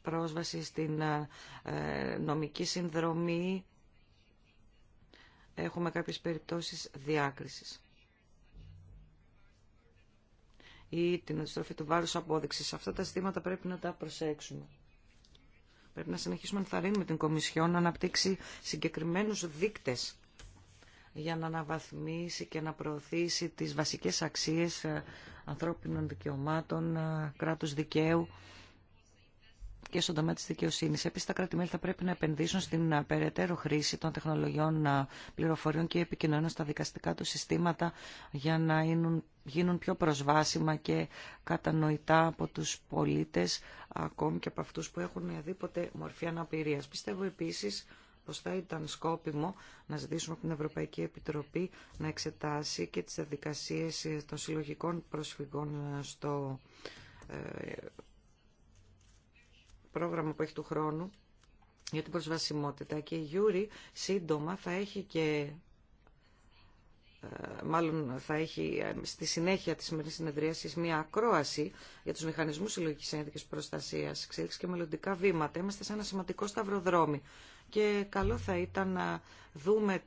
Πρόσβαση στην ε, ε, νομική συνδρομή. Έχουμε κάποιες περιπτώσεις διάκρισης ή την αντιστροφή του βάρους απόδειξη. Αυτά τα στήματα πρέπει να τα προσέξουμε. Πρέπει να συνεχίσουμε να θαρρύνουμε την Κομισιόν να αναπτύξει συγκεκριμένους δείκτες για να αναβαθμίσει και να προωθήσει τις βασικές αξίες ε, ανθρώπινων δικαιωμάτων, ε, κράτους δικαίου και στον τομέα τη δικαιοσύνη. Επίση, τα κράτη-μέλη θα πρέπει να επενδύσουν στην ε, περαιτέρω χρήση των τεχνολογιών ε, πληροφοριών και επικοινωνία στα δικαστικά του συστήματα για να γίνουν πιο προσβάσιμα και κατανοητά από του πολίτε, ακόμη και από αυτού που έχουν οποιαδήποτε μορφή αναπηρία. Πιστεύω επίση πω θα ήταν σκόπιμο να ζητήσουμε από την Ευρωπαϊκή Επιτροπή να εξετάσει και τι διαδικασίε των συλλογικών προσφυγών ε, στο πρόγραμμα που έχει του χρόνου για την προσβασιμότητα και η Γιούρη σύντομα θα έχει και ε, μάλλον θα έχει ε, στη συνέχεια της σημερινής συνεδρίασης μια ακρόαση για τους μηχανισμούς συλλογικής ένδικης προστασίας, εξέλιξης και μελλοντικά βήματα. Είμαστε σε ένα σημαντικό σταυροδρόμι και καλό θα ήταν να δούμε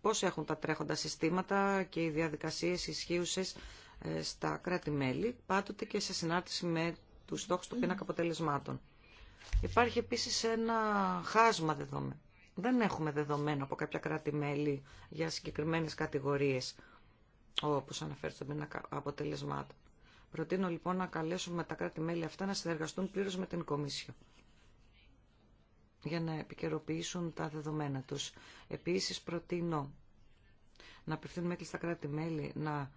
πώς έχουν τα τρέχοντα συστήματα και οι διαδικασίες ισχύουσες ε, στα κράτη-μέλη, πάντοτε και σε συνάρτηση με του στόχου του πίνακα αποτελεσμάτων. Υπάρχει επίσης ένα χάσμα δεδομένων. Δεν έχουμε δεδομένα από κάποια κράτη-μέλη για συγκεκριμένε κατηγορίες, όπως αναφέρει στον πίνακα αποτελεσμάτων. Προτείνω λοιπόν να καλέσουμε τα κράτη-μέλη αυτά να συνεργαστούν πλήρως με την Κομίσιο για να επικαιροποιήσουν τα δεδομένα τους. Επίσης προτείνω να απευθύνουμε και στα κράτη-μέλη να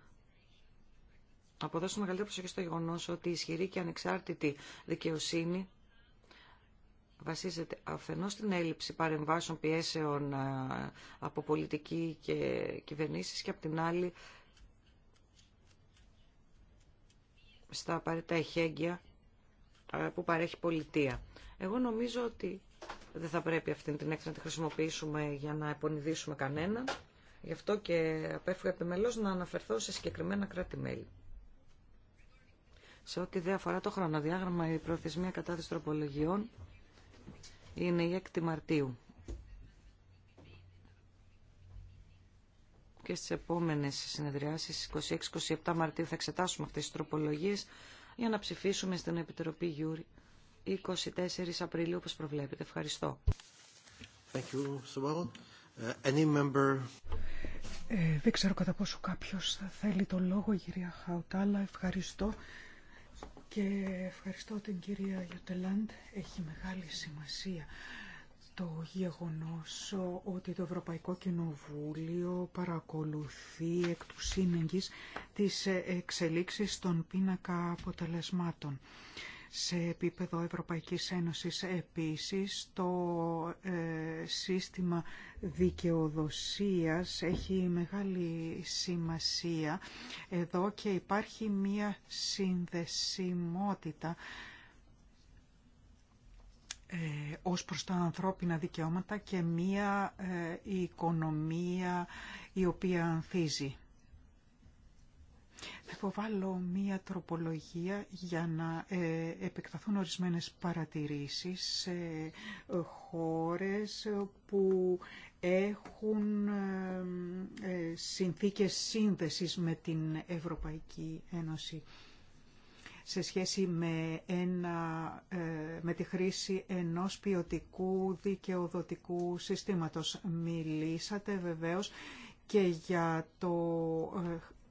αποδώσω μεγαλύτερη προσοχή στο γεγονό ότι η ισχυρή και ανεξάρτητη δικαιοσύνη βασίζεται αφενό στην έλλειψη παρεμβάσεων πιέσεων ε, από πολιτική και κυβερνήσει και από την άλλη στα απαραίτητα εχέγγυα ε, που παρέχει πολιτεία. Εγώ νομίζω ότι δεν θα πρέπει αυτή την έκθεση να τη χρησιμοποιήσουμε για να επωνυδίσουμε κανένα. Γι' αυτό και απέφυγα επιμελώς να αναφερθώ σε συγκεκριμένα κράτη-μέλη. Σε ό,τι δεν αφορά το χρονοδιάγραμμα, η προθεσμία κατάθεση τροπολογιών είναι η 6η Μαρτίου. Και στις επόμενες συνεδριάσεις, 26-27 Μαρτίου, θα εξετάσουμε αυτές τις τροπολογίες για να ψηφίσουμε στην Επιτροπή Γιούρη 24 Απριλίου, όπως προβλέπετε. Ευχαριστώ.
Thank you, uh, Any member...
ε, δεν ξέρω κατά πόσο κάποιος
θέλει το λόγο, κυρία Χαουτάλα. Ευχαριστώ και ευχαριστώ την κυρία Γιωτελάντ. Έχει μεγάλη σημασία το γεγονός ότι το Ευρωπαϊκό Κοινοβούλιο παρακολουθεί εκ του σύνεγγης τις εξελίξεις των πίνακα αποτελεσμάτων σε επίπεδο Ευρωπαϊκής Ένωσης. Επίσης, το ε, σύστημα δικαιοδοσίας έχει μεγάλη σημασία εδώ και υπάρχει μία συνδεσιμότητα ε, ως προς τα ανθρώπινα δικαιώματα και μία ε, οικονομία η οποία ανθίζει. Θα υποβάλω μία τροπολογία για να ε, επεκταθούν ορισμένες παρατηρήσεις σε ε, χώρες που έχουν ε, συνθήκες σύνδεσης με την Ευρωπαϊκή Ένωση σε σχέση με, ένα, με τη χρήση ενός ποιοτικού δικαιοδοτικού συστήματος. Μιλήσατε βεβαίως και για το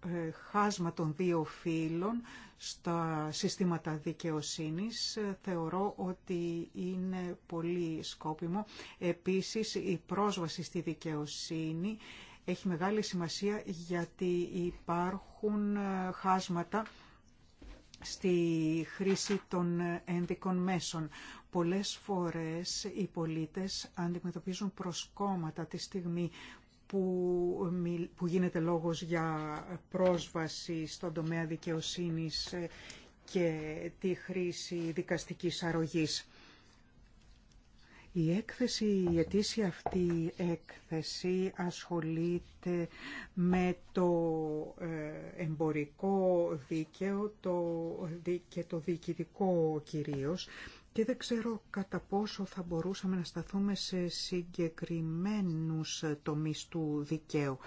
ε, χάσμα των δύο φύλων στα συστήματα δικαιοσύνης ε, θεωρώ ότι είναι πολύ σκόπιμο. Επίσης, η πρόσβαση στη δικαιοσύνη έχει μεγάλη σημασία γιατί υπάρχουν ε, χάσματα στη χρήση των ένδικων μέσων. Πολλές φορές οι πολίτες αντιμετωπίζουν προσκόμματα τη στιγμή που γίνεται λόγος για πρόσβαση στον τομέα δικαιοσύνης ε, και τη χρήση δικαστικής αρρωγής. Η έκθεση, η αυτή έκθεση ασχολείται με το ε, εμπορικό δίκαιο το, και το διοικητικό κυρίως, και δεν ξέρω κατά πόσο θα μπορούσαμε να σταθούμε σε συγκεκριμένους τομείς του δικαίου.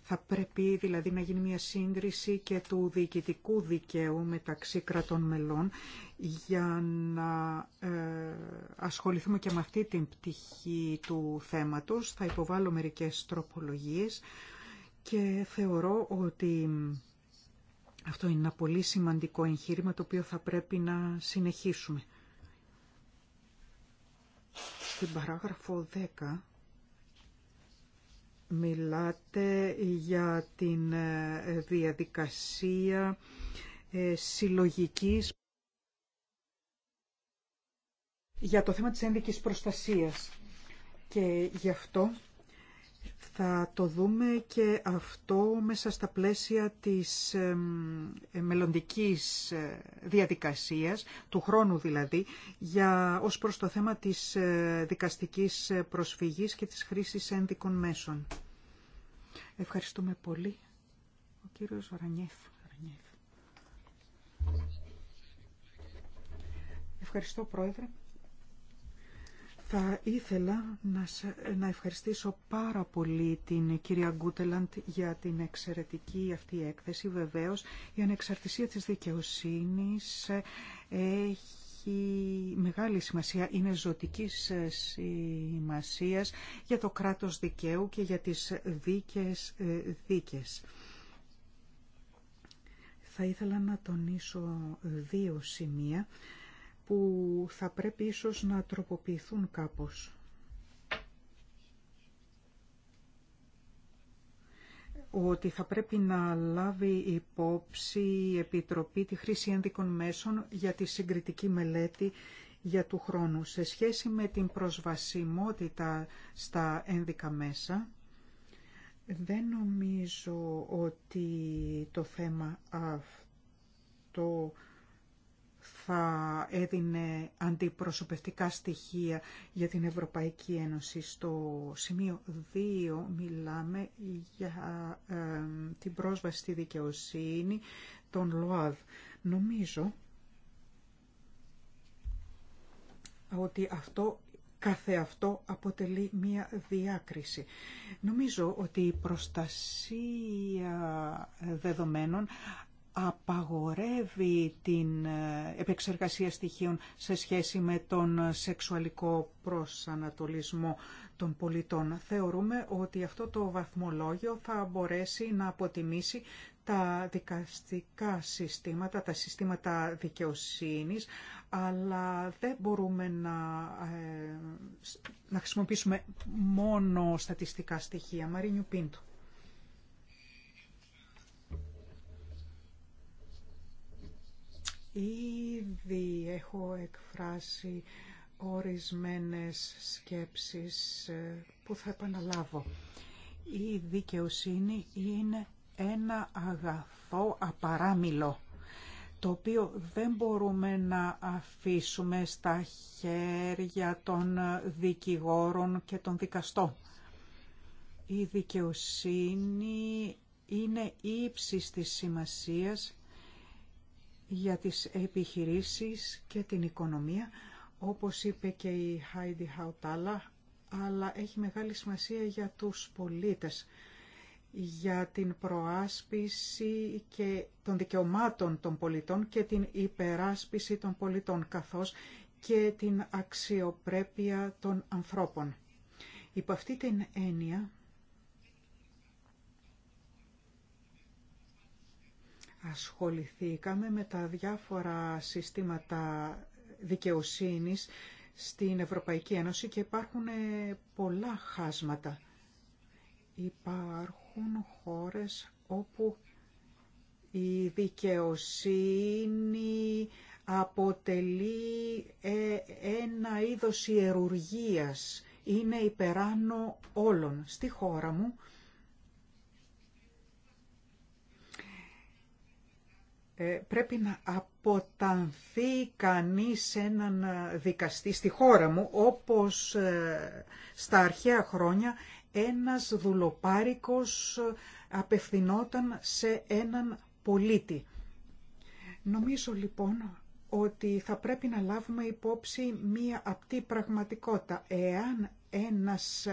Θα πρέπει δηλαδή να γίνει μια σύγκριση και του διοικητικού δικαίου μεταξύ κρατών μελών για να ε, ασχοληθούμε και με αυτή την πτυχή του θέματος. Θα υποβάλω μερικές τροπολογίες και θεωρώ ότι αυτό είναι ένα πολύ σημαντικό εγχείρημα το οποίο θα πρέπει να συνεχίσουμε. Στην παράγραφο 10 μιλάτε για την ε, διαδικασία ε, συλλογικής για το θέμα της ένδικης προστασίας και γι' αυτό θα το δούμε και αυτό μέσα στα πλαίσια της ε, μελλοντικής ε, διαδικασίας, του χρόνου δηλαδή, για, ως προς το θέμα της ε, δικαστικής προσφυγής και της χρήσης ένδικων μέσων. Ευχαριστούμε πολύ. Ο κύριος Ρανιέφ. Ευχαριστώ, Πρόεδρε. Θα ήθελα να, να ευχαριστήσω πάρα πολύ την κυρία Γκούτελαντ για την εξαιρετική αυτή έκθεση. Βεβαίως, η ανεξαρτησία της δικαιοσύνης ε, έχει μεγάλη σημασία, είναι ζωτικής ε, σημασίας για το κράτος δικαίου και για τις δίκες ε, δίκες. Θα ήθελα να τονίσω δύο σημεία που θα πρέπει ίσως να τροποποιηθούν κάπως. ότι θα πρέπει να λάβει υπόψη η Επιτροπή τη χρήση ένδικων μέσων για τη συγκριτική μελέτη για του χρόνου. Σε σχέση με την προσβασιμότητα στα ένδικα μέσα, δεν νομίζω ότι το θέμα αυτό θα έδινε αντιπροσωπευτικά στοιχεία για την Ευρωπαϊκή Ένωση. Στο σημείο 2 μιλάμε για ε, την πρόσβαση στη δικαιοσύνη των ΛΟΑΔ. Νομίζω ότι αυτό κάθε αυτό αποτελεί μία διάκριση. Νομίζω ότι η προστασία δεδομένων απαγορεύει την ε, επεξεργασία στοιχείων σε σχέση με τον σεξουαλικό προσανατολισμό των πολιτών. Θεωρούμε ότι αυτό το βαθμολόγιο θα μπορέσει να αποτιμήσει τα δικαστικά συστήματα, τα συστήματα δικαιοσύνης, αλλά δεν μπορούμε να, ε, χρησιμοποιήσουμε μόνο στατιστικά στοιχεία. Μαρίνιου Πίντου. Ήδη έχω εκφράσει ορισμένες σκέψεις ε, που θα επαναλάβω. Η δικαιοσύνη είναι ένα αγαθό απαράμιλο το οποίο δεν μπορούμε να αφήσουμε στα χέρια των δικηγόρων και των δικαστών. Η δικαιοσύνη είναι ύψης της σημασίας για τις επιχειρήσεις και την οικονομία, όπως είπε και η Χάιντι Χαουτάλα, αλλά έχει μεγάλη σημασία για τους πολίτες, για την προάσπιση και των δικαιωμάτων των πολιτών και την υπεράσπιση των πολιτών, καθώς και την αξιοπρέπεια των ανθρώπων. Υπό αυτή την έννοια ασχοληθήκαμε με τα διάφορα συστήματα δικαιοσύνης στην Ευρωπαϊκή Ένωση και υπάρχουν πολλά χάσματα. Υπάρχουν χώρες όπου η δικαιοσύνη αποτελεί ε, ένα είδος ιερουργίας. Είναι υπεράνω όλων. Στη χώρα μου Ε, πρέπει να αποτανθεί κανείς σε έναν ε, δικαστή στη χώρα μου, όπως ε, στα αρχαία χρόνια ένας δουλοπάρικος απευθυνόταν σε έναν πολίτη. Νομίζω λοιπόν ότι θα πρέπει να λάβουμε υπόψη μία απτή πραγματικότητα. Εάν ένας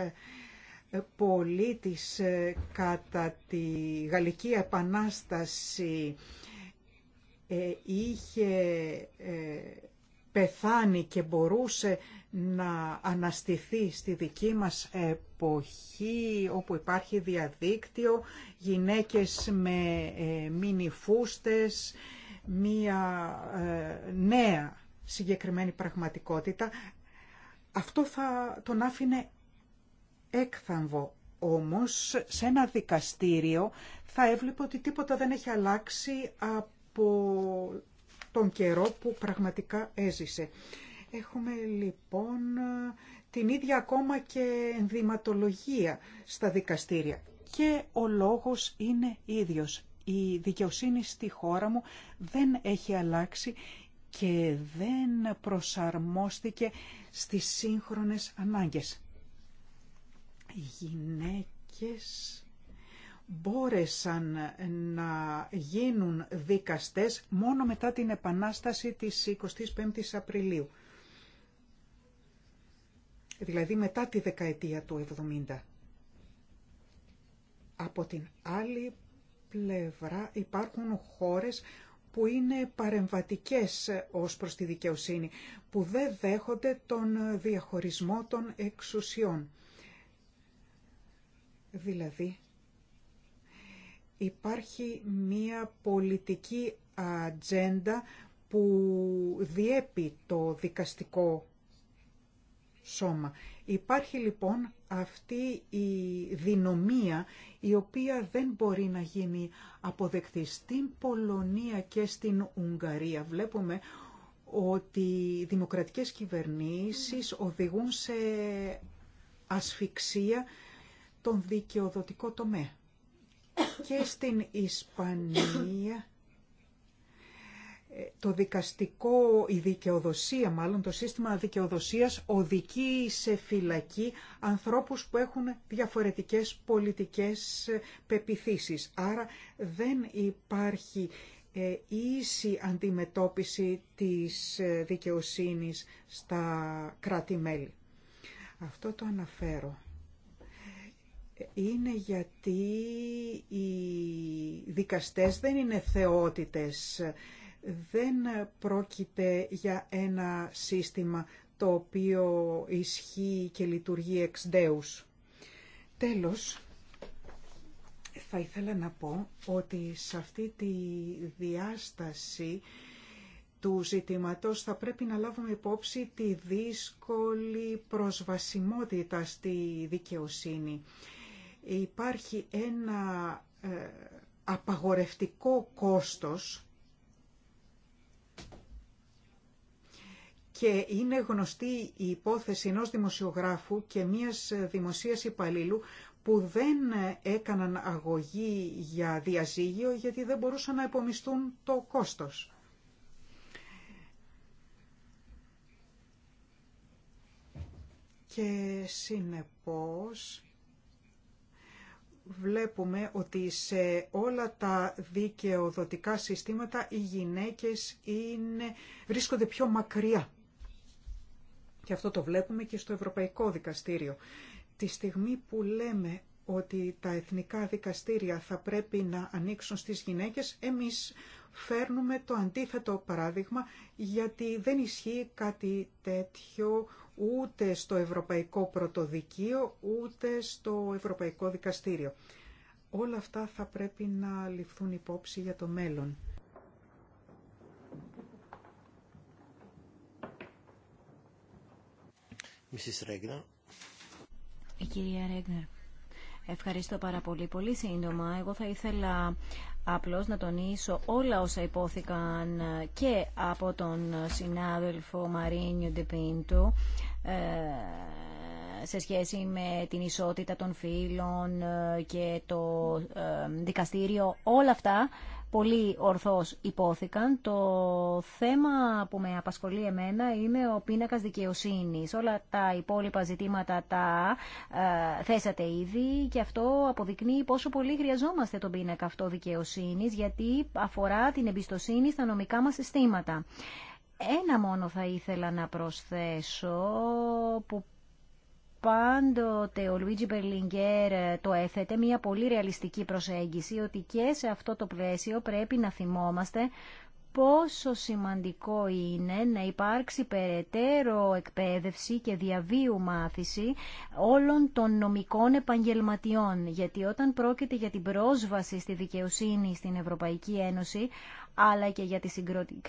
πολίτης κατά τη Γαλλική Επανάσταση ε, είχε ε, πεθάνει και μπορούσε να αναστηθεί στη δική μας εποχή όπου υπάρχει διαδίκτυο, γυναίκες με ε, μινιφούστες, μία νέα συγκεκριμένη πραγματικότητα. Αυτό θα τον άφηνε έκθαμβο. Όμως, σε ένα δικαστήριο θα έβλεπε ότι τίποτα δεν έχει αλλάξει από που, τον καιρό που πραγματικά έζησε. Έχουμε λοιπόν την ίδια ακόμα και ενδυματολογία στα δικαστήρια. Και ο λόγος είναι ίδιος. Η δικαιοσύνη στη χώρα μου δεν έχει αλλάξει και δεν προσαρμόστηκε στις σύγχρονες ανάγκες. Οι γυναίκες μπόρεσαν να γίνουν δικαστές μόνο μετά την Επανάσταση της 25ης Απριλίου. Δηλαδή μετά τη δεκαετία του 70. Από την άλλη πλευρά υπάρχουν χώρες που είναι παρεμβατικές ως προς τη δικαιοσύνη, που δεν δέχονται τον διαχωρισμό των εξουσιών. Δηλαδή, υπάρχει μία πολιτική ατζέντα που διέπει το δικαστικό σώμα. Υπάρχει λοιπόν αυτή η δυνομία η οποία δεν μπορεί να γίνει αποδεκτή στην Πολωνία και στην Ουγγαρία. Βλέπουμε ότι οι δημοκρατικές κυβερνήσεις οδηγούν σε ασφυξία τον δικαιοδοτικό τομέα και στην Ισπανία ε, το δικαστικό, η δικαιοδοσία μάλλον, το σύστημα δικαιοδοσίας οδηγεί σε φυλακή ανθρώπους που έχουν διαφορετικές πολιτικές ε, πεπιθήσεις. Άρα δεν υπάρχει ε, ίση αντιμετώπιση της δικαιοσύνης στα κράτη-μέλη. Αυτό το αναφέρω είναι γιατί οι δικαστές δεν είναι θεότητες. Δεν πρόκειται για ένα σύστημα το οποίο ισχύει και λειτουργεί εξ δέους. Τέλος, θα ήθελα να πω ότι σε αυτή τη διάσταση του ζητηματός θα πρέπει να λάβουμε υπόψη τη δύσκολη προσβασιμότητα στη δικαιοσύνη υπάρχει ένα ε, απαγορευτικό κόστος και είναι γνωστή η υπόθεση ενός δημοσιογράφου και μιας δημοσίας υπαλλήλου που δεν έκαναν αγωγή για διαζύγιο γιατί δεν μπορούσαν να επομιστούν το κόστος. Και συνεπώς βλέπουμε ότι σε όλα τα δικαιοδοτικά συστήματα οι γυναίκες είναι, βρίσκονται πιο μακριά. Και αυτό το βλέπουμε και στο Ευρωπαϊκό Δικαστήριο. Τη στιγμή που λέμε ότι τα εθνικά δικαστήρια θα πρέπει να ανοίξουν στις γυναίκες, εμείς φέρνουμε το αντίθετο παράδειγμα γιατί δεν ισχύει κάτι τέτοιο ούτε στο Ευρωπαϊκό Πρωτοδικείο, ούτε στο Ευρωπαϊκό Δικαστήριο. Όλα αυτά θα πρέπει να ληφθούν υπόψη για το μέλλον.
Η κυρία Ρέγνερ. Ευχαριστώ πάρα πολύ. Πολύ σύντομα. Εγώ θα ήθελα απλώς να τονίσω όλα όσα υπόθηκαν και από τον συνάδελφο Μαρίνιο Ντεπίντου. Ε, σε σχέση με την ισότητα των φίλων ε, και το ε, δικαστήριο. Όλα αυτά πολύ ορθώς υπόθηκαν. Το θέμα που με απασχολεί εμένα είναι ο πίνακας δικαιοσύνης. Όλα τα υπόλοιπα ζητήματα τα θέσατε ήδη και αυτό αποδεικνύει πόσο πολύ χρειαζόμαστε τον πίνακα αυτό δικαιοσύνης γιατί αφορά την εμπιστοσύνη στα νομικά μας συστήματα. Ένα μόνο θα ήθελα να προσθέσω που πάντοτε ο Λουίτζι Μπερλιγκέρ το έθετε μια πολύ ρεαλιστική προσέγγιση ότι και σε αυτό το πλαίσιο πρέπει να θυμόμαστε πόσο σημαντικό είναι να υπάρξει περαιτέρω εκπαίδευση και διαβίου μάθηση όλων των νομικών επαγγελματιών. Γιατί όταν πρόκειται για την πρόσβαση στη δικαιοσύνη στην Ευρωπαϊκή Ένωση, αλλά και για τη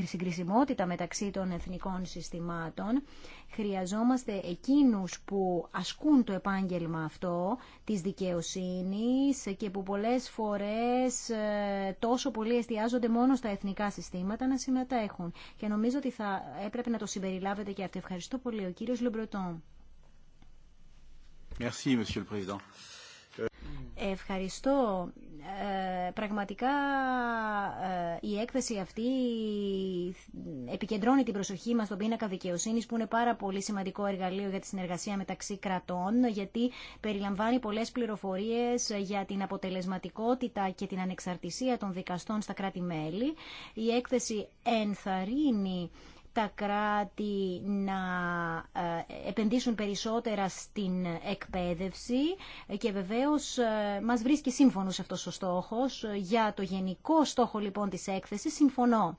συγκρισιμότητα μεταξύ των εθνικών συστημάτων. Χρειαζόμαστε εκείνους που ασκούν το επάγγελμα αυτό της δικαιοσύνης και που πολλές φορές ε, τόσο πολύ εστιάζονται μόνο στα εθνικά συστήματα να συμμετέχουν. Και νομίζω ότι θα έπρεπε να το συμπεριλάβετε και αυτό. Ευχαριστώ πολύ. Ο κύριος Λεμπρετών. Merci, Ευχαριστώ ε, πραγματικά ε, η έκθεση αυτή επικεντρώνει την προσοχή μας στον πίνακα δικαιοσύνης που είναι πάρα πολύ σημαντικό εργαλείο για τη συνεργασία μεταξύ κρατών γιατί περιλαμβάνει πολλές πληροφορίες για την αποτελεσματικότητα και την ανεξαρτησία των δικαστών στα κράτη-μέλη. Η έκθεση ενθαρρύνει τα κράτη να ε, επενδύσουν περισσότερα στην εκπαίδευση και βεβαίως ε, μας βρίσκει σύμφωνος αυτός ο στόχος. Για το γενικό στόχο λοιπόν της έκθεσης συμφωνώ.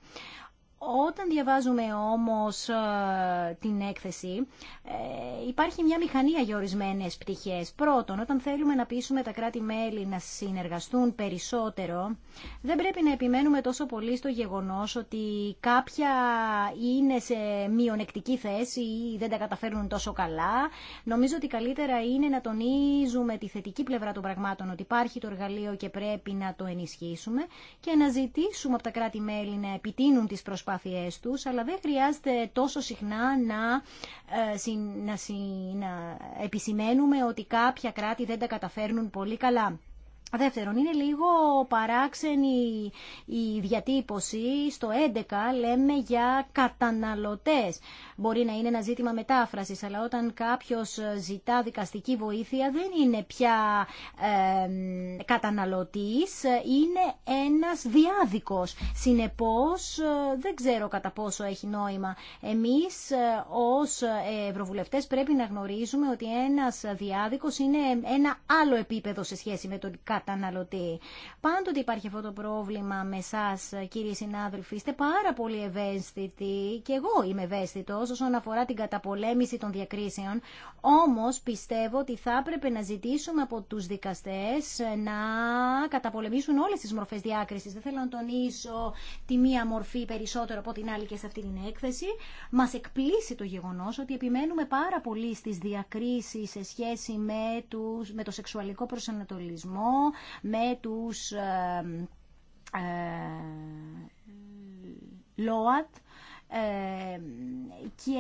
Όταν διαβάζουμε όμως ε, την έκθεση ε, υπάρχει μια μηχανία για ορισμένε πτυχές. Πρώτον, όταν θέλουμε να πείσουμε τα κράτη-μέλη να συνεργαστούν περισσότερο δεν πρέπει να επιμένουμε τόσο πολύ στο γεγονός ότι κάποια είναι σε μειονεκτική θέση ή δεν τα καταφέρνουν τόσο καλά. Νομίζω ότι καλύτερα είναι να τονίζουμε τη θετική πλευρά των πραγμάτων ότι υπάρχει το εργαλείο και πρέπει να το ενισχύσουμε και να ζητήσουμε από τα κράτη-μέλη να επιτείνουν τις προσπάθειες προσπάθειές αλλά δεν χρειάζεται τόσο συχνά να, ε, να, να επισημαίνουμε ότι κάποια κράτη δεν τα καταφέρνουν πολύ καλά. Δεύτερον, είναι λίγο παράξενη η διατύπωση. Στο 11 λέμε για καταναλωτές. Μπορεί να είναι ένα ζήτημα μετάφρασης, αλλά όταν κάποιος ζητά δικαστική βοήθεια δεν είναι πια ε, καταναλωτής, είναι ένας διάδικος. Συνεπώς, δεν ξέρω κατά πόσο έχει νόημα. Εμείς ως ευρωβουλευτές πρέπει να γνωρίζουμε ότι ένας διάδικος είναι ένα άλλο επίπεδο σε σχέση με τον καταναλωτή καταναλωτή. Πάντοτε υπάρχει αυτό το πρόβλημα με εσά, κύριοι συνάδελφοι. Είστε πάρα πολύ ευαίσθητοι και εγώ είμαι ευαίσθητο όσον αφορά την καταπολέμηση των διακρίσεων. Όμω πιστεύω ότι θα έπρεπε να ζητήσουμε από του δικαστέ να καταπολεμήσουν όλε τι μορφέ διάκριση. Δεν θέλω να τονίσω τη μία μορφή περισσότερο από την άλλη και σε αυτή την έκθεση. Μα εκπλήσει το γεγονό ότι επιμένουμε πάρα πολύ στι διακρίσει σε σχέση με, τους, με το σεξουαλικό προσανατολισμό, με τους ε, ε, ΛΟΑΤ ε, και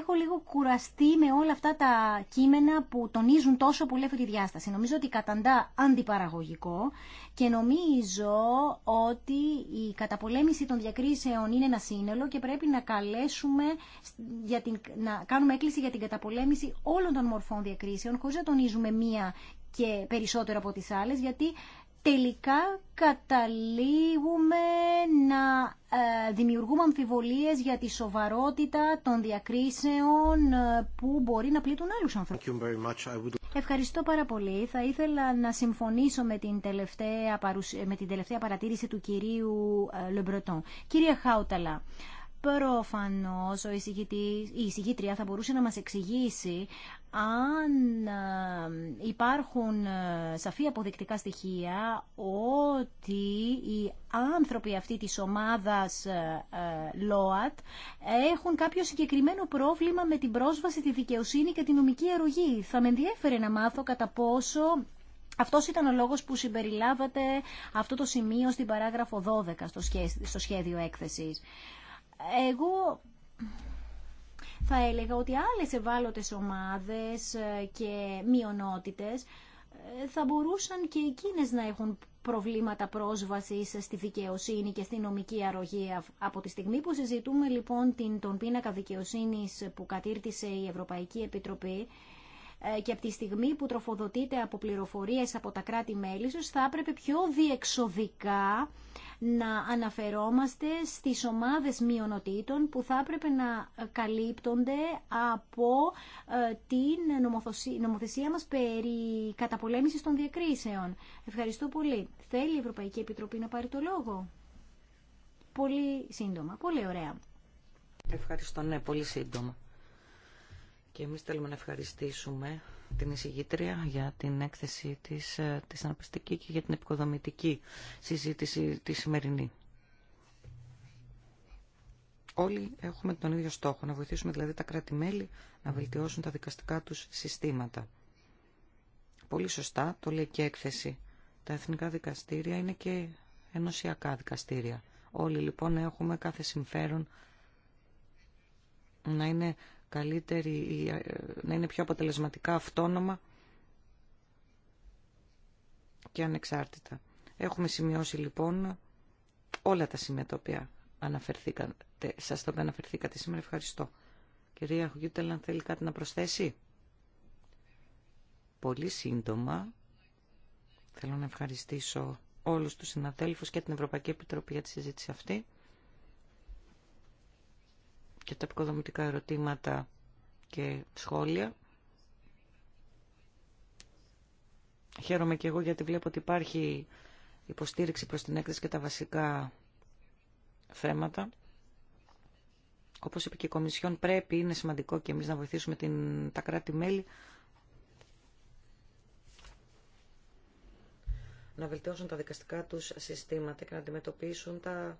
έχω λίγο κουραστεί με όλα αυτά τα κείμενα που τονίζουν τόσο πολύ αυτή τη διάσταση. Νομίζω ότι καταντά αντιπαραγωγικό και νομίζω ότι η καταπολέμηση των διακρίσεων είναι ένα σύνολο και πρέπει να καλέσουμε για την, να κάνουμε έκκληση για την καταπολέμηση όλων των μορφών διακρίσεων χωρίς να τονίζουμε μία και περισσότερο από τις άλλες γιατί τελικά καταλήγουμε να ε, δημιουργούμε αμφιβολίες για τη σοβαρότητα των διακρίσεων ε, που μπορεί να πλήττουν άλλους ανθρώπους. Ευχαριστώ πάρα πολύ. Θα ήθελα να συμφωνήσω με την τελευταία, με την τελευταία παρατήρηση του κυρίου ε, Λεμπρετών. Κύριε Χάουταλα, Προφανώς ο η εισηγήτρια θα μπορούσε να μας εξηγήσει αν ε, υπάρχουν ε, σαφή αποδεικτικά στοιχεία ότι οι άνθρωποι αυτή της ομάδας ε, ΛΟΑΤ έχουν κάποιο συγκεκριμένο πρόβλημα με την πρόσβαση, τη δικαιοσύνη και την νομική αρρωγή. Θα με ενδιέφερε να μάθω κατά πόσο αυτό ήταν ο λόγος που συμπεριλάβατε αυτό το σημείο στην παράγραφο 12 στο σχέδιο έκθεσης. Εγώ θα έλεγα ότι άλλες ευάλωτες ομάδες και μειονότητες ε, θα μπορούσαν και εκείνες να έχουν προβλήματα πρόσβασης στη δικαιοσύνη και στη νομική αρρωγή. Από τη στιγμή που συζητούμε λοιπόν την, τον πίνακα δικαιοσύνης που κατήρτισε η Ευρωπαϊκή Επιτροπή, ε, και από τη στιγμή που τροφοδοτείται από πληροφορίες από τα κράτη-μέλη, θα έπρεπε πιο διεξοδικά να αναφερόμαστε στις ομάδες μειονοτήτων που θα έπρεπε να καλύπτονται από ε, την νομοθεσία μας περί καταπολέμησης των διακρίσεων. Ευχαριστώ πολύ. Θέλει η Ευρωπαϊκή Επιτροπή να πάρει το λόγο. Πολύ σύντομα. Πολύ ωραία.
Ευχαριστώ. Ναι, πολύ σύντομα. Και εμείς θέλουμε να ευχαριστήσουμε την εισηγήτρια για την έκθεσή της, ε, τη συναρπιστική και για την επικοδομητική συζήτηση τη σημερινή. Όλοι έχουμε τον ίδιο στόχο, να βοηθήσουμε δηλαδή τα κράτη-μέλη να βελτιώσουν τα δικαστικά τους συστήματα. Πολύ σωστά, το λέει και έκθεση. Τα εθνικά δικαστήρια είναι και ενωσιακά δικαστήρια. Όλοι λοιπόν έχουμε κάθε συμφέρον να είναι καλύτερη, ε, να είναι πιο αποτελεσματικά αυτόνομα και ανεξάρτητα. Έχουμε σημειώσει λοιπόν όλα τα σημεία τα οποία αναφερθήκατε, σας τα αναφερθήκατε σήμερα. Ευχαριστώ. Κυρία Χουγιούτελ, αν θέλει κάτι να προσθέσει. Πολύ σύντομα θέλω να ευχαριστήσω όλους τους συναδέλφους και την Ευρωπαϊκή Επιτροπή για τη συζήτηση αυτή και τα επικοδομητικά ερωτήματα και σχόλια. Χαίρομαι και εγώ γιατί βλέπω ότι υπάρχει υποστήριξη προς την έκθεση και τα βασικά θέματα. Όπως είπε και η Κομισιόν, πρέπει, είναι σημαντικό και εμείς να βοηθήσουμε την, τα κράτη-μέλη να βελτιώσουν τα δικαστικά τους συστήματα και να αντιμετωπίσουν τα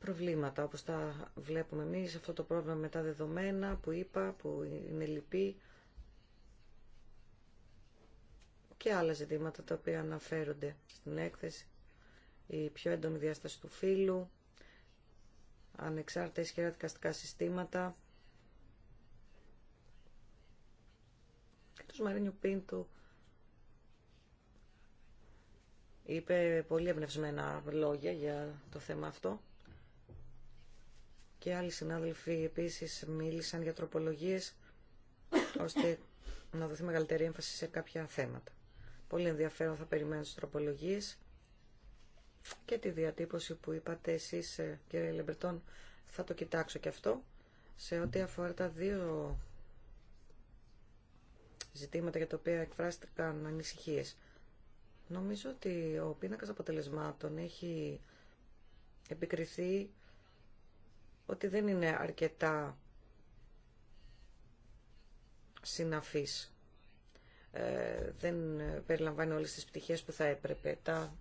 προβλήματα όπως τα βλέπουμε εμείς, αυτό το πρόβλημα με τα δεδομένα που είπα, που είναι λυπή και άλλα ζητήματα τα οποία αναφέρονται στην έκθεση, η πιο έντονη διάσταση του φύλου, ανεξάρτητα ισχυρά δικαστικά συστήματα και τους Μαρίνιου Πίντου είπε πολύ εμπνευσμένα λόγια για το θέμα αυτό και άλλοι συνάδελφοι επίσης μίλησαν για τροπολογίες ώστε να δοθεί μεγαλύτερη έμφαση σε κάποια θέματα. Πολύ ενδιαφέρον θα περιμένω τις τροπολογίες και τη διατύπωση που είπατε εσείς ε, κύριε Λεμπερτών θα το κοιτάξω και αυτό σε ό,τι αφορά τα δύο ζητήματα για τα οποία εκφράστηκαν ανησυχίες. Νομίζω ότι ο πίνακας αποτελεσμάτων έχει επικριθεί ότι δεν είναι αρκετά συναφής. Ε, δεν περιλαμβάνει όλες τις πτυχές που θα έπρεπε. Τα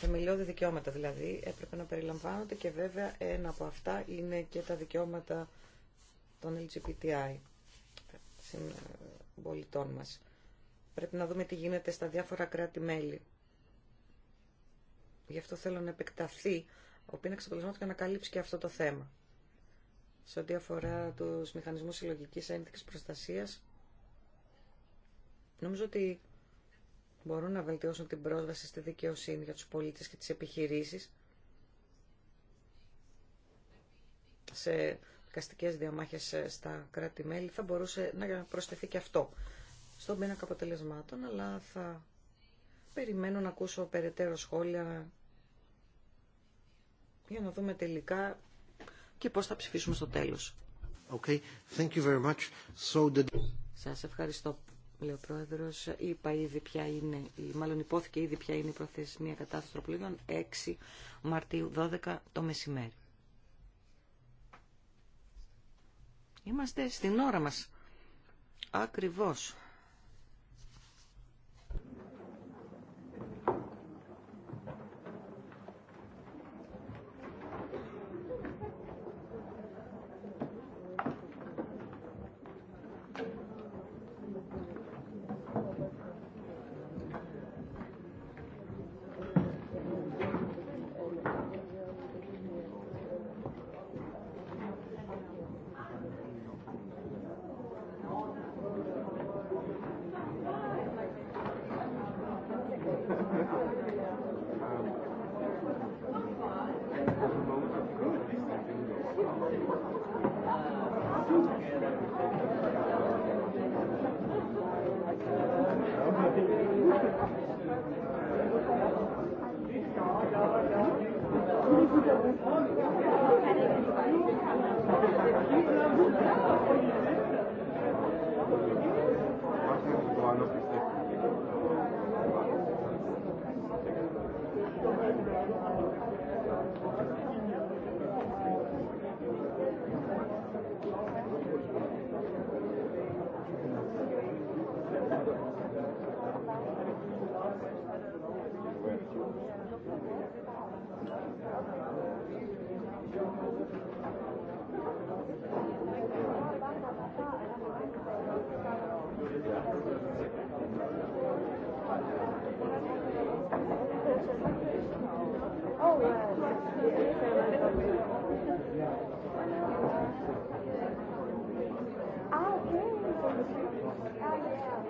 θεμελιώδη δικαιώματα δηλαδή έπρεπε να περιλαμβάνονται και βέβαια ένα από αυτά είναι και τα δικαιώματα των LGBTI συμπολιτών μας. Πρέπει να δούμε τι γίνεται στα διάφορα κράτη-μέλη. Γι' αυτό θέλω να επεκταθεί ο πίνακα του να καλύψει και αυτό το θέμα σε ό,τι αφορά τους μηχανισμούς συλλογικής ένδειξης προστασίας. Νομίζω ότι μπορούν να βελτιώσουν την πρόσβαση στη δικαιοσύνη για τους πολίτες και τις επιχειρήσεις σε δικαστικές διαμάχες στα κράτη-μέλη. Θα μπορούσε να προσθεθεί και αυτό στον πίνακα αποτελεσμάτων, αλλά θα περιμένω να ακούσω περαιτέρω σχόλια για να δούμε τελικά και πώς θα ψηφίσουμε στο τέλος. Okay. Σας ευχαριστώ, λέει ο Πρόεδρος. Είπα ήδη ποια είναι, μάλλον υπόθηκε ήδη ποια είναι η προθεσμία κατάθεση τροπλήγων 6 Μαρτίου 12 το μεσημέρι. Είμαστε στην ώρα μας. Ακριβώς.
Oh okay. yeah.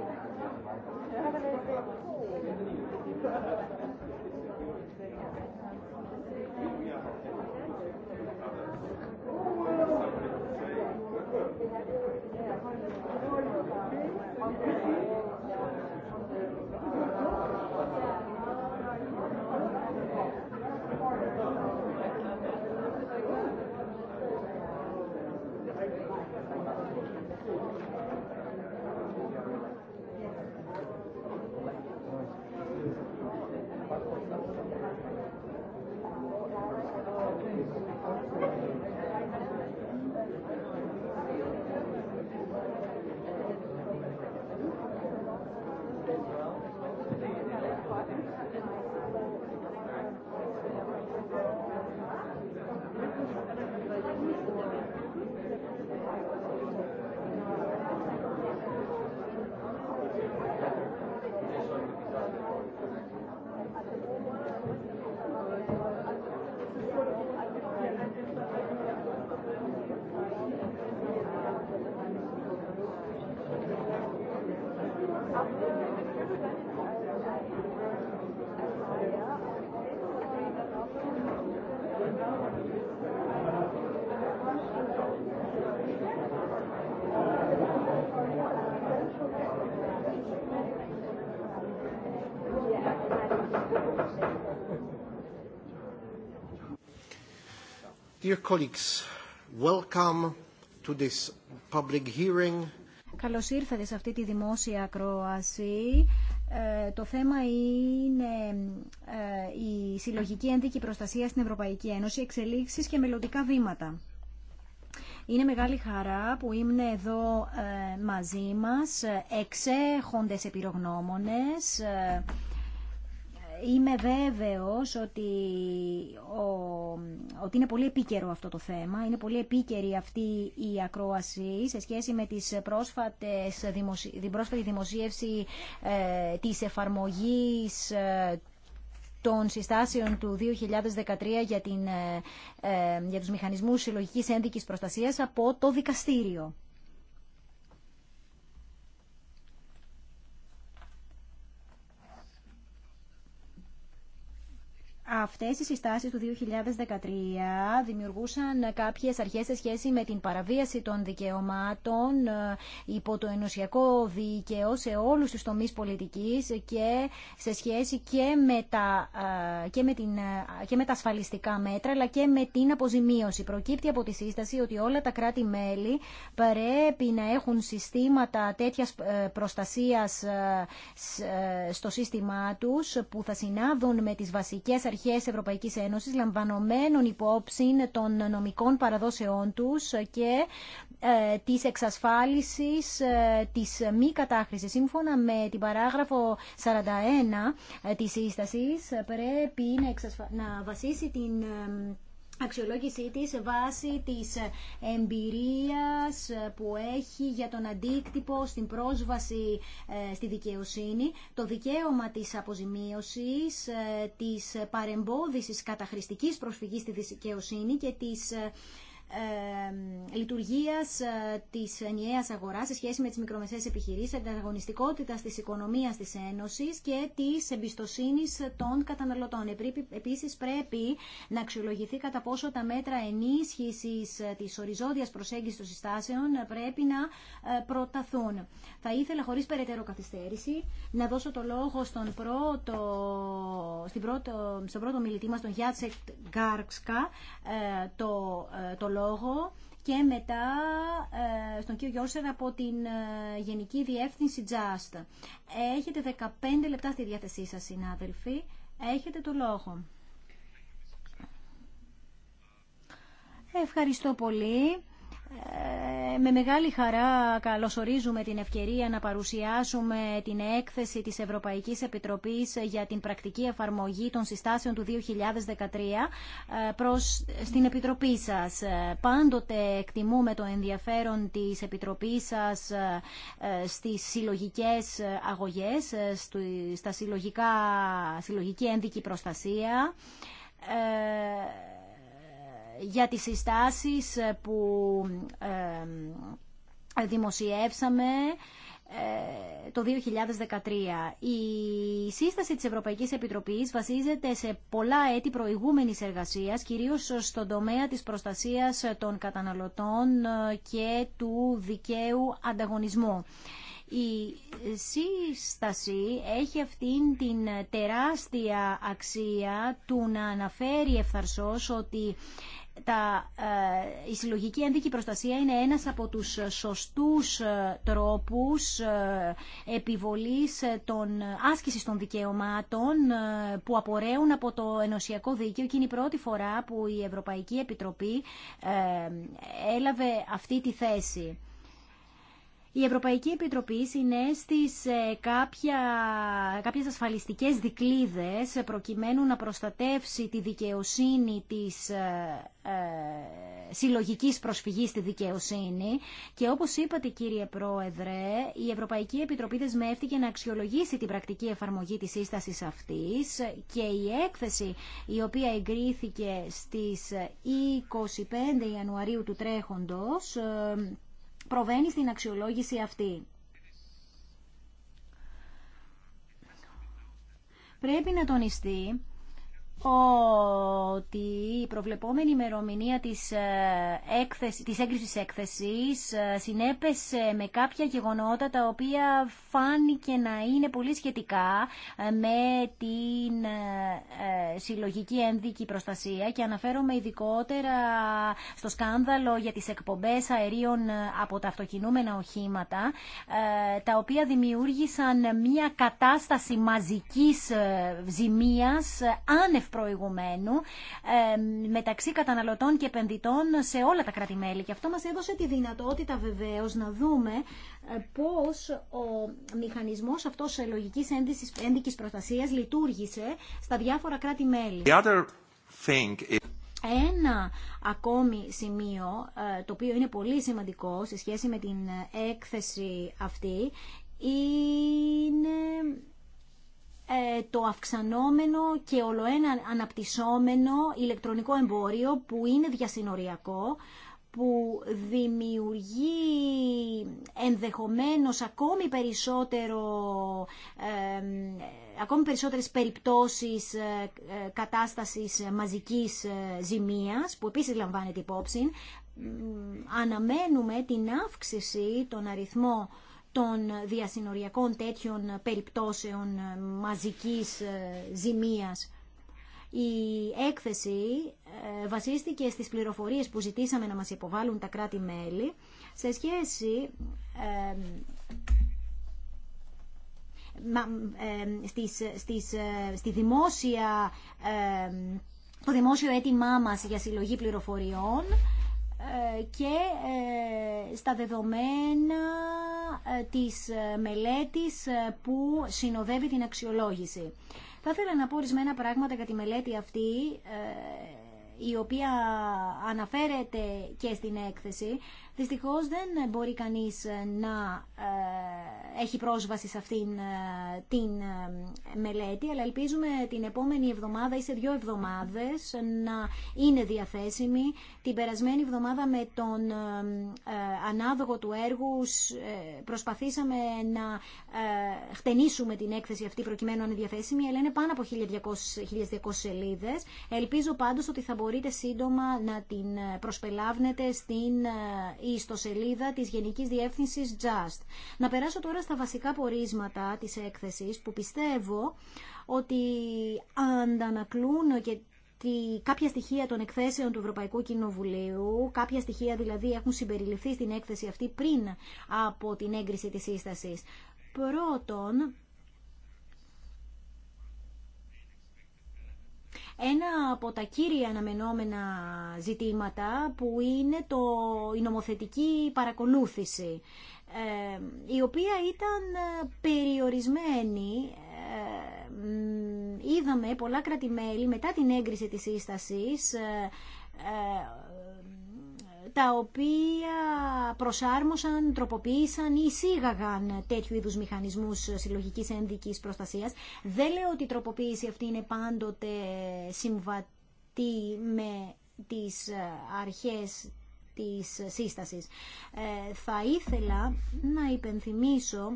Dear
ήρθατε σε αυτή τη δημόσια ακρόαση. Ε, το θέμα είναι ε, η συλλογική ένδικη προστασία στην Ευρωπαϊκή Ένωση, εξελίξεις και μελλοντικά βήματα. Είναι μεγάλη χαρά που ήμουν εδώ ε, μαζί μας εξέχοντες επιρρογνώμονες είμαι βέβαιος ότι, ο, ότι είναι πολύ επίκαιρο αυτό το θέμα. Είναι πολύ επίκαιρη αυτή η ακρόαση σε σχέση με τις πρόσφατες, την πρόσφατη δημοσίευση ε, της εφαρμογής ε, των συστάσεων του 2013 για, την, ε, ε, για τους μηχανισμούς συλλογικής ένδικης προστασίας από το δικαστήριο. Αυτές οι συστάσεις του 2013 δημιουργούσαν κάποιες αρχές σε σχέση με την παραβίαση των δικαιωμάτων ε, υπό το ενωσιακό δίκαιο σε όλους τους τομείς πολιτικής και σε σχέση και με τα, ε, και με την, ε, και με τα ασφαλιστικά μέτρα αλλά και με την αποζημίωση. Προκύπτει από τη σύσταση ότι όλα τα κράτη-μέλη πρέπει να έχουν συστήματα τέτοιας προστασίας στο σύστημά τους που θα συνάδουν με τις βασικές αρχές χές Ευρωπαϊκής Ένωσης λαμβανομένων υπόψη των νομικών παραδόσεών τους και ε, της εξασφάλισης ε, της μη κατάχρησης. Σύμφωνα με την παράγραφο 41 ε, της σύσταση, πρέπει να, να βασίσει την αξιολόγησή σε βάση της εμπειρίας που έχει για τον αντίκτυπο στην πρόσβαση ε, στη δικαιοσύνη, το δικαίωμα της αποζημίωσης, ε, της παρεμπόδιση καταχρηστικής προσφυγής στη δικαιοσύνη και της ε, ε, λειτουργίας ε, της ενιαία αγοράς σε σχέση με τις μικρομεσαίες επιχειρήσεις, ανταγωνιστικότητα τη Οικονομία τη Ένωση και τη εμπιστοσύνη των καταναλωτών. Επίσης πρέπει να αξιολογηθεί κατά πόσο τα μέτρα ενίσχυσης της οριζόντια προσέγγισης των συστάσεων πρέπει να ε, προταθούν. Θα ήθελα χωρί περαιτέρω καθυστέρηση να δώσω το λόγο στον πρώτο, πρώτο, πρώτο μιλητή μα τον Γιάτσεκ Γκάρξκα, το, το λόγο και μετά ε, στον κύριο Γιώργο από την ε, Γενική Διεύθυνση Just. Έχετε 15 λεπτά στη διάθεσή σας, συνάδελφοι. Έχετε το λόγο. Ευχαριστώ πολύ. Ε, με μεγάλη χαρά καλωσορίζουμε την ευκαιρία να παρουσιάσουμε την έκθεση της Ευρωπαϊκής Επιτροπής για την πρακτική εφαρμογή των συστάσεων του 2013 ε, προς στην Επιτροπή σας. Ε, πάντοτε εκτιμούμε το ενδιαφέρον της Επιτροπής σας στις συλλογικές αγωγές, στα συλλογικά, συλλογική ένδικη προστασία για τις συστάσεις ε, που δημοσιεύσαμε ε, το 2013. Η σύσταση της Ευρωπαϊκής Επιτροπής βασίζεται σε πολλά έτη προηγούμενης εργασίας, κυρίως στον τομέα της προστασίας των καταναλωτών ε, και του δικαίου ανταγωνισμού. Η σύσταση έχει αυτήν την τεράστια αξία του να αναφέρει ευθαρσός ότι τα, ε, η συλλογική ένδικη προστασία είναι ένας από τους σωστούς ε, τρόπους ε, επιβολής των άσκησης των δικαιωμάτων που απορρέουν από το ενωσιακό δίκαιο και είναι η πρώτη φορά που η Ευρωπαϊκή Επιτροπή έλαβε αυτή τη θέση. Η Ευρωπαϊκή Επιτροπή συνέστησε κάποια, κάποιες ασφαλιστικές δικλίδες προκειμένου να προστατεύσει τη δικαιοσύνη της ε, ε, συλλογικής προσφυγής στη δικαιοσύνη και όπως είπατε κύριε Πρόεδρε, η Ευρωπαϊκή Επιτροπή δεσμεύτηκε να αξιολογήσει την πρακτική εφαρμογή της σύστασης αυτής και η έκθεση η οποία εγκρίθηκε στις 25 ε, Ιανουαρίου του τρέχοντος ε, προβαίνει στην αξιολόγηση αυτή. Πρέπει να τονιστεί ότι η προβλεπόμενη ημερομηνία της, ε, έκθεση, της έγκρισης έκθεσης ε, συνέπεσε με κάποια γεγονότα τα οποία φάνηκε να είναι πολύ σχετικά ε, με την συλλογική ένδικη προστασία και αναφέρομαι ειδικότερα στο σκάνδαλο για τις εκπομπές αερίων από τα αυτοκινούμενα οχήματα τα οποία δημιούργησαν μια κατάσταση μαζικής ζημίας άνευ προηγουμένου μεταξύ καταναλωτών και επενδυτών σε όλα τα κράτη-μέλη. Και αυτό μας έδωσε τη δυνατότητα βεβαίως να δούμε ε, πώς ο μηχανισμός αυτός λογικής ένδικης προστασίας λειτουργήσε στα διάφορα κράτη-μέλη. Ένα ακόμη σημείο, ε, το οποίο είναι πολύ σημαντικό σε σχέση με την ε, έκθεση αυτή, είναι ε, το αυξανόμενο και ολοένα αναπτυσσόμενο ηλεκτρονικό εμπόριο που είναι διασυνοριακό, που δημιουργεί ενδεχομένως ακόμη περισσότερο ε, ακόμη περισσότερες περιπτώσεις ε, ε, κατάστασης μαζικής ζημίας που επίσης λαμβάνεται υπόψη αναμένουμε την αύξηση των αριθμών των διασυνοριακών τέτοιων περιπτώσεων ε, μαζικής ε, ζημίας. Η έκθεση ε, βασίστηκε στις πληροφορίες που ζητήσαμε να μας υποβάλουν τα κράτη-μέλη σε σχέση στις, στη δημόσια, το δημόσιο αίτημά μας για συλλογή πληροφοριών ε, και ε, στα δεδομένα ε, της μελέτης που συνοδεύει την αξιολόγηση. Θα ήθελα να πω ορισμένα πράγματα για τη μελέτη αυτή η οποία αναφέρεται και στην έκθεση. Δυστυχώς δεν μπορεί κανείς ε, να ε, έχει πρόσβαση σε αυτήν ε, την μελέτη, αλλά ελπίζουμε την επόμενη εβδομάδα ή σε δύο εβδομάδες να είναι διαθέσιμη. Την περασμένη εβδομάδα με τον ανάδογο του έργου προσπαθήσαμε να χτενίσουμε την έκθεση αυτή προκειμένου να είναι διαθέσιμη, αλλά είναι πάνω από 1200, 1200 σελίδες. Ελπίζω πάντως ότι θα μπορείτε σύντομα να την προσπελάβνετε στην ιστοσελίδα τη γενική διεύθυνση Just. Να περάσω τώρα στα βασικά πορίσματα τη έκθεση που πιστεύω ότι αντανακλούν και τη, κάποια στοιχεία των εκθέσεων του Ευρωπαϊκού Κοινοβουλίου, κάποια στοιχεία δηλαδή έχουν συμπεριληφθεί στην έκθεση αυτή πριν από την έγκριση της σύσταση. Πρώτον, ένα από τα κύρια αναμενόμενα ζητήματα που είναι το, η νομοθετική παρακολούθηση ε, η οποία ήταν ε, περιορισμένη. Ε, είδαμε πολλά κρατημέλη μετά την έγκριση της σύστασης τα οποία προσάρμοσαν, τροποποίησαν ή εισήγαγαν τέτοιου είδους μηχανισμούς συλλογικής ενδικής προστασίας. Δεν λέω ότι η τροποποίηση αυτή είναι πάντοτε συμβατή με τις ε, αρχές της σύστασης. Ε, θα ήθελα να υπενθυμίσω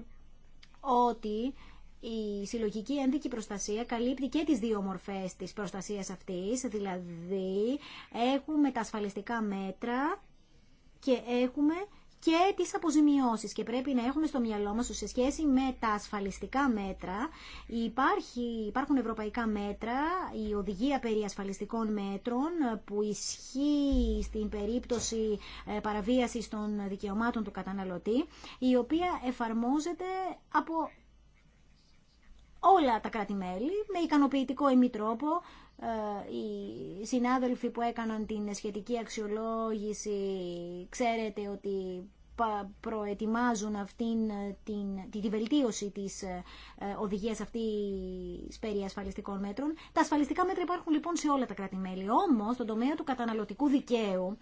ότι η συλλογική ένδικη προστασία καλύπτει και τις δύο μορφές της προστασίας αυτής, δηλαδή έχουμε τα ασφαλιστικά μέτρα και έχουμε και τις αποζημιώσεις και πρέπει να έχουμε στο μυαλό μας σε σχέση με τα ασφαλιστικά μέτρα υπάρχει, υπάρχουν ευρωπαϊκά μέτρα η οδηγία περί ασφαλιστικών μέτρων που ισχύει στην περίπτωση ε, παραβίασης των δικαιωμάτων του καταναλωτή η οποία εφαρμόζεται από όλα τα κράτη-μέλη με ικανοποιητικό μη τρόπο. Ε, οι συνάδελφοι που έκαναν την σχετική αξιολόγηση ξέρετε ότι προετοιμάζουν αυτήν την, τη, τη βελτίωση της ε, οδηγίας αυτής περί ασφαλιστικών μέτρων. Τα ασφαλιστικά μέτρα υπάρχουν λοιπόν σε όλα τα κράτη-μέλη. Όμως, στον τομέα του καταναλωτικού δικαίου,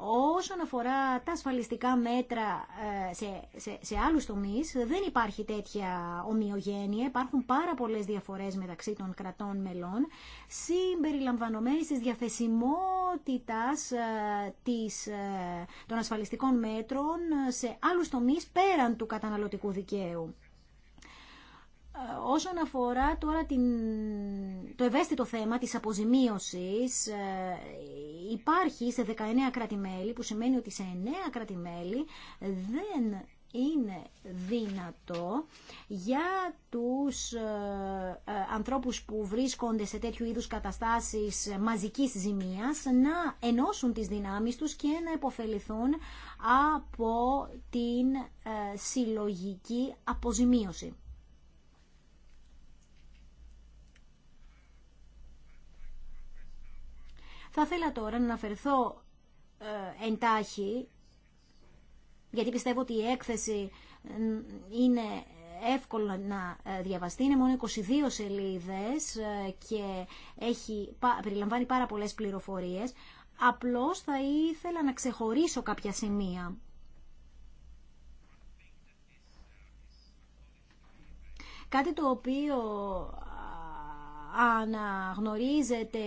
Όσον αφορά τα ασφαλιστικά μέτρα ε, σε, σε, σε άλλους τομείς, δεν υπάρχει τέτοια ομοιογένεια. Υπάρχουν πάρα πολλές διαφορές μεταξύ των κρατών μελών, συμπεριλαμβανομένης της διαθεσιμότητας ε, της, ε, των ασφαλιστικών μέτρων σε άλλους τομείς πέραν του καταναλωτικού δικαίου. Ε, όσον αφορά τώρα την, το ευαίσθητο θέμα της αποζημίωσης, ε, υπάρχει σε 19 κράτη-μέλη, που σημαίνει ότι σε 9 κράτη-μέλη δεν είναι δυνατό για τους ε, ε, ανθρώπους που βρίσκονται σε τέτοιου είδους καταστάσεις μαζικής ζημίας να ενώσουν τις δυνάμεις τους και να υποφεληθούν από την συλλογική αποζημίωση. Θα ήθελα τώρα να αναφερθώ ε, εντάχει, γιατί πιστεύω ότι η έκθεση ε, είναι εύκολο να ε, διαβαστεί. Είναι μόνο 22 σελίδες και έχει, περιλαμβάνει πάρα πολλές πληροφορίες. Απλώς θα ήθελα να ξεχωρίσω κάποια σημεία. Κάτι το οποίο αναγνωρίζεται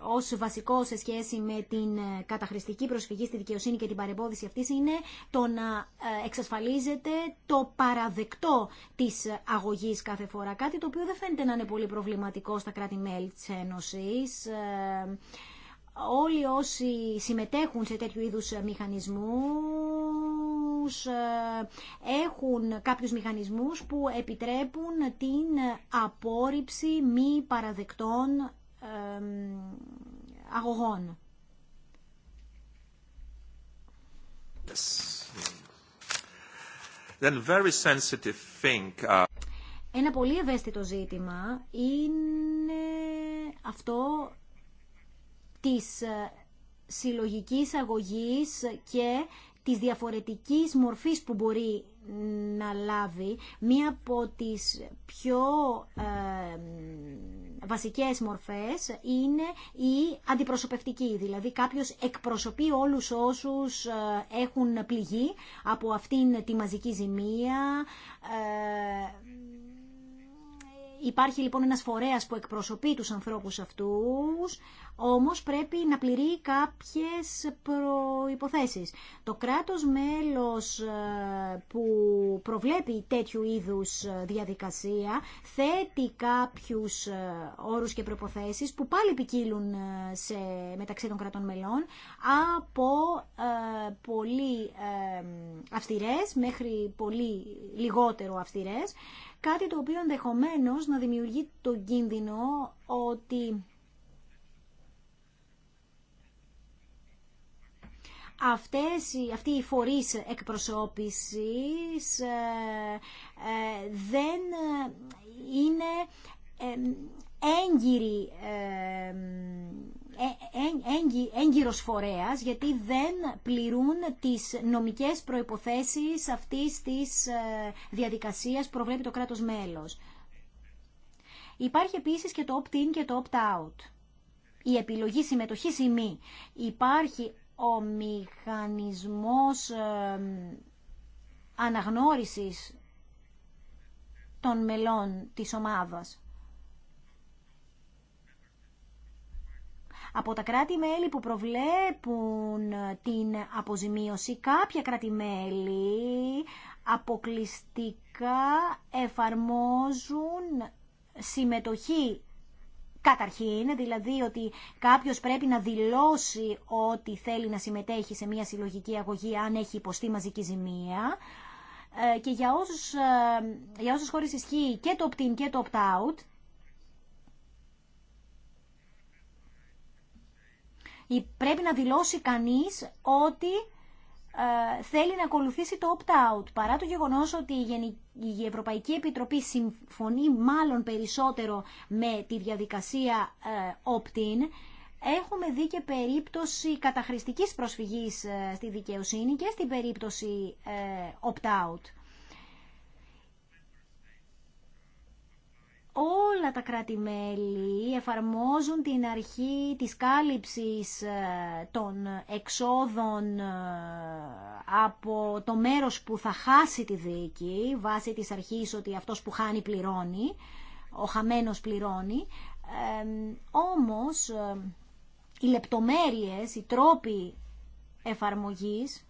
ως βασικό σε σχέση με την ε, καταχρηστική προσφυγή στη δικαιοσύνη και την παρεμπόδιση αυτής είναι το να ε, εξασφαλίζεται το παραδεκτό της αγωγής κάθε φορά. Κάτι το οποίο δεν φαίνεται να είναι πολύ προβληματικό στα κράτη-μέλη της Ένωσης. Ε, όλοι όσοι συμμετέχουν σε τέτοιου είδους μηχανισμούς ε, έχουν κάποιους μηχανισμούς που επιτρέπουν την απόρριψη μη παραδεκτών αγωγών. Uh, Ένα πολύ ευαίσθητο ζήτημα είναι αυτό της ε, συλλογικής αγωγής και της διαφορετικής μορφής που μπορεί να λάβει. Μία από τις πιο ε, βασικές μορφές είναι η αντιπροσωπευτική. Δηλαδή κάποιος εκπροσωπεί όλους όσους ε, έχουν πληγεί από αυτήν τη μαζική ζημία... Ε, Υπάρχει λοιπόν ένας φορέας που εκπροσωπεί τους ανθρώπους αυτούς, όμως πρέπει να πληρεί κάποιες προϋποθέσεις. Το κράτος μέλος ε, που προβλέπει τέτοιου είδους ε, διαδικασία θέτει κάποιους ε, όρους και προϋποθέσεις που πάλι ποικίλουν σε, μεταξύ των κρατών μελών από πολύ ε, αυστηρές μέχρι πολύ λιγότερο αυστηρές Κάτι το οποίο ενδεχομένω να δημιουργεί τον κίνδυνο ότι αυτές, αυτοί οι φορείς εκπροσώπησης ε, ε, δεν ε, είναι έγκυρη, έγκυρος φορέας γιατί δεν πληρούν τις νομικές προϋποθέσεις αυτής της ε, διαδικασίας που προβλέπει το κράτος μέλος. Υπάρχει επίσης και το opt-in και το opt-out. Η επιλογή συμμετοχής ή μη. Υπάρχει ο μηχανισμός αναγνώρισης των μελών της ομάδας. από τα κράτη-μέλη που προβλέπουν ε, την αποζημίωση, κάποια κράτη-μέλη αποκλειστικά εφαρμόζουν συμμετοχή Καταρχήν, δηλαδή ότι κάποιος πρέπει να δηλώσει ότι θέλει να συμμετέχει σε μια συλλογική αγωγή αν έχει υποστεί μαζική ζημία ε, και για όσους, ε, για όσους ισχύει και το opt-in και το opt-out Πρέπει να δηλώσει κανείς ότι ε, θέλει να ακολουθήσει το opt-out. Παρά το γεγονός ότι η Ευρωπαϊκή Επιτροπή συμφωνεί μάλλον περισσότερο με τη διαδικασία ε, opt-in, έχουμε δει και περίπτωση καταχρηστικής προσφυγής ε, στη δικαιοσύνη και στην περίπτωση opt-out. όλα τα κράτη-μέλη εφαρμόζουν την αρχή της κάλυψης ε, των εξόδων ε, από το μέρος που θα χάσει τη δίκη, βάσει της αρχής ότι αυτός που χάνει πληρώνει, ο χαμένος πληρώνει. όμως, ε, οι λεπτομέρειες, οι τρόποι εφαρμογής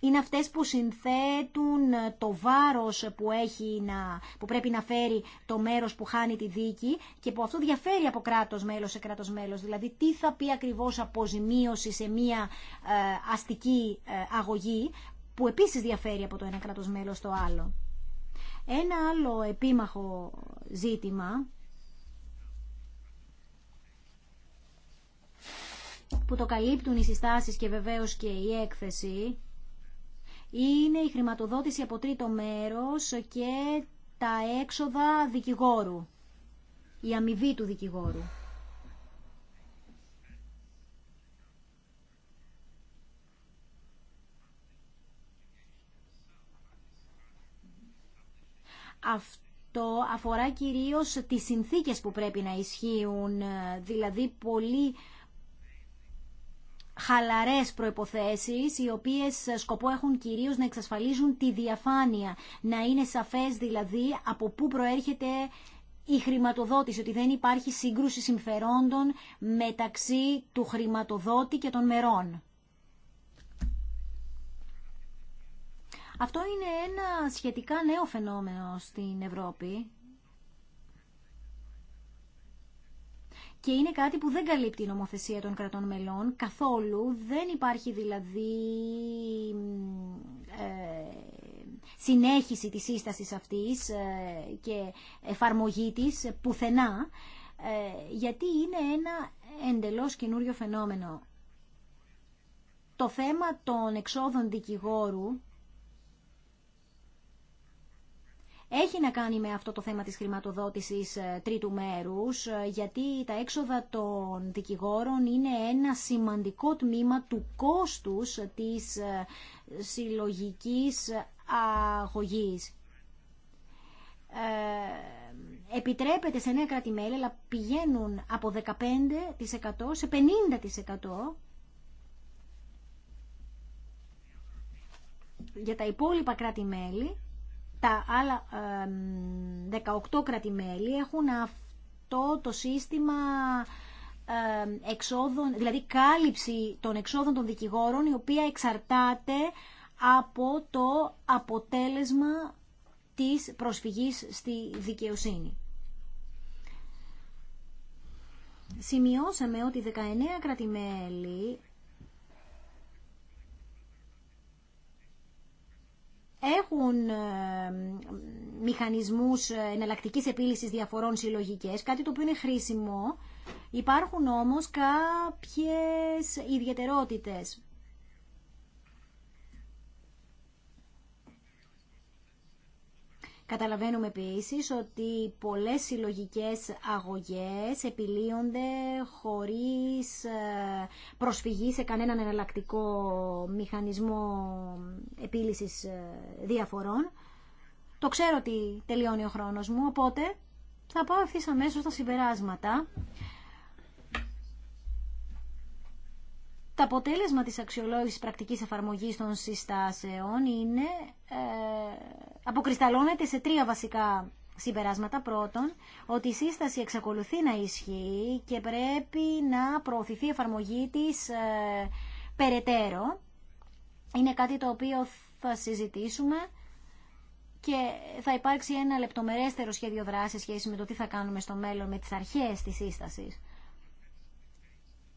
είναι αυτές που συνθέτουν το βάρος που, έχει να, που πρέπει να φέρει το μέρος που χάνει τη δίκη και που αυτό διαφέρει από κράτος μέλος σε κράτος μέλος. Δηλαδή τι θα πει ακριβώς αποζημίωση σε μία ε, αστική ε, αγωγή που επίσης διαφέρει από το ένα κράτος μέλος στο άλλο. Ένα άλλο επίμαχο ζήτημα που το καλύπτουν οι συστάσεις και βεβαίως και η έκθεση είναι η χρηματοδότηση από τρίτο μέρος και τα έξοδα δικηγόρου, η αμοιβή του δικηγόρου. Αυτό αφορά κυρίως τις συνθήκες που πρέπει να ισχύουν, δηλαδή πολύ χαλαρές προϋποθέσεις οι οποίες σκοπό έχουν κυρίως να εξασφαλίζουν τη διαφάνεια να είναι σαφές δηλαδή από πού προέρχεται η χρηματοδότηση, ότι δεν υπάρχει σύγκρουση συμφερόντων μεταξύ του χρηματοδότη και των μερών. Αυτό είναι ένα σχετικά νέο φαινόμενο στην Ευρώπη και είναι κάτι που δεν καλύπτει η νομοθεσία των κρατών μελών καθόλου. Δεν υπάρχει δηλαδή ε, συνέχιση της σύστασης αυτής ε, και εφαρμογή της πουθενά, ε, γιατί είναι ένα εντελώς καινούριο φαινόμενο. Το θέμα των εξόδων δικηγόρου έχει να κάνει με αυτό το θέμα της χρηματοδότησης ε, τρίτου μέρους, ε, γιατί τα έξοδα των δικηγόρων είναι ένα σημαντικό τμήμα του κόστους ε, της συλλογικής αγωγής. Επιτρέπεται σε νέα κράτη-μέλη, αλλά πηγαίνουν από 15% σε 50% για τα υπόλοιπα κράτη-μέλη τα άλλα 18 κρατημέλη έχουν αυτό το σύστημα εξόδων, δηλαδή κάλυψη των εξόδων των δικηγόρων, η οποία εξαρτάται από το αποτέλεσμα της προσφυγής στη δικαιοσύνη. Σημειώσαμε ότι 19 κρατημέλη έχουν ε, μηχανισμούς εναλλακτικής επίλυσης διαφορών συλλογικές, κάτι το οποίο είναι χρήσιμο. Υπάρχουν όμως κάποιες ιδιαιτερότητες. Καταλαβαίνουμε επίσης ότι πολλές συλλογικές αγωγές επιλύονται χωρίς ε, προσφυγή σε κανέναν εναλλακτικό μηχανισμό επίλυσης ε, διαφορών. Το ξέρω ότι τελειώνει ο χρόνος μου, οπότε θα πάω ευθύ αμέσως στα συμπεράσματα. Το αποτέλεσμα της αξιολόγησης πρακτικής εφαρμογής των συστάσεων είναι, ε, αποκρισταλώνεται σε τρία βασικά συμπεράσματα. Πρώτον, ότι η σύσταση εξακολουθεί να ισχύει και πρέπει να προωθηθεί η εφαρμογή της ε, περαιτέρω. Είναι κάτι το οποίο θα συζητήσουμε και θα υπάρξει ένα λεπτομερέστερο σχέδιο δράσης σχέση με το τι θα κάνουμε στο μέλλον με τις αρχές της σύστασης.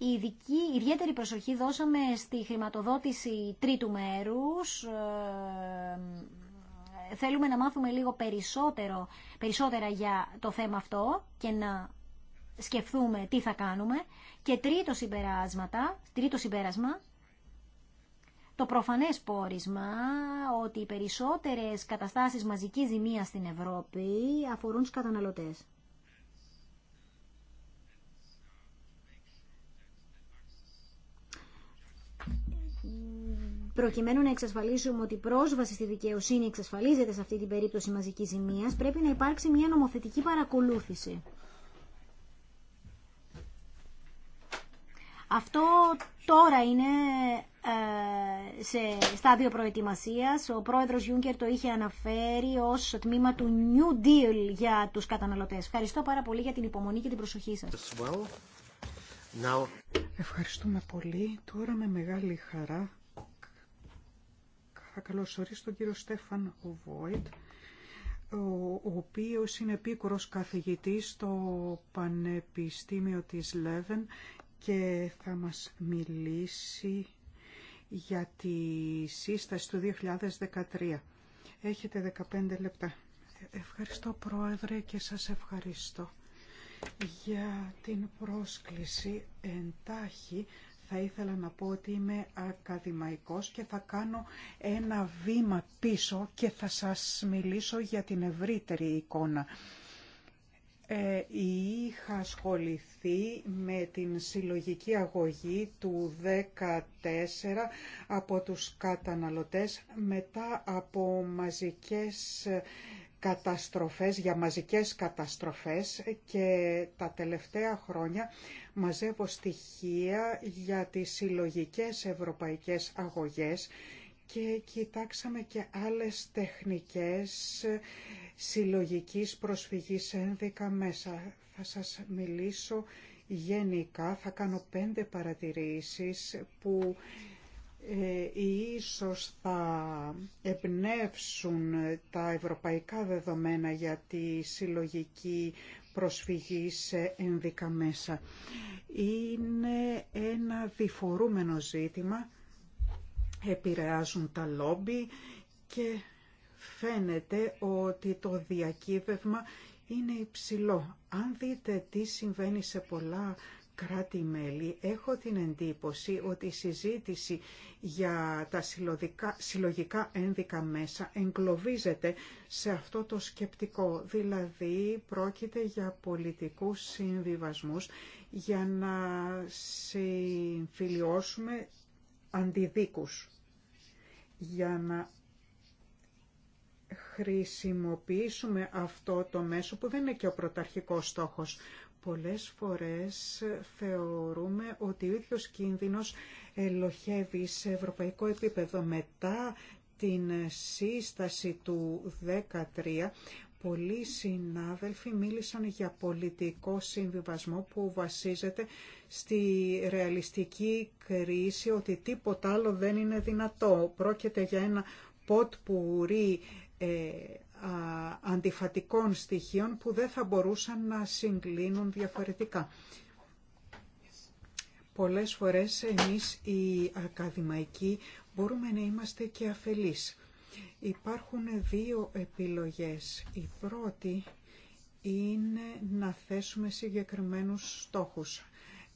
Ειδική, ιδιαίτερη προσοχή δώσαμε στη χρηματοδότηση τρίτου μέρους. Ε, θέλουμε να μάθουμε λίγο περισσότερο, περισσότερα για το θέμα αυτό και να σκεφτούμε τι θα κάνουμε. Και τρίτο, συμπεράσματα, τρίτο συμπέρασμα, το προφανές πόρισμα ότι οι περισσότερες καταστάσεις μαζικής ζημίας στην Ευρώπη αφορούν τους καταναλωτές. προκειμένου να εξασφαλίσουμε ότι η πρόσβαση στη δικαιοσύνη εξασφαλίζεται σε αυτή την περίπτωση μαζική ζημία, πρέπει να υπάρξει μια νομοθετική παρακολούθηση. Αυτό τώρα είναι ε, σε στάδιο προετοιμασίας. Ο πρόεδρος Γιούγκερ το είχε αναφέρει ως τμήμα του New Deal για τους καταναλωτές. Ευχαριστώ πάρα πολύ για την υπομονή και την προσοχή σας.
Ευχαριστούμε πολύ. Τώρα με μεγάλη χαρά θα καλωσορίσω τον κύριο Στέφαν Βόιτ, ο οποίος είναι επίκουρος καθηγητής στο Πανεπιστήμιο της Λέβεν και θα μας μιλήσει για τη σύσταση του 2013. Έχετε 15 λεπτά. Ευχαριστώ Πρόεδρε και σας ευχαριστώ για την πρόσκληση εντάχει θα ήθελα να πω ότι είμαι ακαδημαϊκός και θα κάνω ένα βήμα πίσω και θα σας μιλήσω για την ευρύτερη εικόνα. Ε, είχα ασχοληθεί με την συλλογική αγωγή του 14 από τους καταναλωτές μετά από μαζικές καταστροφές, για μαζικές καταστροφές και τα τελευταία χρόνια μαζεύω στοιχεία για τις συλλογικές ευρωπαϊκές αγωγές και κοιτάξαμε και άλλες τεχνικές συλλογικής προσφυγής ένδικα μέσα. Θα σας μιλήσω γενικά, θα κάνω πέντε παρατηρήσεις που ε, ίσως θα εμπνεύσουν τα ευρωπαϊκά δεδομένα για τη συλλογική προσφυγή σε ένδικα μέσα. Είναι ένα διφορούμενο ζήτημα, επηρεάζουν τα λόμπι και φαίνεται ότι το διακύβευμα είναι υψηλό. Αν δείτε τι συμβαίνει σε πολλά κράτη-μέλη έχω την εντύπωση ότι η συζήτηση για τα συλλογικά ένδικα μέσα εγκλωβίζεται σε αυτό το σκεπτικό. Δηλαδή πρόκειται για πολιτικούς συμβιβασμούς για να συμφιλιώσουμε αντιδίκους, για να χρησιμοποιήσουμε αυτό το μέσο που δεν είναι και ο πρωταρχικός στόχος Πολλές φορές θεωρούμε ότι ο ίδιος κίνδυνος ελοχεύει σε ευρωπαϊκό επίπεδο. Μετά την σύσταση του 13, πολλοί συνάδελφοι μίλησαν για πολιτικό συμβιβασμό που βασίζεται στη ρεαλιστική κρίση ότι τίποτα άλλο δεν είναι δυνατό. Πρόκειται για ένα ποτ που ε, αντιφατικών στοιχείων που δεν θα μπορούσαν να συγκλίνουν διαφορετικά. Πολλές φορές εμείς οι ακαδημαϊκοί μπορούμε να είμαστε και αφελείς. Υπάρχουν δύο επιλογές. Η πρώτη είναι να θέσουμε συγκεκριμένους στόχους.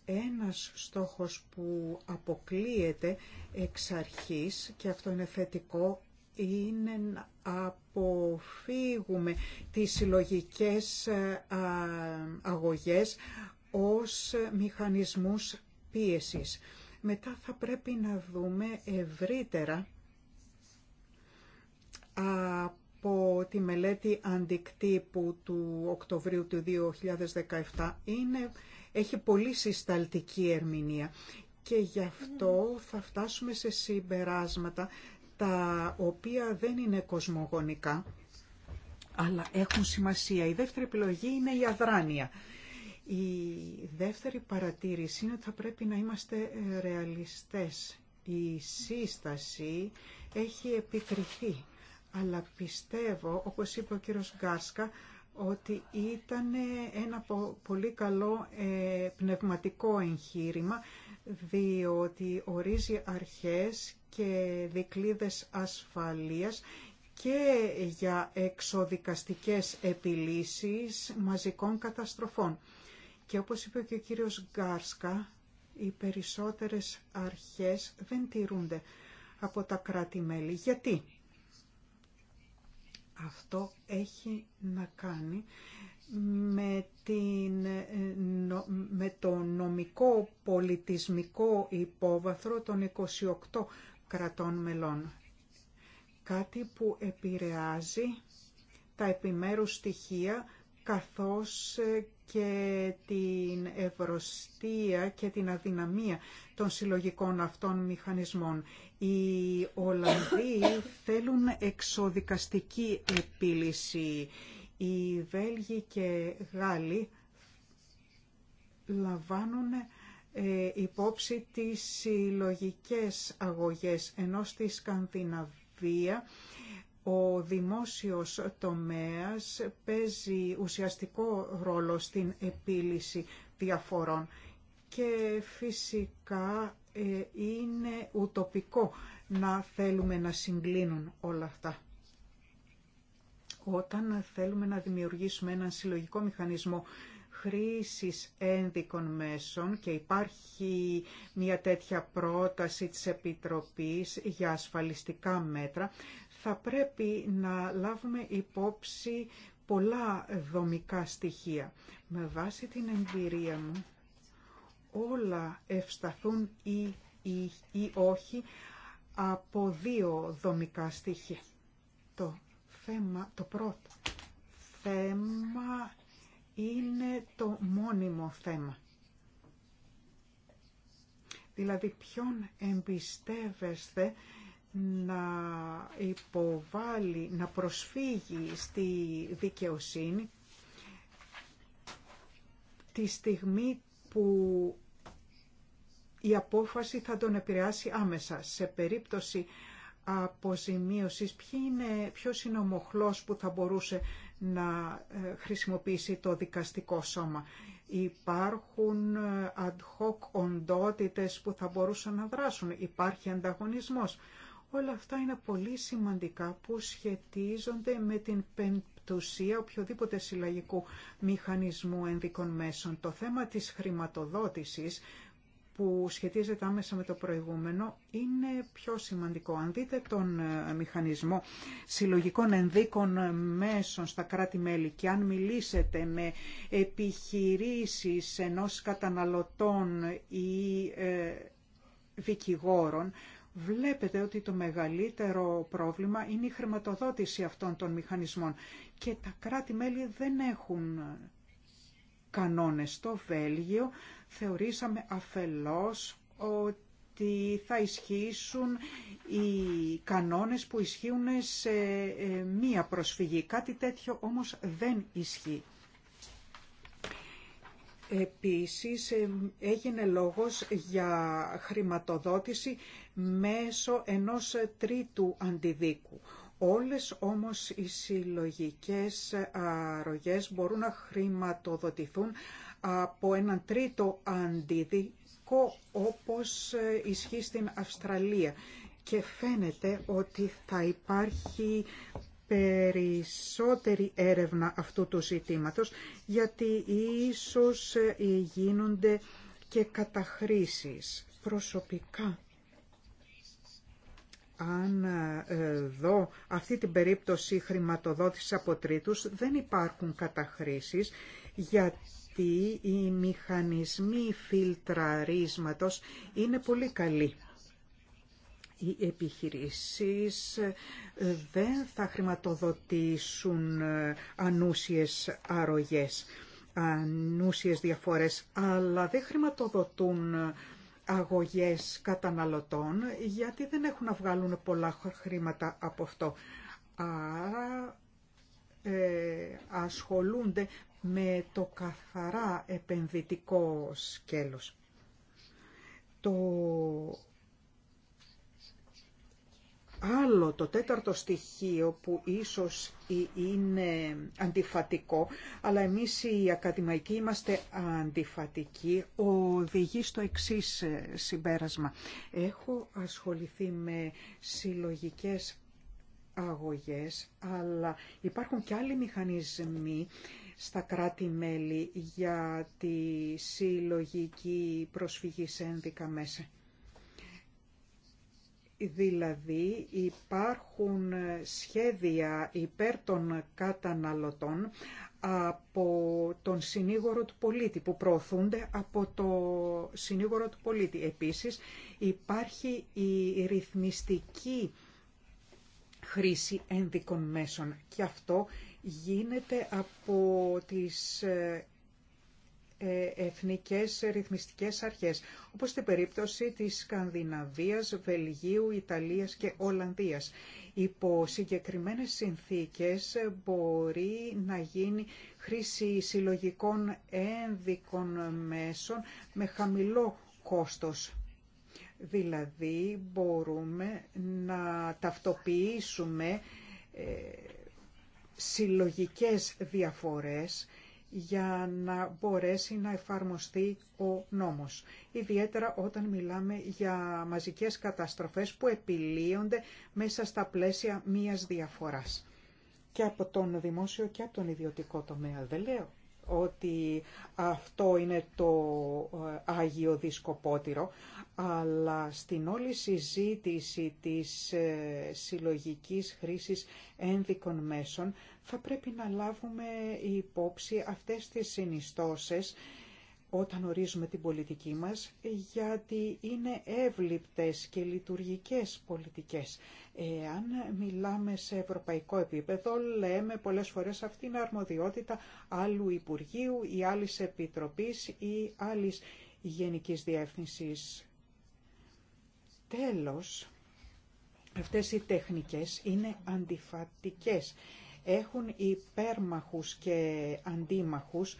Ένας στόχος που αποκλείεται εξ αρχής, και αυτό είναι θετικό, είναι να αποφύγουμε τις συλλογικές ε, αγωγές ως μηχανισμούς πίεσης. Μετά θα πρέπει να δούμε ευρύτερα από τη μελέτη αντικτύπου του Οκτωβρίου του 2017 είναι, έχει πολύ συσταλτική ερμηνεία και γι' αυτό θα φτάσουμε σε συμπεράσματα τα οποία δεν είναι κοσμογονικά, αλλά έχουν σημασία. Η δεύτερη επιλογή είναι η αδράνεια. Η δεύτερη παρατήρηση είναι ότι θα πρέπει να είμαστε ρεαλιστές. Η σύσταση έχει επικριθεί, αλλά πιστεύω, όπως είπε ο κύριος Γκάσκα, ότι ήταν ένα πολύ καλό ε, πνευματικό εγχείρημα διότι ορίζει αρχές και δικλείδες ασφαλείας και για εξοδικαστικές επιλύσεις μαζικών καταστροφών. Και όπως είπε και ο κύριος Γκάρσκα, οι περισσότερες αρχές δεν τηρούνται από τα κράτη-μέλη. Γιατί? Αυτό έχει να κάνει με, με το νομικό πολιτισμικό υπόβαθρο των 28 κρατών μελών. Κάτι που επηρεάζει τα επιμέρους στοιχεία καθώς ε, και την ευρωστία και την αδυναμία των συλλογικών αυτών μηχανισμών. Οι Ολλανδοί θέλουν εξοδικαστική επίλυση οι Βέλγοι και Γάλλοι λαμβάνουν ε, υπόψη τις συλλογικέ αγωγές, ενώ στη Σκανδιναβία ο δημόσιος τομέας παίζει ουσιαστικό ρόλο στην επίλυση διαφορών και φυσικά ε, είναι ουτοπικό να θέλουμε να συγκλίνουν όλα αυτά. Όταν θέλουμε να δημιουργήσουμε έναν συλλογικό μηχανισμό χρήσης ένδικων μέσων και υπάρχει μια τέτοια πρόταση της Επιτροπής για ασφαλιστικά μέτρα, θα πρέπει να λάβουμε υπόψη πολλά δομικά στοιχεία. Με βάση την εμπειρία μου, όλα ευσταθούν ή, ή, ή όχι από δύο δομικά στοιχεία. Το θέμα, το πρώτο θέμα είναι το μόνιμο θέμα. Δηλαδή ποιον εμπιστεύεστε να υποβάλει, να προσφύγει στη δικαιοσύνη τη στιγμή που η απόφαση θα τον επηρεάσει άμεσα. Σε περίπτωση αποζημίωσης, ποιος είναι, ποιος είναι ο μοχλός που θα μπορούσε να ε, χρησιμοποιήσει το δικαστικό σώμα. Υπάρχουν ε, ad hoc οντότητες που θα μπορούσαν να δράσουν. Υπάρχει ανταγωνισμός. Όλα αυτά είναι πολύ σημαντικά που σχετίζονται με την πεντουσία οποιοδήποτε συλλαγικού μηχανισμού ενδικών μέσων. Το θέμα της χρηματοδότησης που σχετίζεται άμεσα με το προηγούμενο είναι πιο σημαντικό. Αν δείτε τον ε, μηχανισμό συλλογικών ενδίκων ε, μέσων στα κράτη-μέλη και αν μιλήσετε με επιχειρήσεις ενός καταναλωτών ή ε, δικηγόρων, βλέπετε ότι το μεγαλύτερο πρόβλημα είναι η χρηματοδότηση αυτών των μηχανισμών και τα κράτη-μέλη δεν έχουν κανόνες. Στο Βέλγιο θεωρήσαμε αφελώς ότι θα ισχύσουν οι κανόνες που ισχύουν σε ε, μία προσφυγή. Κάτι τέτοιο όμως δεν ισχύει. Επίσης ε, έγινε λόγος για χρηματοδότηση μέσω ενός τρίτου αντιδίκου. Όλες όμως οι συλλογικές αρρωγές μπορούν να χρηματοδοτηθούν από έναν τρίτο αντιδικό όπως ισχύει στην Αυστραλία. Και φαίνεται ότι θα υπάρχει περισσότερη έρευνα αυτού του ζητήματος γιατί ίσως γίνονται και καταχρήσεις. Προσωπικά αν ε, δω αυτή την περίπτωση χρηματοδότηση από τρίτους, δεν υπάρχουν καταχρήσεις γιατί οι μηχανισμοί φιλτραρίσματος είναι πολύ καλοί. Οι επιχειρήσεις ε, δεν θα χρηματοδοτήσουν ε, ανούσιες αρρωγές, ανούσιες διαφορές, αλλά δεν χρηματοδοτούν αγωγές καταναλωτών γιατί δεν έχουν να βγάλουν πολλά χρήματα από αυτό. Άρα ε, ασχολούνται με το καθαρά επενδυτικό σκέλος. Το άλλο, το τέταρτο στοιχείο που ίσως είναι αντιφατικό, αλλά εμείς οι ακαδημαϊκοί είμαστε αντιφατικοί, οδηγεί στο εξής ε, συμπέρασμα. Έχω ασχοληθεί με συλλογικές αγωγές, αλλά υπάρχουν και άλλοι μηχανισμοί στα κράτη-μέλη για τη συλλογική προσφυγή σε ένδικα μέσα. Δηλαδή υπάρχουν σχέδια υπέρ των καταναλωτών από τον συνήγορο του πολίτη, που προωθούνται από το συνήγορο του πολίτη. Επίσης υπάρχει η ρυθμιστική χρήση ένδικων μέσων και αυτό γίνεται από τις ε, ε, εθνικές ρυθμιστικές αρχές, όπως στην περίπτωση της Σκανδιναβίας, Βελγίου, Ιταλίας και Ολλανδίας. Υπό συγκεκριμένες συνθήκες μπορεί να γίνει χρήση συλλογικών ένδικων μέσων με χαμηλό κόστος. Δηλαδή μπορούμε να ταυτοποιήσουμε ε, συλλογικές διαφορές για να μπορέσει να εφαρμοστεί ο νόμος. Ιδιαίτερα όταν μιλάμε για μαζικές καταστροφές που επιλύονται μέσα στα πλαίσια μίας διαφοράς. Και από τον δημόσιο και από τον ιδιωτικό τομέα, δεν λέω ότι αυτό είναι το ε, Άγιο Δισκοπότηρο, αλλά στην όλη συζήτηση της ε, συλλογικής χρήσης ένδικων μέσων θα πρέπει να λάβουμε υπόψη αυτές τις συνιστώσεις όταν ορίζουμε την πολιτική μας, γιατί είναι εύληπτες και λειτουργικές πολιτικές. Εάν μιλάμε σε ευρωπαϊκό επίπεδο, λέμε πολλές φορές αυτή είναι αρμοδιότητα άλλου Υπουργείου ή άλλης Επιτροπής ή άλλης Γενικής Διεύθυνσης. Τέλος, αυτές οι τεχνικές είναι αντιφατικές. Έχουν υπέρμαχους και αντίμαχους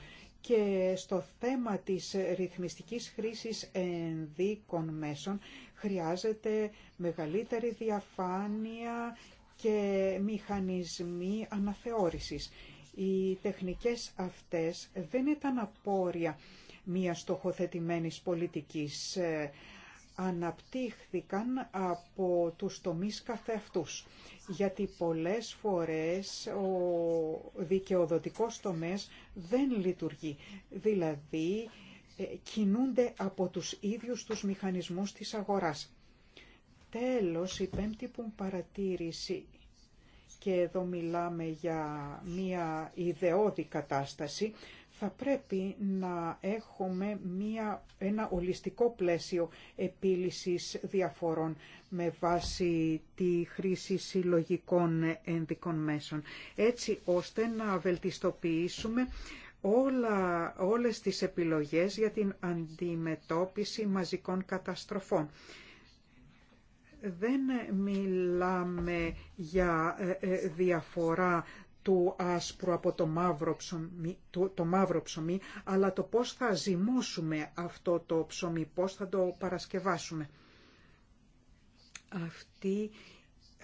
και στο θέμα της ρυθμιστικής χρήσης ενδίκων μέσων χρειάζεται μεγαλύτερη διαφάνεια και μηχανισμοί αναθεώρησης. Οι τεχνικές αυτές δεν ήταν απόρρια μια στοχοθετημένης πολιτικής αναπτύχθηκαν από τους τομείς καθεαυτούς. Γιατί πολλές φορές ο δικαιοδοτικός τομέας δεν λειτουργεί. Δηλαδή ε, κινούνται από τους ίδιους τους μηχανισμούς της αγοράς. Τέλος, η πέμπτη που παρατήρηση, και εδώ μιλάμε για μία ιδεώδη κατάσταση, θα πρέπει να έχουμε μία, ένα ολιστικό πλαίσιο επίλυσης διαφορών με βάση τη χρήση συλλογικών ενδικών μέσων, έτσι ώστε να βελτιστοποιήσουμε όλα, όλες τις επιλογές για την αντιμετώπιση μαζικών καταστροφών. Δεν μιλάμε για ε, ε, διαφορά του άσπρου από το μαύρο, ψωμί, το, το μαύρο ψωμί, αλλά το πώς θα ζυμώσουμε αυτό το ψωμί, πώς θα το παρασκευάσουμε. Αυτή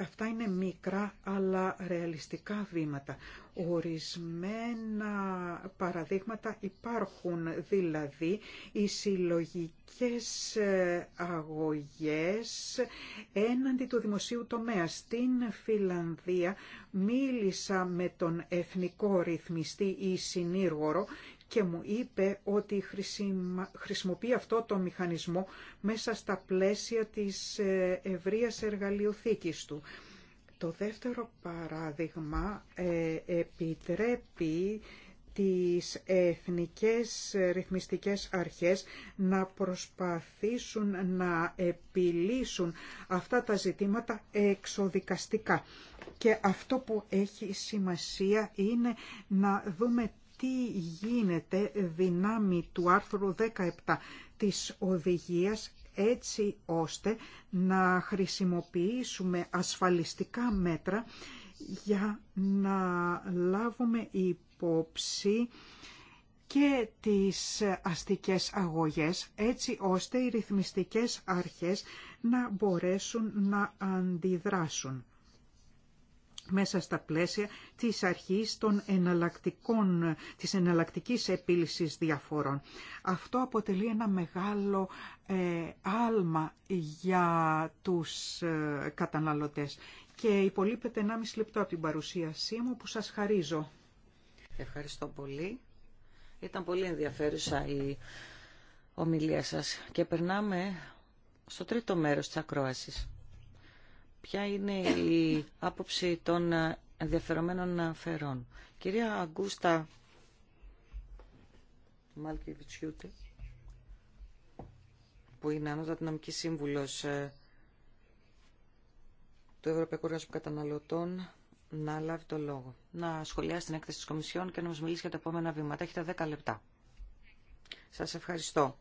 Αυτά είναι μικρά αλλά ρεαλιστικά βήματα. Ορισμένα παραδείγματα υπάρχουν, δηλαδή οι συλλογικές ε, αγωγές έναντι του δημοσίου τομέα. Στην Φιλανδία μίλησα με τον εθνικό ρυθμιστή ή συνήργορο και μου είπε ότι χρησιμοποιεί αυτό το μηχανισμό μέσα στα πλαίσια της ε, ευρείας εργαλειοθήκης του. Το δεύτερο παράδειγμα ε, επιτρέπει τις εθνικές ρυθμιστικές αρχές να προσπαθήσουν να επιλύσουν αυτά τα ζητήματα εξοδικαστικά. Και αυτό που έχει σημασία είναι να δούμε τι γίνεται δυνάμει του άρθρου 17 της οδηγίας έτσι ώστε να χρησιμοποιήσουμε ασφαλιστικά μέτρα για να λάβουμε υπόψη και τις αστικές αγωγές, έτσι ώστε οι ρυθμιστικές αρχές να μπορέσουν να αντιδράσουν μέσα στα πλαίσια της αρχής των εναλλακτικών, της εναλλακτικής επίλυσης διαφορών. Αυτό αποτελεί ένα μεγάλο ε, άλμα για τους ε, καταναλωτές. Και υπολείπεται 1,5 λεπτό από την παρουσίασή μου που σας χαρίζω. Ευχαριστώ
πολύ. Ήταν πολύ ενδιαφέρουσα η ομιλία σας. Και περνάμε στο τρίτο μέρος της ακρόασης ποια είναι η άποψη των ενδιαφερομένων αφαιρών. Κυρία Αγκούστα Μάλκεβιτσιούτη, που είναι ανώτατη νομική σύμβουλος ε, του Ευρωπαϊκού Οργανισμού Καταναλωτών, να λάβει το λόγο. Να σχολιάσει την έκθεση της Κομισιόν και να μας μιλήσει για τα επόμενα βήματα. Έχετε 10 λεπτά. Σας ευχαριστώ.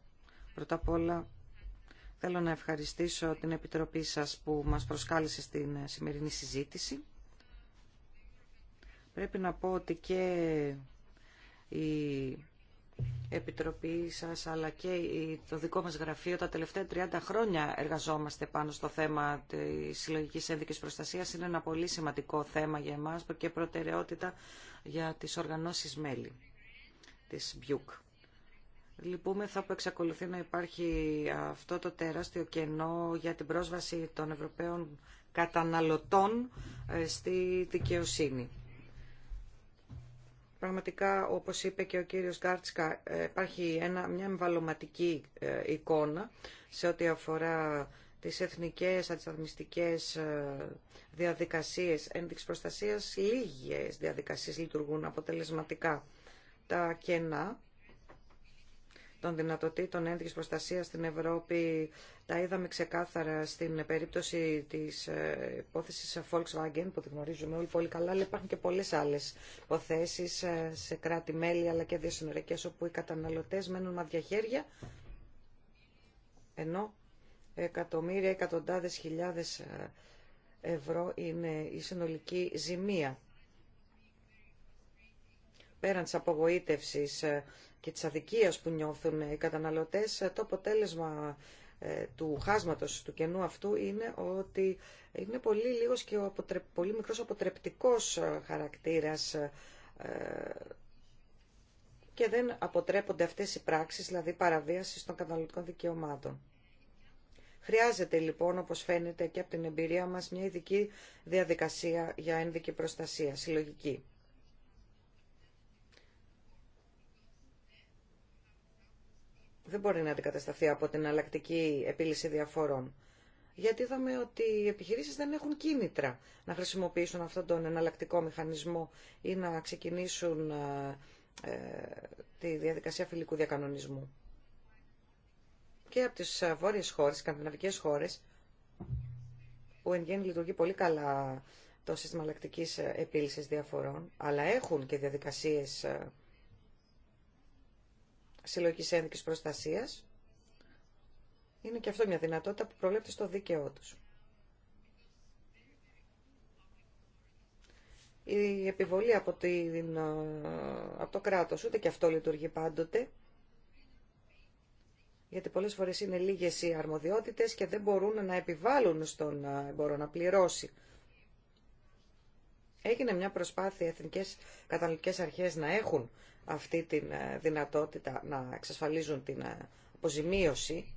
Πρώτα απ' όλα Θέλω να ευχαριστήσω την Επιτροπή σας που μας προσκάλεσε στην σημερινή συζήτηση. Πρέπει να πω ότι και η Επιτροπή σας αλλά και το δικό μας γραφείο τα τελευταία 30 χρόνια εργαζόμαστε πάνω στο θέμα της συλλογικής ένδικης προστασίας. Είναι ένα πολύ σημαντικό θέμα για εμάς και προτεραιότητα για τις οργανώσεις μέλη της BUC. Λυπούμεθα που εξακολουθεί να υπάρχει αυτό το τεράστιο κενό για την πρόσβαση των Ευρωπαίων καταναλωτών ε, στη δικαιοσύνη. Πραγματικά, όπως είπε και ο κύριος Γκάρτσκα, ε, υπάρχει ένα, μια εμβαλωματική ε, εικόνα σε ό,τι αφορά τις εθνικές αντισταθμιστικές διαδικασίες ένδειξης προστασίας. Λίγες διαδικασίες λειτουργούν αποτελεσματικά. Τα κενά των δυνατοτήτων ένδικης προστασίας στην Ευρώπη τα είδαμε ξεκάθαρα στην περίπτωση της ε, υπόθεσης Volkswagen που τη γνωρίζουμε όλοι πολύ καλά αλλά υπάρχουν και πολλές άλλες υποθέσεις ε, σε κράτη-μέλη αλλά και διασυνορικές όπου οι καταναλωτές μένουν με χέρια ενώ εκατομμύρια, εκατοντάδες χιλιάδες ε, ευρώ είναι η συνολική ζημία πέραν της απογοήτευσης και της αδικίας που νιώθουν οι καταναλωτές, ε, το αποτέλεσμα ε, του χάσματος του κενού αυτού είναι ότι είναι πολύ λίγος και ο πολύ μικρός αποτρεπτικός ε, χαρακτήρας και δεν αποτρέπονται αυτές οι πράξεις, δηλαδή παραβίαση των καταναλωτικών δικαιωμάτων. Χρειάζεται λοιπόν, όπως φαίνεται και από την εμπειρία μας, μια ειδική διαδικασία για ένδικη προστασία, συλλογική. δεν μπορεί να αντικατασταθεί από την αλλακτική επίλυση διαφορών. Γιατί είδαμε ότι οι επιχειρήσεις δεν έχουν κίνητρα να χρησιμοποιήσουν αυτόν τον εναλλακτικό μηχανισμό ή να ξεκινήσουν ε, ε, τη διαδικασία φιλικού διακανονισμού. Και από τις ε, βόρειες χώρες, σκανδιναβικές χώρες, που εν γέννη λειτουργεί πολύ καλά το σύστημα αλλακτική επίλυσης διαφορών, αλλά έχουν και διαδικασίες Συλλογική ένδικης προστασίας, είναι και αυτό μια δυνατότητα που προβλέπεται στο δίκαιό τους. Η επιβολή από, την, από το κράτος, ούτε και αυτό λειτουργεί πάντοτε, γιατί πολλές φορές είναι λίγες οι αρμοδιότητες και δεν μπορούν να επιβάλλουν στον εμπόρο να πληρώσει. Έγινε μια προσπάθεια εθνικές καταναλωτικές αρχές να έχουν αυτή τη ε, δυνατότητα να εξασφαλίζουν την ε, αποζημίωση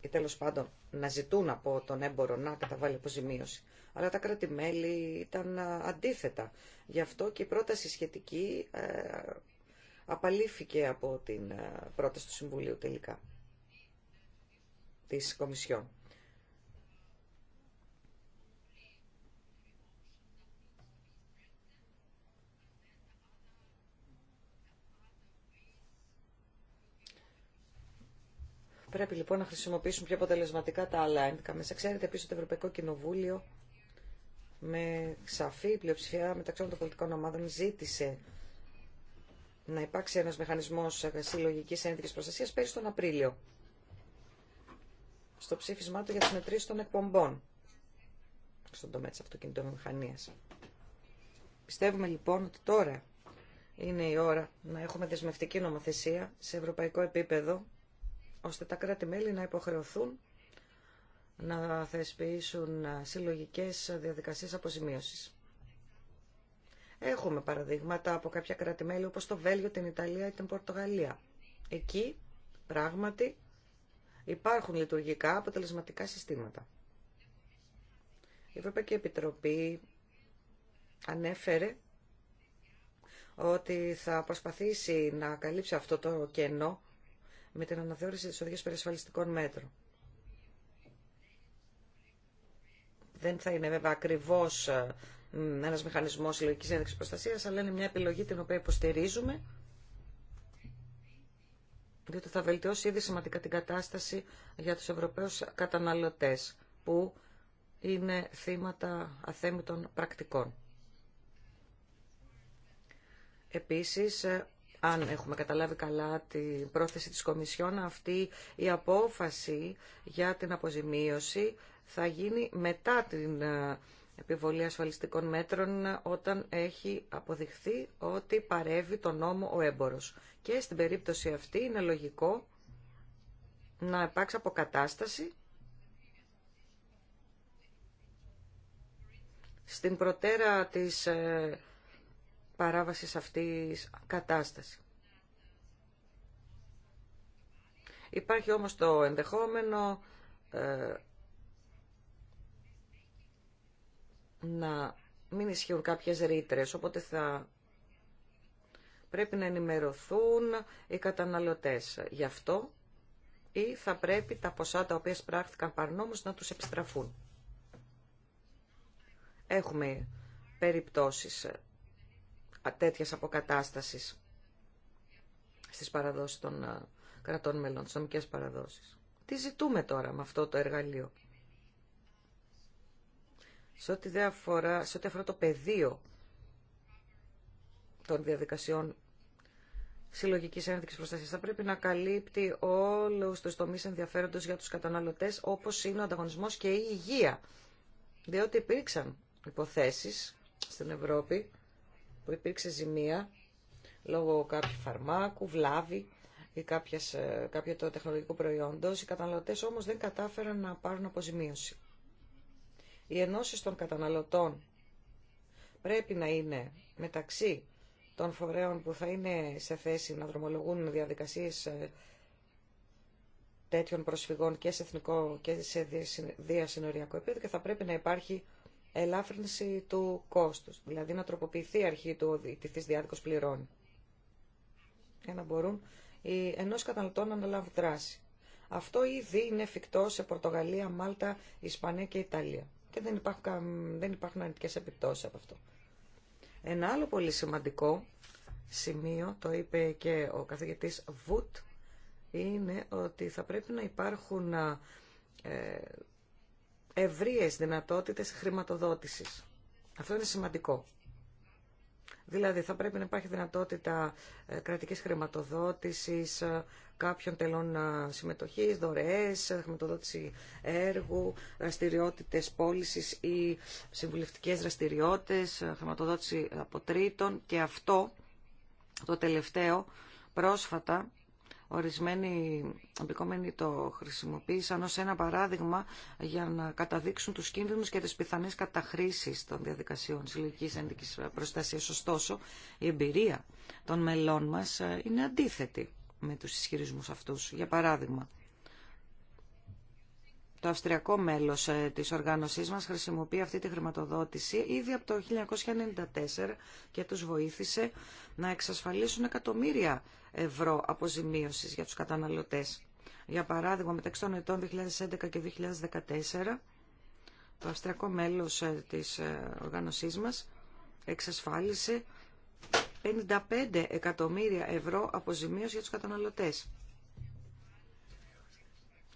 ή τέλος πάντων να ζητούν από τον έμπορο να καταβάλει αποζημίωση. Αλλά τα κράτη-μέλη ήταν ε, αντίθετα. Γι' αυτό και η πρόταση σχετική απαλήφθηκε από την πρόταση του Συμβουλίου τελικά της Κομισιόν. Πρέπει λοιπόν να χρησιμοποιήσουν πιο αποτελεσματικά τα άλλα ένδικα μέσα. Ξέρετε επίση το Ευρωπαϊκό Κοινοβούλιο με σαφή πλειοψηφία μεταξύ των πολιτικών ομάδων ζήτησε να υπάρξει ένας μηχανισμός συλλογικής ένδικης προστασίας πέρυσι τον Απρίλιο στο ψήφισμά του για τι μετρήσεις των εκπομπών στον τομέα της αυτοκινητομηχανίας. Πιστεύουμε λοιπόν ότι τώρα είναι η ώρα να έχουμε δεσμευτική νομοθεσία σε ευρωπαϊκό επίπεδο ώστε τα κράτη-μέλη να υποχρεωθούν να θεσπίσουν συλλογικές διαδικασίες αποζημίωσης. Έχουμε παραδείγματα από κάποια κράτη-μέλη όπως το Βέλγιο, την Ιταλία ή την Πορτογαλία. Εκεί πράγματι υπάρχουν λειτουργικά αποτελεσματικά συστήματα. Η Ευρωπαϊκή Επιτροπή ανέφερε ότι θα προσπαθήσει να καλύψει αυτό το κενό με την αναθεώρηση της οδηγίας περιασφαλιστικών μέτρων. Δεν θα είναι βέβαια ακριβώς ε, ένας μηχανισμός συλλογική ένδειξης προστασίας, αλλά είναι μια επιλογή την οποία υποστηρίζουμε, διότι θα βελτιώσει ήδη σημαντικά την κατάσταση για τους Ευρωπαίους καταναλωτές, που είναι θύματα αθέμητων πρακτικών. Επίσης, ε, αν έχουμε καταλάβει καλά την πρόθεση της Κομισιόν, αυτή η απόφαση για την αποζημίωση θα γίνει μετά την ε, επιβολή ασφαλιστικών μέτρων όταν έχει αποδειχθεί ότι παρεύει τον νόμο ο έμπορος. Και στην περίπτωση αυτή είναι λογικό να υπάρξει αποκατάσταση στην προτέρα της ε, παράβασης αυτής κατάσταση. Υπάρχει όμως το ενδεχόμενο ε, να μην ισχύουν κάποιες ρήτρε, οπότε θα πρέπει να ενημερωθούν οι καταναλωτές. Γι' αυτό ή θα πρέπει τα ποσά τα οποία σπράχθηκαν παρνόμως να τους επιστραφούν. Έχουμε περιπτώσεις Τέτοια αποκατάστασης στις παραδόσεις των κρατών μελών, στι νομικέ παραδόσεις. Τι ζητούμε τώρα με αυτό το εργαλείο. Σε ό,τι αφορά, το πεδίο των διαδικασιών συλλογικής ένδειξης προστασίας, θα πρέπει να καλύπτει όλους τους τομείς ενδιαφέροντος για τους καταναλωτές, όπως είναι ο ανταγωνισμός και η υγεία. Διότι υπήρξαν υποθέσεις στην Ευρώπη που υπήρξε ζημία λόγω κάποιου φαρμάκου, βλάβη ή κάποιας, ε, κάποιο το τεχνολογικό προϊόντος. Οι καταναλωτές όμως δεν κατάφεραν να πάρουν αποζημίωση. Οι ενώσει των καταναλωτών πρέπει να είναι μεταξύ των φορέων που θα είναι σε θέση να δρομολογούν διαδικασίες ε, τέτοιων προσφυγών και σε εθνικό και σε διασυνοριακό επίπεδο και θα πρέπει να υπάρχει ελάφρυνση του κόστου. δηλαδή να τροποποιηθεί η αρχή του οδηγητής διάδικο πληρώνει, για να μπορούν οι ενός καταναλωτών να αναλάβουν δράση. Αυτό ήδη είναι εφικτό σε Πορτογαλία, Μάλτα, Ισπανία και Ιταλία και δεν υπάρχουν, δεν υπάρχουν από αυτό. Ένα άλλο πολύ σημαντικό σημείο, το είπε και ο καθηγητής Βουτ, είναι ότι θα πρέπει να υπάρχουν ε, ευρείες δυνατότητες χρηματοδότησης. Αυτό είναι σημαντικό. Δηλαδή θα πρέπει να υπάρχει δυνατότητα ε, κρατικής χρηματοδότησης, ε, κάποιων τελών ε, συμμετοχής, δωρεές, χρηματοδότηση έργου, δραστηριότητες πώληση ή συμβουλευτικές δραστηριότητες, χρηματοδότηση από τρίτων και αυτό το τελευταίο πρόσφατα Ορισμένοι αμπικομένοι, το χρησιμοποίησαν ως ένα παράδειγμα για να καταδείξουν τους κίνδυνους και τις πιθανές καταχρήσεις των διαδικασιών συλλογικής ένδικης προστασίας. Ωστόσο, η εμπειρία των μελών μας ε, είναι αντίθετη με τους ισχυρισμού αυτούς. Για παράδειγμα, το αυστριακό μέλος ε, της οργάνωσής μας χρησιμοποιεί αυτή τη χρηματοδότηση ήδη από το 1994 και τους βοήθησε να εξασφαλίσουν εκατομμύρια ευρώ αποζημίωσης για τους καταναλωτές. Για παράδειγμα, μεταξύ των ετών 2011 και 2014, το αυστριακό μέλος ε, της ε, οργάνωσής μας εξασφάλισε 55 εκατομμύρια ευρώ αποζημίωση για τους καταναλωτές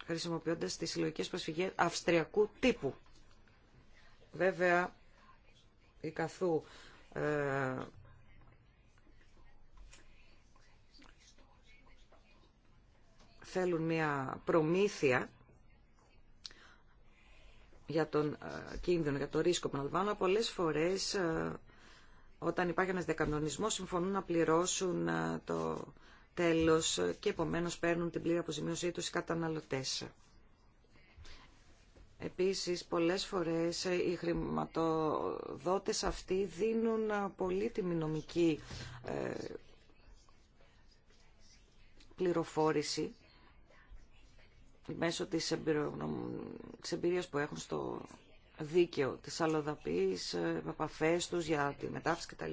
χρησιμοποιώντας τις συλλογικές προσφυγές αυστριακού τύπου. Βέβαια, η καθού ε, θέλουν μια προμήθεια για τον ε, κίνδυνο, για το ρίσκο που αναλαμβάνω, πολλές φορές ε, όταν υπάρχει ένας δεκανονισμός συμφωνούν να πληρώσουν ε, το τέλος και επομένως παίρνουν την πλήρη αποζημίωσή τους οι καταναλωτές. Επίσης, πολλές φορές οι χρηματοδότες αυτοί δίνουν πολύτιμη νομική ε, πληροφόρηση μέσω της εμπειρίας που έχουν στο δίκαιο της αλλοδαπής, επαφές τους για τη μετάφραση κτλ.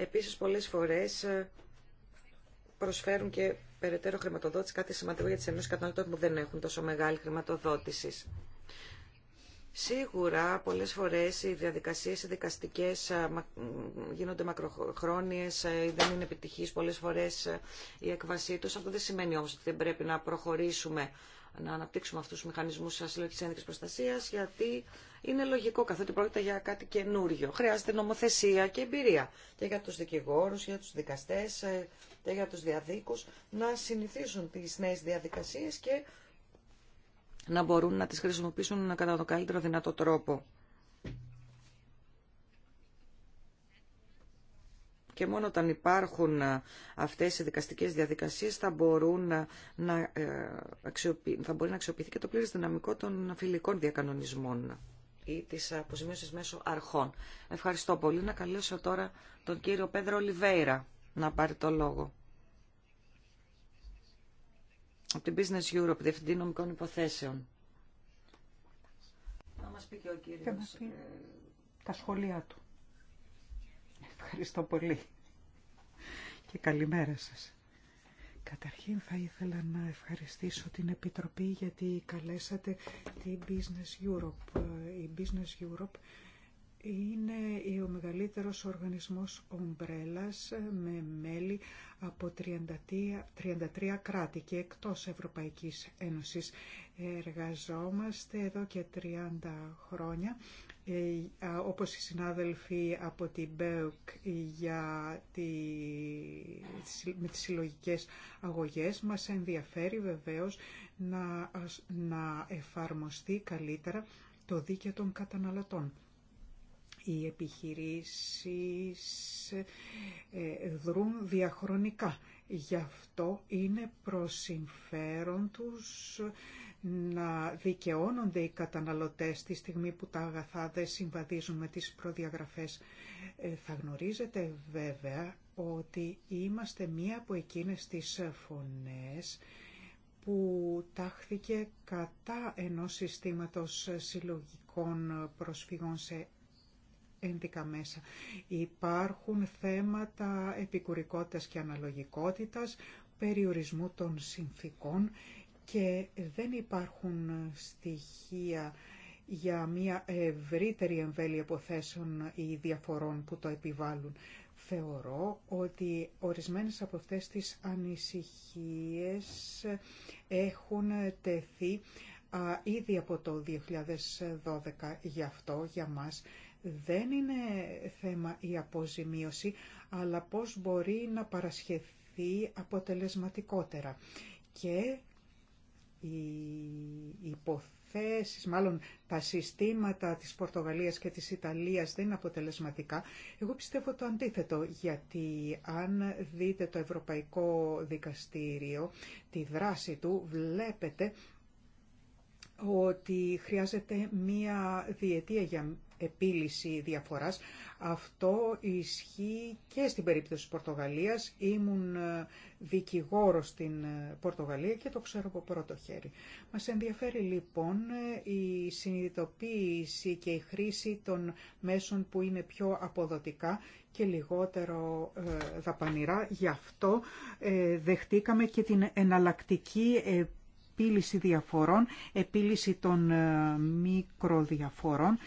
Επίσης πολλές φορές ε, προσφέρουν και περαιτέρω χρηματοδότηση κάτι σημαντικό για τις ενώσεις καταναλωτών που δεν έχουν τόσο μεγάλη χρηματοδότηση. Σίγουρα πολλές φορές οι διαδικασίες οι δικαστικές ε, γίνονται μακροχρόνιες, ε, δεν είναι επιτυχής πολλές φορές η έκβασή τους. Αυτό δεν σημαίνει όμως ότι δεν πρέπει να προχωρήσουμε να αναπτύξουμε αυτούς τους μηχανισμούς ασύλλογης ένδειξη προστασίας, γιατί είναι λογικό, καθότι πρόκειται για κάτι καινούριο. Χρειάζεται νομοθεσία και εμπειρία και για τους δικηγόρου, για τους δικαστές ε, και για τους διαδίκους να συνηθίσουν τις νέες διαδικασίες και να μπορούν να τις χρησιμοποιήσουν κατά τον καλύτερο δυνατό τρόπο. και μόνο όταν υπάρχουν ε, αυτές οι δικαστικές διαδικασίες θα, μπορούν ε, να, ε, θα μπορεί να αξιοποιηθεί και το πλήρες δυναμικό των φιλικών διακανονισμών ή της αποζημίωσης μέσω αρχών. Ευχαριστώ πολύ. Να καλέσω τώρα τον κύριο Πέδρο Ολιβέηρα να πάρει το λόγο. Από την Business Europe, Διευθυντή Νομικών Υποθέσεων. Θα μας πει και ο κύριος τα σχολεία του. Ευχαριστώ πολύ
και καλημέρα σας. Καταρχήν θα ήθελα να ευχαριστήσω την Επιτροπή γιατί καλέσατε τη Business Europe. Η Business Europe είναι ο μεγαλύτερος οργανισμός ομπρέλας με μέλη από 33, 33 κράτη και εκτός Ευρωπαϊκής Ένωσης. Εργαζόμαστε εδώ και 30 χρόνια ε, όπως οι συνάδελφοι από την ΜΠΕΟΚ για τη, με τις συλλογικές αγωγές, μας ενδιαφέρει βεβαίως να, να εφαρμοστεί καλύτερα το δίκαιο των καταναλωτών. Οι επιχειρήσεις ε, δρούν διαχρονικά. Γι' αυτό είναι προς συμφέρον τους να δικαιώνονται οι καταναλωτές τη στιγμή που τα αγαθά δεν συμβαδίζουν με τις προδιαγραφές. Ε, θα γνωρίζετε βέβαια ότι είμαστε μία από εκείνες τις φωνές που τάχθηκε κατά ενός συστήματος συλλογικών προσφυγών σε ένδικα μέσα. Υπάρχουν θέματα επικουρικότητας και αναλογικότητας, περιορισμού των συνθήκων και δεν υπάρχουν στοιχεία για μια ευρύτερη εμβέλεια υποθέσεων ή διαφορών που το επιβάλλουν. Θεωρώ ότι ορισμένες από αυτές τις ανησυχίες έχουν τεθεί ήδη από το 2012 γι' αυτό για μας. Δεν είναι θέμα η αποζημίωση, αλλά πώς μπορεί να παρασχεθεί αποτελεσματικότερα. Και οι υποθέσεις, μάλλον τα συστήματα της Πορτογαλίας και της Ιταλίας δεν είναι αποτελεσματικά. Εγώ πιστεύω το αντίθετο, γιατί αν δείτε το Ευρωπαϊκό Δικαστήριο, τη δράση του, βλέπετε ότι χρειάζεται μία διετία για επίλυση διαφοράς. Αυτό ισχύει και στην περίπτωση της Πορτογαλίας. Ήμουν ε, δικηγόρος στην ε, Πορτογαλία και το ξέρω από πρώτο χέρι. Μας ενδιαφέρει λοιπόν ε, η συνειδητοποίηση και η χρήση των μέσων που είναι πιο αποδοτικά και λιγότερο δαπανηρά. Γι' αυτό δεχτήκαμε και την εναλλακτική επίλυση διαφορών, επίλυση των μικροδιαφορών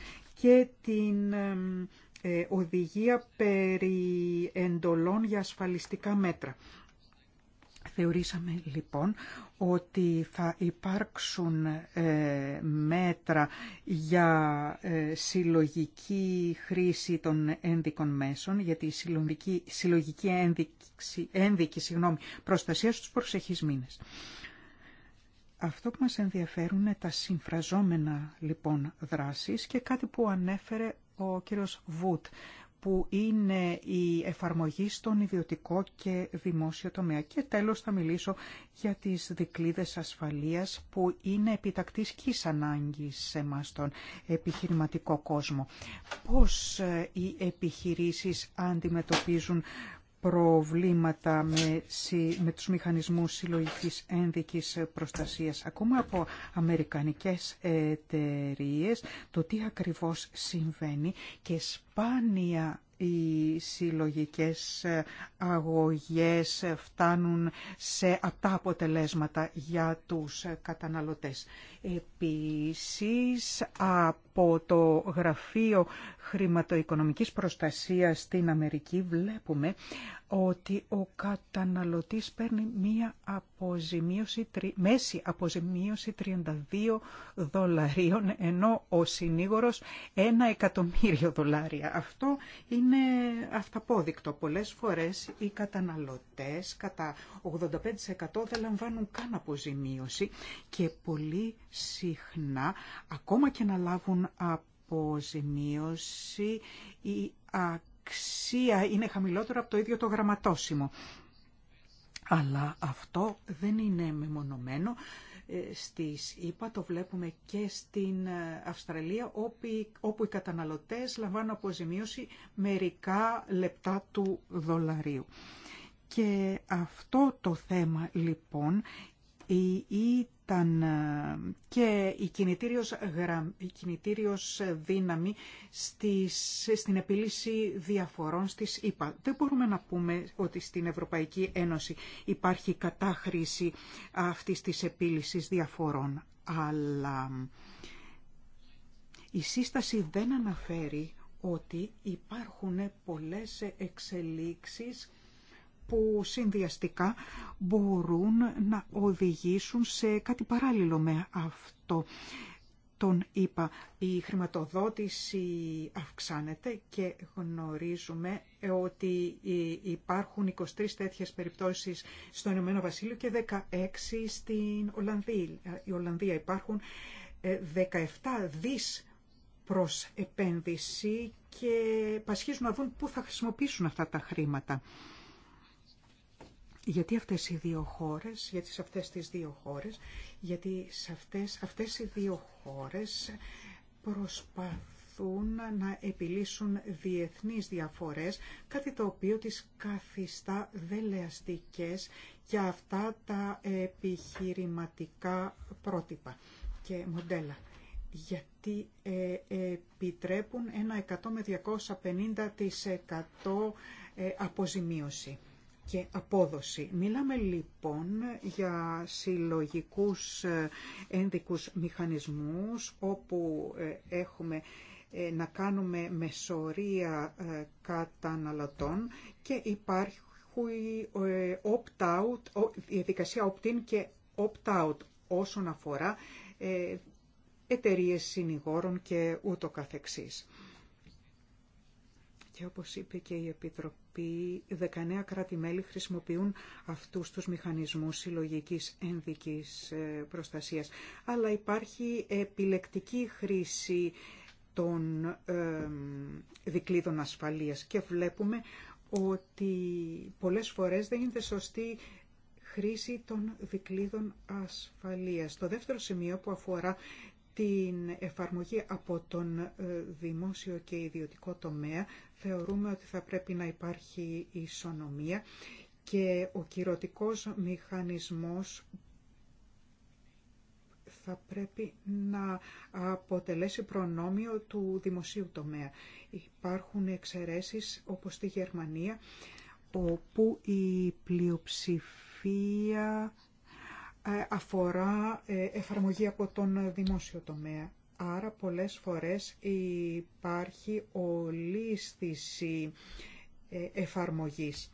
και την ε, οδηγία περί εντολών για ασφαλιστικά μέτρα. Θεωρήσαμε λοιπόν ότι θα υπάρξουν ε, μέτρα για ε, συλλογική χρήση των ένδικων μέσων, γιατί τη συλλογική, ένδειξη, ένδικη συγγνώμη, προστασία στους προσεχείς μήνες. Αυτό που μας ενδιαφέρουν είναι τα συμφραζόμενα λοιπόν δράσεις και κάτι που ανέφερε ο κύριος Βουτ που είναι η εφαρμογή στον ιδιωτικό και δημόσιο τομέα. Και τέλος θα μιλήσω για τις δικλίδες ασφαλείας που είναι επιτακτής και ανάγκης σε μας τον επιχειρηματικό κόσμο. Πώς ε, οι επιχειρήσεις αντιμετωπίζουν προβλήματα με, με τους μηχανισμούς συλλογικής ένδικης προστασίας, ακόμα από αμερικανικές εταιρείε, το τι ακριβώς συμβαίνει και σπάνια οι συλλογικές αγωγές φτάνουν σε αυτά αποτελέσματα για τους καταναλωτές. Επίσης, από το Γραφείο Χρηματοοικονομικής Προστασίας στην Αμερική βλέπουμε ότι ο καταναλωτής παίρνει μία αποζημίωση, μέση αποζημίωση 32 δολαρίων, ενώ ο συνήγορος ένα εκατομμύριο δολάρια. Αυτό είναι αυταπόδεικτο. Πολλές φορές οι καταναλωτές κατά 85% δεν λαμβάνουν καν αποζημίωση και πολύ συχνά, ακόμα και να λάβουν αποζημίωση, η αξία είναι χαμηλότερο από το ίδιο το γραμματόσημο. Αλλά αυτό δεν είναι μεμονωμένο. Ε, στις ΙΠΑ το βλέπουμε και στην ε, Αυστραλία όπου οι καταναλωτές λαμβάνουν αποζημίωση μερικά λεπτά του δολαρίου. Και αυτό το θέμα λοιπόν η ε, και η κινητήριος, δύναμη στην επίλυση διαφορών στις ΗΠΑ. Δεν μπορούμε να πούμε ότι στην Ευρωπαϊκή Ένωση υπάρχει κατάχρηση αυτής της επίλυσης διαφορών, αλλά η σύσταση δεν αναφέρει ότι υπάρχουν πολλές εξελίξεις που συνδυαστικά μπορούν να οδηγήσουν σε κάτι παράλληλο με αυτό. Τον είπα, η χρηματοδότηση αυξάνεται και γνωρίζουμε ότι υπάρχουν 23 τέτοιες περιπτώσεις στο Ηνωμένο Βασίλειο και 16 στην Ολλανδία. Η Ολλανδία υπάρχουν 17 ε, δις προς επένδυση και πασχίζουν να δουν πού θα χρησιμοποιήσουν αυτά τα χρήματα. Γιατί αυτές οι δύο χώρες, γιατί σε αυτές τις δύο χώρες, γιατί σε αυτές, αυτές οι δύο χώρες προσπαθούν να επιλύσουν διεθνείς διαφορές, κάτι το οποίο τις καθιστά δελεαστικές για αυτά τα επιχειρηματικά πρότυπα και μοντέλα. Γιατί ε, επιτρέπουν ένα 100 με 250% ε, αποζημίωση και απόδοση. Μιλάμε λοιπόν για συλλογικούς ε, ένδικους μηχανισμούς όπου ε, έχουμε ε, να κάνουμε μεσορία καταναλωτών και υπάρχει opt-out, διαδικασία opt-in και opt-out όσον αφορά εταιρείε συνηγόρων και ούτω καθεξής. Και όπως είπε και η Επιτροπή, 19 κράτη-μέλη χρησιμοποιούν αυτούς τους μηχανισμούς συλλογικής ενδικής ε, προστασίας. Αλλά υπάρχει επιλεκτική χρήση των ε, δικλείδων ασφαλείας και βλέπουμε ότι πολλές φορές δεν γίνεται σωστή χρήση των δικλείδων ασφαλείας. Το δεύτερο σημείο που αφορά την εφαρμογή από τον ε, δημόσιο και ιδιωτικό τομέα θεωρούμε ότι θα πρέπει να υπάρχει ισονομία και ο κυρωτικός μηχανισμός θα πρέπει να αποτελέσει προνόμιο του δημοσίου τομέα. Υπάρχουν εξαιρέσεις όπως στη Γερμανία όπου η πλειοψηφία ε, αφορά ε, εφαρμογή από τον δημόσιο τομέα. Άρα πολλές φορές υπάρχει ολίσθηση ε, εφαρμογής.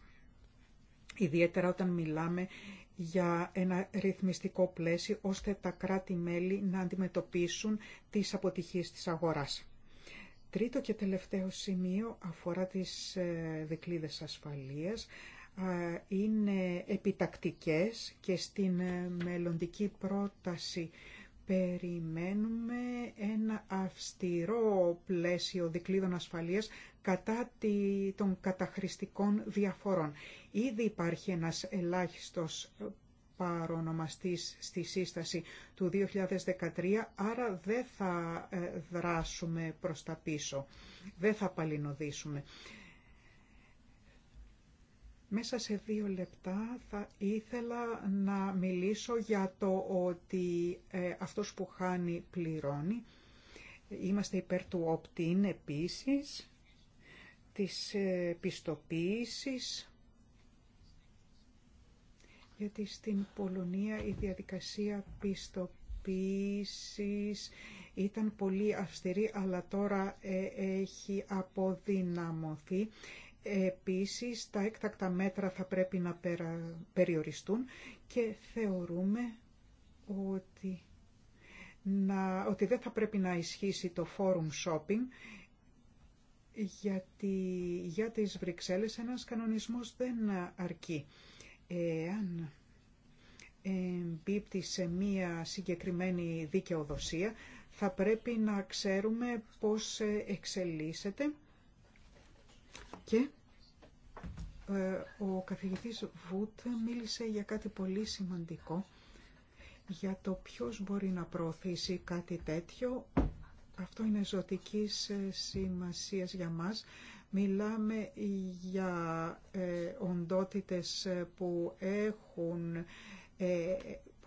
Ιδιαίτερα όταν μιλάμε για ένα ρυθμιστικό πλαίσιο ώστε τα κράτη-μέλη να αντιμετωπίσουν τις αποτυχίες της αγοράς. Τρίτο και τελευταίο σημείο αφορά τις δικλείδες ασφαλείας είναι επιτακτικές και στην ε, μελλοντική πρόταση περιμένουμε ένα αυστηρό πλαίσιο δικλείδων ασφαλείας κατά των καταχρηστικών διαφορών. Ήδη υπάρχει ένας ελάχιστος ε, παρονομαστής στη σύσταση του 2013, άρα δεν θα ε, δράσουμε προς τα πίσω, δεν θα παλινοδίσουμε. Μέσα σε δύο λεπτά θα ήθελα να μιλήσω για το ότι ε, αυτός που χάνει πληρώνει. Είμαστε υπέρ του opt-in επίσης, της ε, πιστοποίησης, γιατί στην Πολωνία η διαδικασία πιστοποίησης ήταν πολύ αυστηρή, αλλά τώρα ε, έχει αποδυναμωθεί Επίσης, τα έκτακτα μέτρα θα πρέπει να περιοριστούν και θεωρούμε ότι, να, ότι δεν θα πρέπει να ισχύσει το forum shopping, γιατί για τις Βρυξέλλες ένας κανονισμός δεν αρκεί. Εάν εμπίπτει σε μία συγκεκριμένη δικαιοδοσία, θα πρέπει να ξέρουμε πώς εξελίσσεται και ε, ο καθηγητής Βουτ μίλησε για κάτι πολύ σημαντικό, για το ποιος μπορεί να προωθήσει κάτι τέτοιο. Αυτό είναι ζωτικής ε, σημασίας για μας. Μιλάμε για ε, οντότητες ε, που έχουν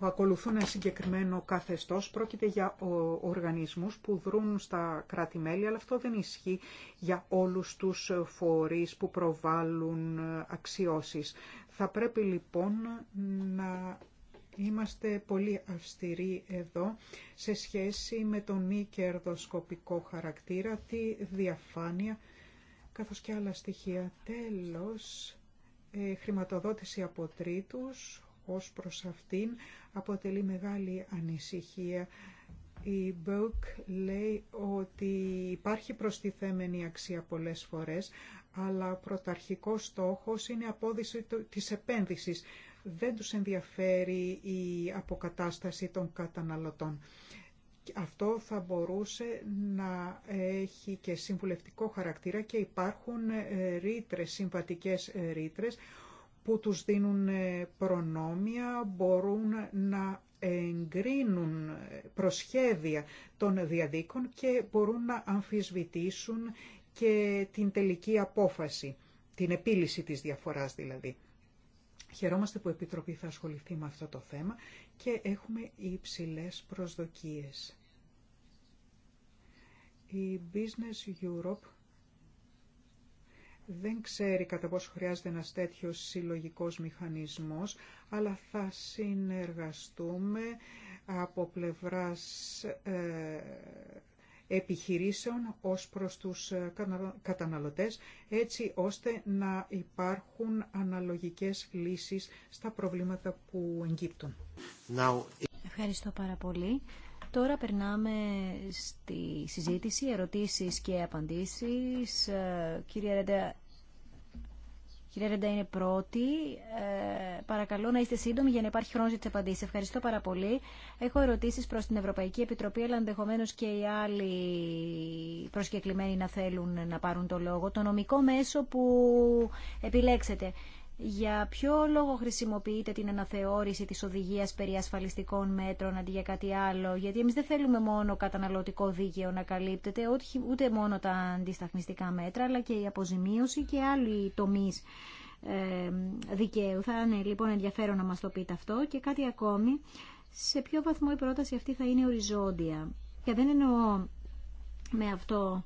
που ακολουθούν ένα συγκεκριμένο καθεστώς. Πρόκειται για οργανισμούς που δρούν στα κράτη-μέλη, αλλά αυτό δεν ισχύει για όλους τους φορείς που προβάλλουν ε, αξιώσεις. Θα πρέπει λοιπόν να είμαστε πολύ αυστηροί εδώ σε σχέση με τον μη κερδοσκοπικό χαρακτήρα, τη διαφάνεια, καθώς και άλλα στοιχεία. Τέλος, ε, χρηματοδότηση από τρίτους, ως προς αυτήν αποτελεί μεγάλη ανησυχία. Η Μπόκ λέει ότι υπάρχει προστιθέμενη αξία πολλές φορές, αλλά πρωταρχικός στόχος είναι η απόδειση της επένδυσης. Δεν τους ενδιαφέρει η αποκατάσταση των καταναλωτών. Αυτό θα μπορούσε να έχει και συμβουλευτικό χαρακτήρα και υπάρχουν ε, ρήτρες, συμβατικές ε, ρήτρες, που τους δίνουν ε, προνόμια μπορούν να εγκρίνουν ε, προσχέδια των διαδίκων και μπορούν να αμφισβητήσουν και την τελική απόφαση, την επίλυση της διαφοράς δηλαδή. Χαιρόμαστε που η Επιτροπή θα ασχοληθεί με αυτό το θέμα και έχουμε υψηλές προσδοκίες. Η Business Europe δεν ξέρει κατά πόσο χρειάζεται ένας τέτοιος συλλογικός μηχανισμός, αλλά θα συνεργαστούμε από πλευράς ε, επιχειρήσεων ως προς τους ε, καταναλωτές, έτσι ώστε να υπάρχουν αναλογικές
λύσεις στα προβλήματα που εγκύπτουν. Ευχαριστώ πάρα πολύ. Τώρα περνάμε στη συζήτηση, ερωτήσεις και απαντήσεις. Ε, κύριε Ρέντα, Κυρία Ρέντα είναι πρώτη. Ε, παρακαλώ να είστε σύντομοι για να υπάρχει χρόνος για τις απαντήσεις. Ευχαριστώ πάρα πολύ. Έχω ερωτήσεις προς την Ευρωπαϊκή Επιτροπή, αλλά ενδεχομένω και οι άλλοι προσκεκλημένοι να θέλουν να πάρουν το λόγο. Το νομικό μέσο που επιλέξετε. Για ποιο λόγο χρησιμοποιείτε την αναθεώρηση της οδηγίας περί ασφαλιστικών μέτρων αντί για κάτι άλλο, γιατί εμείς δεν θέλουμε μόνο καταναλωτικό δίκαιο να καλύπτεται, ούτε μόνο τα αντισταθμιστικά μέτρα, αλλά και η αποζημίωση και άλλοι τομείς δικαίου. Θα είναι λοιπόν ενδιαφέρον να μας το πείτε αυτό και κάτι ακόμη, σε ποιο βαθμό η πρόταση αυτή θα είναι οριζόντια. Και δεν εννοώ με αυτό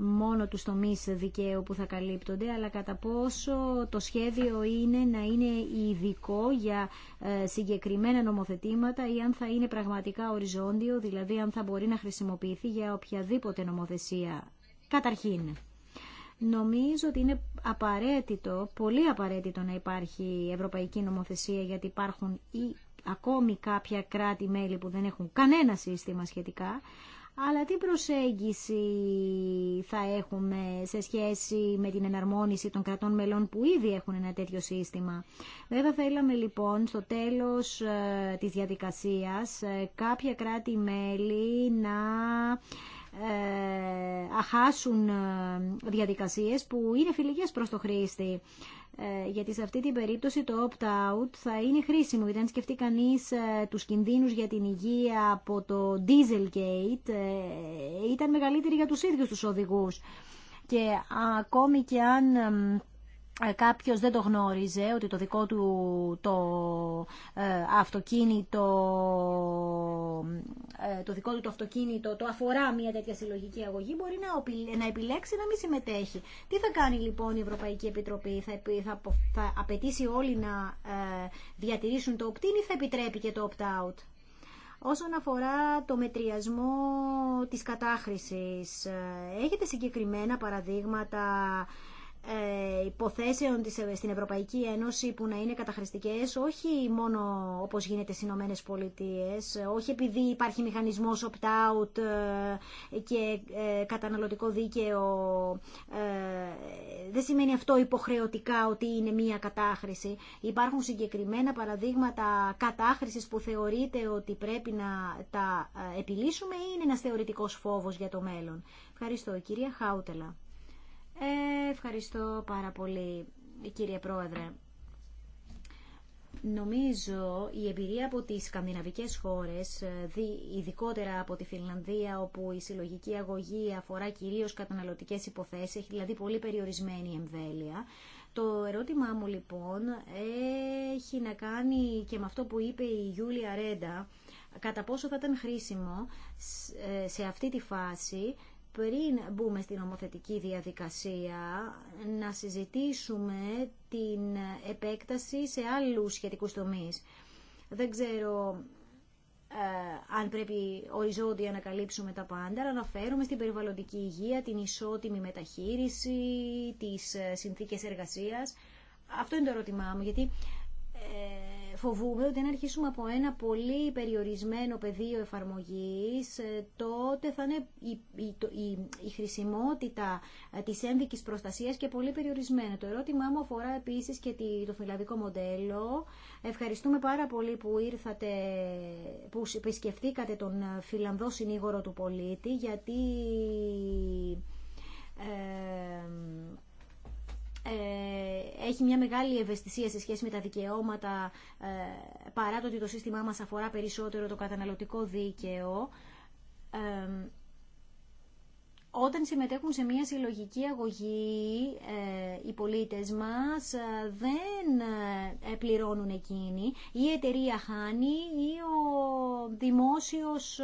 μόνο τους τομείς δικαίου που θα καλύπτονται, αλλά κατά πόσο το σχέδιο είναι να είναι ειδικό για ε, συγκεκριμένα νομοθετήματα ή αν θα είναι πραγματικά οριζόντιο, δηλαδή αν θα μπορεί να χρησιμοποιηθεί για οποιαδήποτε νομοθεσία. Καταρχήν, νομίζω ότι είναι απαραίτητο, πολύ απαραίτητο να υπάρχει ευρωπαϊκή νομοθεσία γιατί υπάρχουν ή ακόμη κάποια κράτη-μέλη που δεν έχουν κανένα σύστημα σχετικά, αλλά τι προσέγγιση θα έχουμε σε σχέση με την εναρμόνιση των κρατών μελών που ήδη έχουν ένα τέτοιο σύστημα. Βέβαια, θέλαμε λοιπόν στο τέλος ε, της διαδικασίας ε, κάποια κράτη-μέλη να ε, αχάσουν διαδικασίες που είναι φιλικές προς το χρήστη. Ε, γιατί σε αυτή την περίπτωση το opt-out θα είναι χρήσιμο, γιατί αν σκεφτεί κανείς ε, τους κινδύνου για την υγεία από το Dieselgate, ε, ήταν μεγαλύτερη για τους ίδιου τους οδηγού. Και ακόμη και αν ε, κάποιος δεν το γνώριζε ότι το δικό του το ε, αυτοκίνητο ε, το δικό του το αυτοκίνητο το αφορά μια τέτοια συλλογική αγωγή μπορεί να επιλέξει να μην συμμετέχει. Τι θα κάνει λοιπόν η Ευρωπαϊκή Επιτροπή θα, θα απαιτήσει όλοι να διατηρήσουν το opt-in ή θα επιτρέπει και το opt-out. Όσον αφορά το μετριασμό της κατάχρησης έχετε συγκεκριμένα παραδείγματα ε, υποθέσεων της, ε, στην Ευρωπαϊκή Ένωση που να είναι καταχρηστικές όχι μόνο όπως γίνεται στις Ηνωμένε Πολιτείε, ε, όχι επειδή υπάρχει μηχανισμός opt-out και καταναλωτικό δίκαιο δεν σημαίνει αυτό υποχρεωτικά ότι είναι μία κατάχρηση υπάρχουν συγκεκριμένα παραδείγματα κατάχρησης που θεωρείται ότι πρέπει να τα επιλύσουμε ή είναι ένας θεωρητικός φόβος για το μέλλον Ευχαριστώ κυρία Χάουτελα ευχαριστώ πάρα πολύ, κύριε Πρόεδρε. Νομίζω η εμπειρία από τις σκανδιναβικές χώρες, ειδικότερα από τη Φιλανδία, όπου η συλλογική αγωγή αφορά κυρίως καταναλωτικές υποθέσεις, έχει δηλαδή πολύ περιορισμένη εμβέλεια. Το ερώτημά μου λοιπόν έχει να κάνει και με αυτό που είπε η Γιούλια Ρέντα, κατά πόσο θα ήταν χρήσιμο ε, σε αυτή τη φάση πριν μπούμε στην νομοθετική διαδικασία να συζητήσουμε την επέκταση σε άλλους σχετικούς τομείς. Δεν ξέρω ε, αν πρέπει οριζόντια να καλύψουμε τα πάντα, αλλά αναφέρομαι στην περιβαλλοντική υγεία, την ισότιμη μεταχείριση, τις ε, συνθήκες εργασίας. Αυτό είναι το ερώτημά μου, γιατί ε, Φοβούμαι ότι αν αρχίσουμε από ένα πολύ περιορισμένο πεδίο εφαρμογής, ε, τότε θα είναι η, χρησιμότητα ε, της ένδικης προστασίας και πολύ περιορισμένη. Το ερώτημά μου αφορά επίσης και το φιλανδικό μοντέλο. Ευχαριστούμε πάρα πολύ που ήρθατε, που επισκεφτήκατε τον ε, φιλανδό συνήγορο του πολίτη, γιατί... Ε, έχει μια μεγάλη ευαισθησία σε σχέση με τα δικαιώματα ε, παρά το ότι το σύστημά μας αφορά περισσότερο το καταναλωτικό δίκαιο ε, όταν συμμετέχουν σε μια συλλογική αγωγή οι πολίτες μας δεν πληρώνουν εκείνοι η εταιρεία χάνει ή ο δημόσιος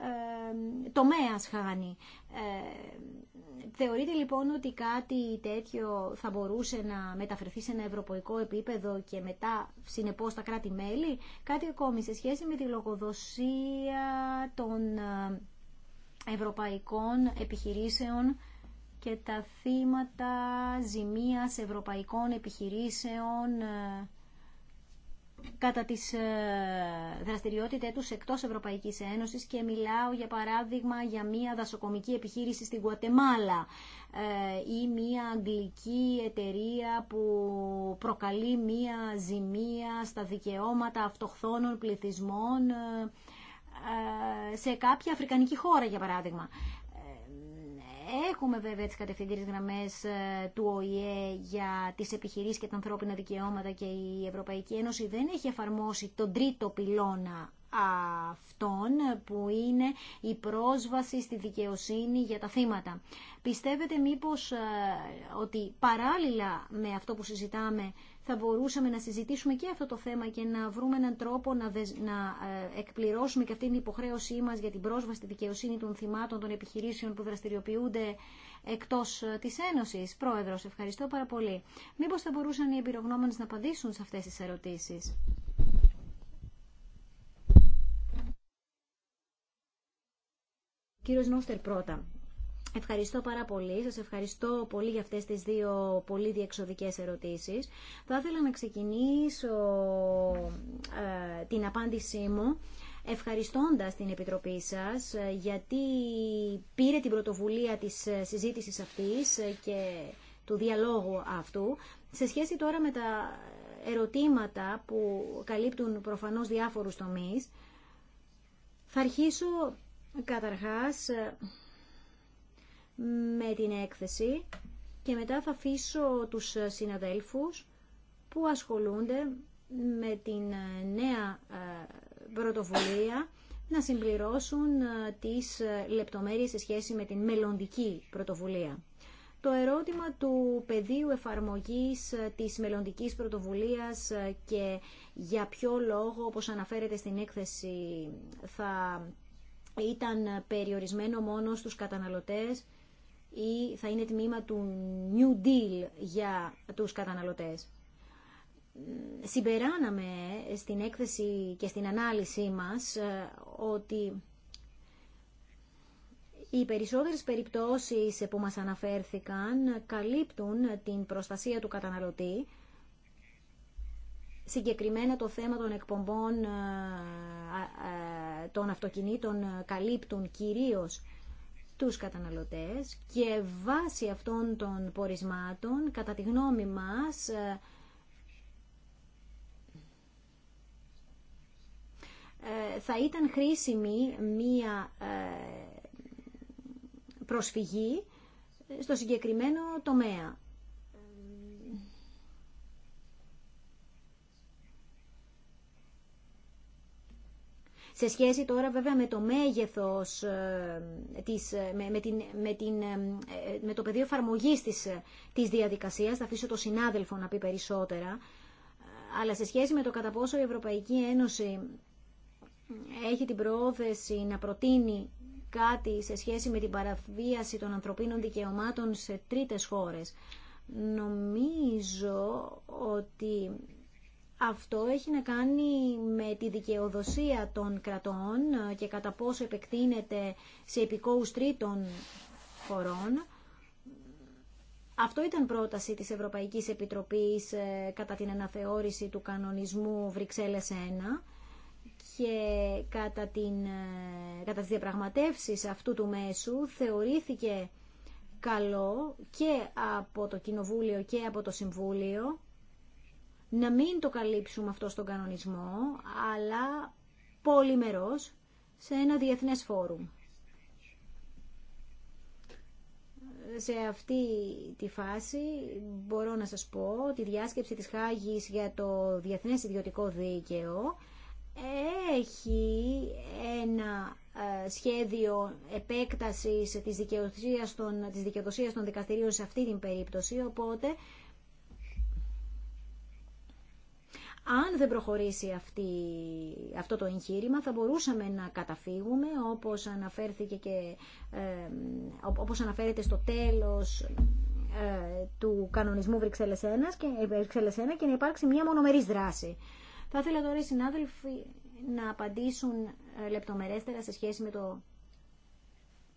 ε, τομέας χάνει. Ε, θεωρείτε λοιπόν ότι κάτι τέτοιο θα μπορούσε να μεταφερθεί σε ένα ευρωπαϊκό επίπεδο και μετά συνεπώς τα κράτη-μέλη. Κάτι ακόμη σε σχέση με τη λογοδοσία των ε, ευρωπαϊκών επιχειρήσεων και τα θύματα ζημίας ευρωπαϊκών επιχειρήσεων κατά τις ε, δραστηριότητες τους εκτός Ευρωπαϊκής Ένωσης και μιλάω για παράδειγμα για μια δασοκομική επιχείρηση στην Γουατεμάλα ε, ή μια αγγλική εταιρεία που προκαλεί μια ζημία στα δικαιώματα αυτοχθόνων πληθυσμών ε, σε κάποια αφρικανική χώρα για παράδειγμα. Έχουμε βέβαια τις κατευθυντήρες γραμμές ε, του ΟΗΕ για τις επιχειρήσεις και τα ανθρώπινα δικαιώματα και η Ευρωπαϊκή Ένωση δεν έχει εφαρμόσει τον τρίτο πυλώνα αυτών που είναι η πρόσβαση στη δικαιοσύνη για τα θύματα. Πιστεύετε μήπως ε, ότι παράλληλα με αυτό που συζητάμε θα μπορούσαμε να συζητήσουμε και αυτό το θέμα και να βρούμε έναν τρόπο να, να ε, εκπληρώσουμε και αυτή την υποχρέωσή μας για την πρόσβαση στη δικαιοσύνη των θυμάτων των επιχειρήσεων που δραστηριοποιούνται εκτός ε, της Ένωσης. Πρόεδρος, ευχαριστώ πάρα πολύ. Μήπως θα μπορούσαν οι εμπειρογνώμενες να απαντήσουν σε αυτές τις ερωτήσεις. Κύριος Νόστερ πρώτα. Ευχαριστώ πάρα πολύ. σα ευχαριστώ πολύ για αυτές τις δύο πολύ διεξοδικές ερωτήσεις. Θα ήθελα να ξεκινήσω ε, την απάντησή μου ευχαριστώντας την Επιτροπή σας ε, γιατί πήρε την πρωτοβουλία της ε, συζήτησης αυτής και του διαλόγου αυτού σε σχέση τώρα με τα ερωτήματα που καλύπτουν προφανώς διάφορους τομείς. Θα αρχίσω καταρχάς με την έκθεση και μετά θα αφήσω τους συναδέλφους που ασχολούνται με την ε, νέα ε, πρωτοβουλία να συμπληρώσουν ε, τις λεπτομέρειες σε σχέση με την μελλοντική πρωτοβουλία. Το ερώτημα του πεδίου εφαρμογής της μελλοντικής πρωτοβουλίας και για ποιο λόγο, όπως αναφέρεται στην έκθεση, θα ήταν περιορισμένο μόνο στους καταναλωτές ή θα είναι τμήμα του New Deal για τους καταναλωτές. Συμπεράναμε στην έκθεση και στην ανάλυση μας ε, ότι οι περισσότερες περιπτώσεις που μας αναφέρθηκαν καλύπτουν την προστασία του καταναλωτή, συγκεκριμένα το θέμα των εκπομπών ε, ε, των αυτοκινήτων καλύπτουν κυρίως τους καταναλωτές και βάσει αυτών των πορισμάτων, κατά τη γνώμη μας, ε, ε, θα ήταν χρήσιμη μία ε, προσφυγή στο συγκεκριμένο τομέα. Σε σχέση τώρα βέβαια με το μέγεθος, ε, ε, με, την, με, την, ε, με το πεδίο εφαρμογή της, της διαδικασίας, θα αφήσω το συνάδελφο να πει περισσότερα, αλλά σε σχέση με το κατά πόσο η Ευρωπαϊκή Ένωση έχει την πρόθεση να προτείνει κάτι σε σχέση με την παραβίαση των ανθρωπίνων δικαιωμάτων σε τρίτες χώρες. Νομίζω ότι αυτό έχει να κάνει με τη δικαιοδοσία των κρατών ε, και κατά πόσο επεκτείνεται σε επικόους τρίτων χωρών. Αυτό ήταν πρόταση της Ευρωπαϊκής Επιτροπής ε, κατά την αναθεώρηση του κανονισμού Βρυξέλλες 1 και κατά, την, ε, κατά τις διαπραγματεύσεις αυτού του μέσου θεωρήθηκε καλό και από το Κοινοβούλιο και από το Συμβούλιο να μην το καλύψουμε αυτό στον κανονισμό, αλλά πολυμερός σε ένα διεθνές φόρουμ. σε αυτή τη φάση μπορώ να σας πω ότι η διάσκεψη της Χάγης για το Διεθνές Ιδιωτικό Δίκαιο έχει ένα ε, σχέδιο επέκτασης της δικαιοδοσίας των, της δικαιοδοσίας των δικαστηρίων σε αυτή την περίπτωση, οπότε Αν δεν προχωρήσει αυτή, αυτό το εγχείρημα θα μπορούσαμε να καταφύγουμε όπως, αναφέρθηκε και, όπως αναφέρεται στο τέλος ε, του κανονισμού Βρυξέλλες 1 και, ε, και να υπάρξει μια μονομερής δράση. Θα ήθελα τώρα οι συνάδελφοι να απαντήσουν ε, λεπτομερέστερα σε σχέση με το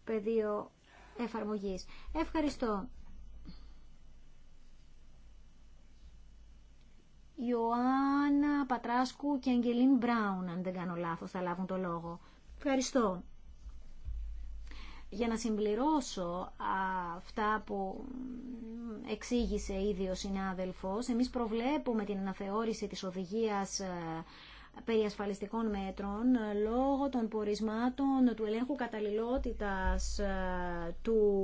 πεδίο εφαρμογής. Ευχαριστώ. Ιωάννα Πατράσκου και Αγγελίν Μπράουν, αν δεν κάνω λάθος, θα λάβουν το λόγο. Ευχαριστώ. Για να συμπληρώσω αυτά που εξήγησε ήδη ο συνάδελφος, εμείς προβλέπουμε την αναθεώρηση της οδηγίας ε, περί ασφαλιστικών μέτρων ε, λόγω των πορισμάτων του ελέγχου καταλληλότητας ε, του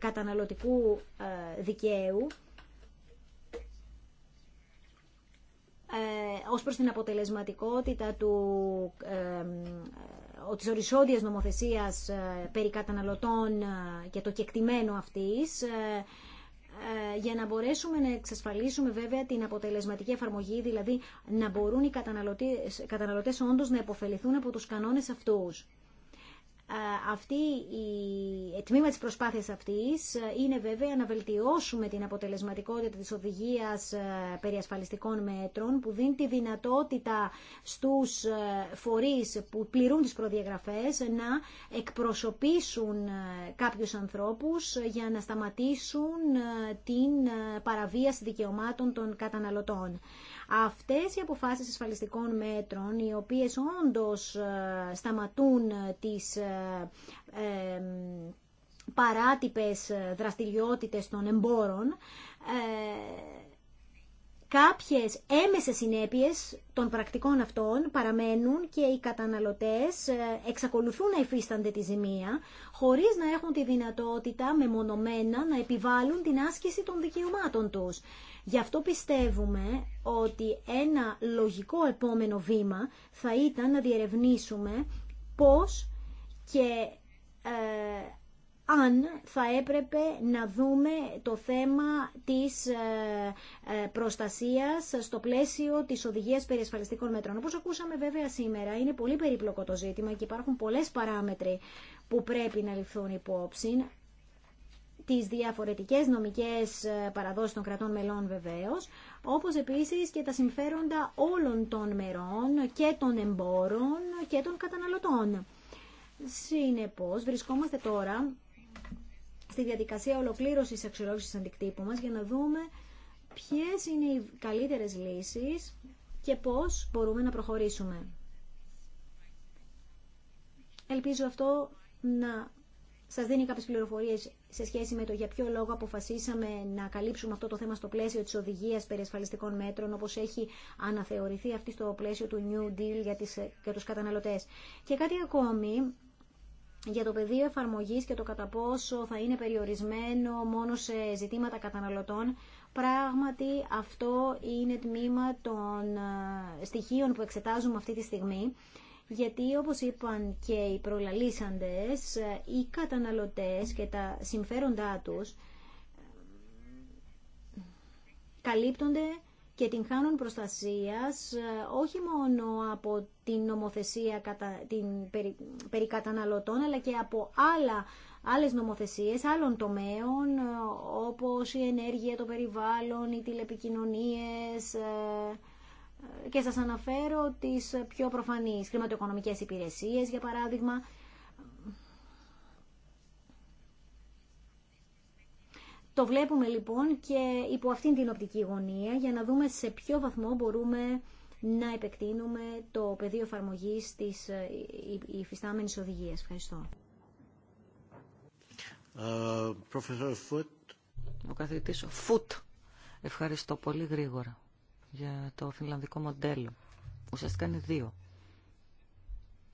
καταναλωτικού δικαίου ε, ως προς την αποτελεσματικότητα του, ε, της ορισόντιας νομοθεσίας ε, περί καταναλωτών ε, και το κεκτημένο αυτής ε, για να μπορέσουμε να εξασφαλίσουμε βέβαια την αποτελεσματική εφαρμογή, δηλαδή να μπορούν οι καταναλωτές, καταναλωτές όντως να υποφεληθούν από τους κανόνες αυτούς. Ε, αυτή η τμήμα της προσπάθειας αυτής ε, είναι βέβαια να βελτιώσουμε την αποτελεσματικότητα της οδηγίας ε, ασφαλιστικών μέτρων που δίνει τη δυνατότητα στους φορείς που πληρούν τις προδιαγραφές να εκπροσωπήσουν κάποιους ανθρώπους για να σταματήσουν την παραβίαση δικαιωμάτων των καταναλωτών. Αυτές οι αποφάσεις ασφαλιστικών μέτρων, οι οποίες όντως ε, σταματούν τις ε, παράτυπες δραστηριότητες των εμπόρων, ε, κάποιες έμεσες συνέπειες των πρακτικών αυτών παραμένουν και οι καταναλωτές εξακολουθούν να υφίστανται τη ζημία χωρίς να έχουν τη δυνατότητα μεμονωμένα να επιβάλλουν την άσκηση των δικαιωμάτων τους. Γι' αυτό πιστεύουμε ότι ένα λογικό επόμενο βήμα θα ήταν να διερευνήσουμε πώς και ε, αν θα έπρεπε να δούμε το θέμα της ε, ε, προστασίας στο πλαίσιο της οδηγίας περιασφαλιστικών μέτρων. Όπως ακούσαμε βέβαια σήμερα, είναι πολύ περίπλοκο το ζήτημα και υπάρχουν πολλές παράμετροι που πρέπει να ληφθούν υπόψη τις διαφορετικές νομικές ε, παραδόσεις των κρατών μελών βεβαίως, όπως επίσης και τα συμφέροντα όλων των μερών και των εμπόρων και των καταναλωτών. Συνεπώς, βρισκόμαστε τώρα στη διαδικασία ολοκλήρωσης αξιολόγησης αντικτύπου μας για να δούμε ποιες είναι οι καλύτερες λύσεις και πώς μπορούμε να προχωρήσουμε. Ελπίζω αυτό να σας δίνει κάποιες πληροφορίες σε σχέση με το για ποιο λόγο αποφασίσαμε να καλύψουμε αυτό το θέμα στο πλαίσιο της οδηγίας περί μέτρων, όπως έχει αναθεωρηθεί αυτή στο πλαίσιο του New Deal για, τις, για τους καταναλωτές. Και κάτι ακόμη, για το πεδίο εφαρμογής και το κατά πόσο θα είναι περιορισμένο μόνο σε ζητήματα καταναλωτών, πράγματι αυτό είναι τμήμα των ε, στοιχείων που εξετάζουμε αυτή τη στιγμή γιατί όπως είπαν και οι προλαλήσαντες, οι καταναλωτές και τα συμφέροντά τους καλύπτονται και την χάνουν προστασίας ε, όχι μόνο από την νομοθεσία κατά, την, περί, καταναλωτών, αλλά και από άλλα άλλες νομοθεσίες άλλων τομέων ε, όπως η ενέργεια, το περιβάλλον, οι τηλεπικοινωνίες ε, και σας αναφέρω τις πιο προφανείς χρηματοοικονομικές υπηρεσίες, για παράδειγμα. Το βλέπουμε λοιπόν και υπό αυτήν την οπτική γωνία για να δούμε σε ποιο βαθμό μπορούμε να επεκτείνουμε το πεδίο εφαρμογή της ε, υφιστάμενης οδηγίας. Ευχαριστώ.
Ε, Ο καθηγητής Φουτ. Ευχαριστώ πολύ γρήγορα για το φιλανδικό μοντέλο. Ουσιαστικά είναι δύο.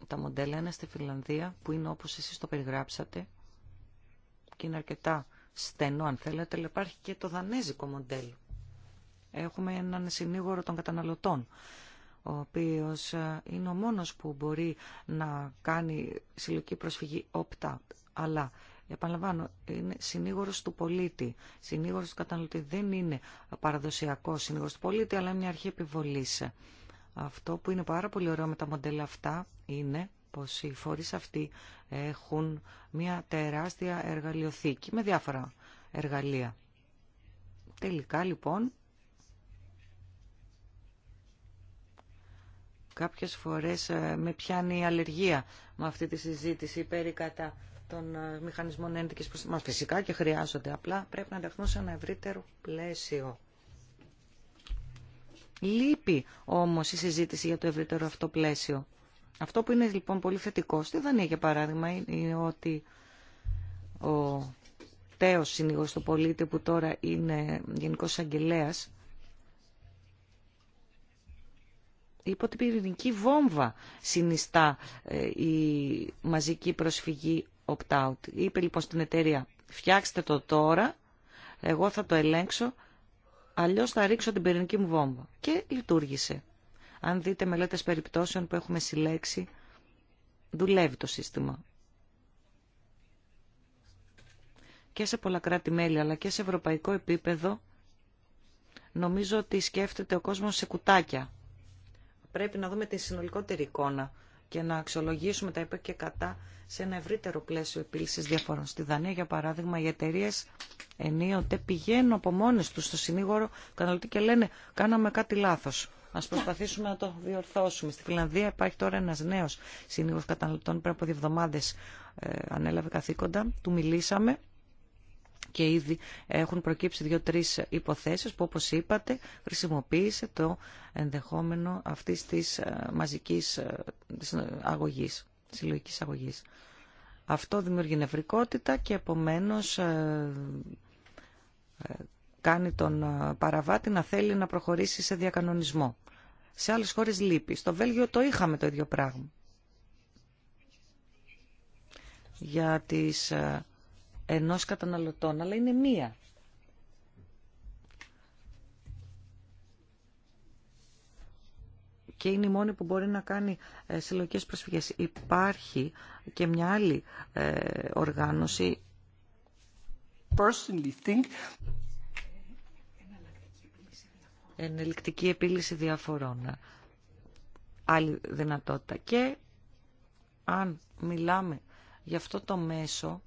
Τα μοντέλα ένα στη Φιλανδία που είναι όπως εσείς το περιγράψατε και είναι αρκετά στενό αν θέλετε, αλλά υπάρχει και το δανέζικο μοντέλο. Έχουμε έναν συνήγορο των καταναλωτών ο οποίος ε, είναι ο μόνος που μπορεί να κάνει συλλογική προσφυγή opt-out. Αλλά Επαναλαμβάνω, είναι συνήγορος του πολίτη, συνήγορος του καταναλωτή. Δεν είναι παραδοσιακό συνήγορος του πολίτη, αλλά είναι μια αρχή επιβολή. Αυτό που είναι πάρα πολύ ωραίο με τα μοντέλα αυτά είναι πως οι φορείς αυτοί έχουν μια τεράστια εργαλειοθήκη με διάφορα εργαλεία. Τελικά λοιπόν κάποιες φορές ε, με πιάνει η αλλεργία με αυτή τη συζήτηση περί κατά των ε, μηχανισμών ένδικης προστασίας. Φυσικά και χρειάζονται, απλά πρέπει να ενταχθούν σε ένα ευρύτερο πλαίσιο. Λείπει όμως η συζήτηση για το ευρύτερο αυτό πλαίσιο. Αυτό που είναι λοιπόν πολύ θετικό στη Δανία για παράδειγμα είναι ότι ο τέος συνήγος του πολίτη που τώρα είναι γενικός αγγελέας υπό την πυρηνική βόμβα συνιστά ε, η μαζική προσφυγή opt-out. Είπε λοιπόν στην εταιρεία, φτιάξτε το τώρα, εγώ θα το ελέγξω, αλλιώς θα ρίξω την πυρηνική μου βόμβα. Και λειτουργήσε. Αν δείτε μελέτες περιπτώσεων που έχουμε συλλέξει, δουλεύει το σύστημα. Και σε πολλά κράτη-μέλη, αλλά και σε ευρωπαϊκό επίπεδο, νομίζω ότι σκέφτεται ο κόσμος σε κουτάκια. Πρέπει να δούμε τη συνολικότερη εικόνα και να αξιολογήσουμε τα υπέρ και κατά σε ένα ευρύτερο πλαίσιο επίλυση διαφορών. Στη Δανία, για παράδειγμα, οι εταιρείε ενίοτε πηγαίνουν από μόνε του στο συνήγορο καταναλωτή και λένε Κάναμε κάτι λάθο. Α προσπαθήσουμε να το διορθώσουμε. Στη Φιλανδία υπάρχει τώρα ένα νέο συνήγορο καταναλωτών πριν από δύο εβδομάδε ε, ανέλαβε καθήκοντα. Του μιλήσαμε και ήδη έχουν προκύψει δύο-τρεις υποθέσεις που όπως είπατε χρησιμοποίησε το ενδεχόμενο αυτής της ε, μαζικής ε, ε, αγωγής, συλλογικής αγωγής. Αυτό δημιουργεί νευρικότητα και επομένως κάνει τον παραβάτη να θέλει να προχωρήσει σε διακανονισμό. Σε άλλες χώρες λείπει. Στο Βέλγιο το είχαμε το ίδιο πράγμα. Για τις ενός καταναλωτών, αλλά είναι μία. και είναι η μόνη που μπορεί να κάνει ε, συλλογικέ προσφυγές. Υπάρχει και μια άλλη ε, οργάνωση. Personally think... Ενελικτική επίλυση διαφορών. Άλλη δυνατότητα. Και αν μιλάμε για αυτό το μέσο,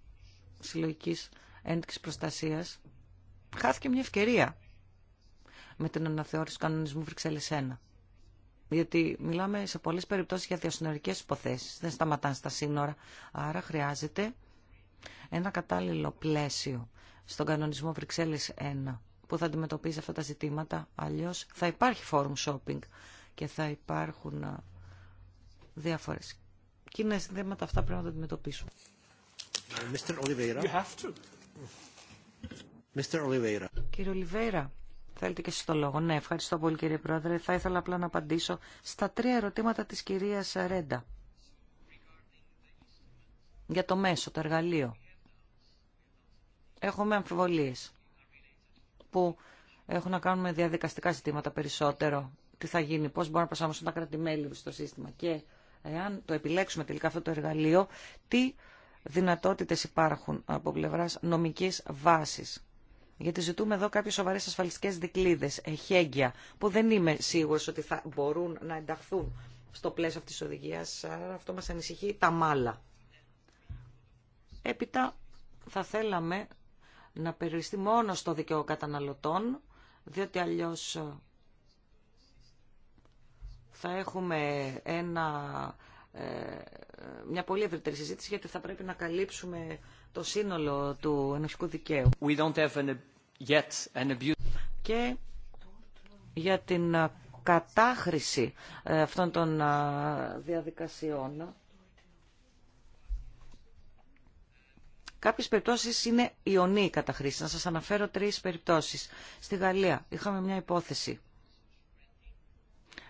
συλλογική ένδειξη προστασία χάθηκε μια ευκαιρία με την αναθεώρηση του κανονισμού Βρυξέλλες 1. Γιατί μιλάμε σε πολλέ περιπτώσει για διασυνορικέ υποθέσει. δεν σταματάνε στα σύνορα, άρα χρειάζεται ένα κατάλληλο πλαίσιο στον κανονισμό Βρυξέλλες 1 που θα αντιμετωπίζει αυτά τα ζητήματα, αλλιώς θα υπάρχει forum shopping και θα υπάρχουν διάφορες. Κοινές θέματα αυτά πρέπει να τα αντιμετωπίσουν. Uh, κύριε Ολιβέρα, θέλετε και εσείς το λόγο. Ναι, ευχαριστώ πολύ κύριε Πρόεδρε. Θα ήθελα απλά να απαντήσω στα τρία ερωτήματα της κυρίας Ρέντα. Για το μέσο, το εργαλείο. Έχουμε αμφιβολίες που έχουν να κάνουν με διαδικαστικά ζητήματα περισσότερο. Τι θα γίνει, πώς μπορούν να προσαρμοστούν τα κράτη-μέλη στο σύστημα και εάν το επιλέξουμε τελικά αυτό το εργαλείο, τι δυνατότητες υπάρχουν από πλευράς νομικής βάσης. Γιατί ζητούμε εδώ κάποιες σοβαρές ασφαλιστικές δικλίδες, εχέγγυα, που δεν είμαι σίγουρος ότι θα μπορούν να ενταχθούν στο πλαίσιο αυτής της οδηγίας. αυτό μας ανησυχεί τα μάλα. Έπειτα θα θέλαμε να περιοριστεί μόνο στο δικαίωμα καταναλωτών, διότι αλλιώς ε, θα έχουμε ένα ε, μια πολύ ευρύτερη συζήτηση γιατί θα πρέπει να καλύψουμε το σύνολο του ενοχικού δικαίου. We don't have yet an abuse. Και για την ε, κατάχρηση ε, αυτών των διαδικασιών Κάποιες περιπτώσεις είναι ιονή η καταχρήση. Να σας αναφέρω τρεις περιπτώσεις. Στη Γαλλία είχαμε μια υπόθεση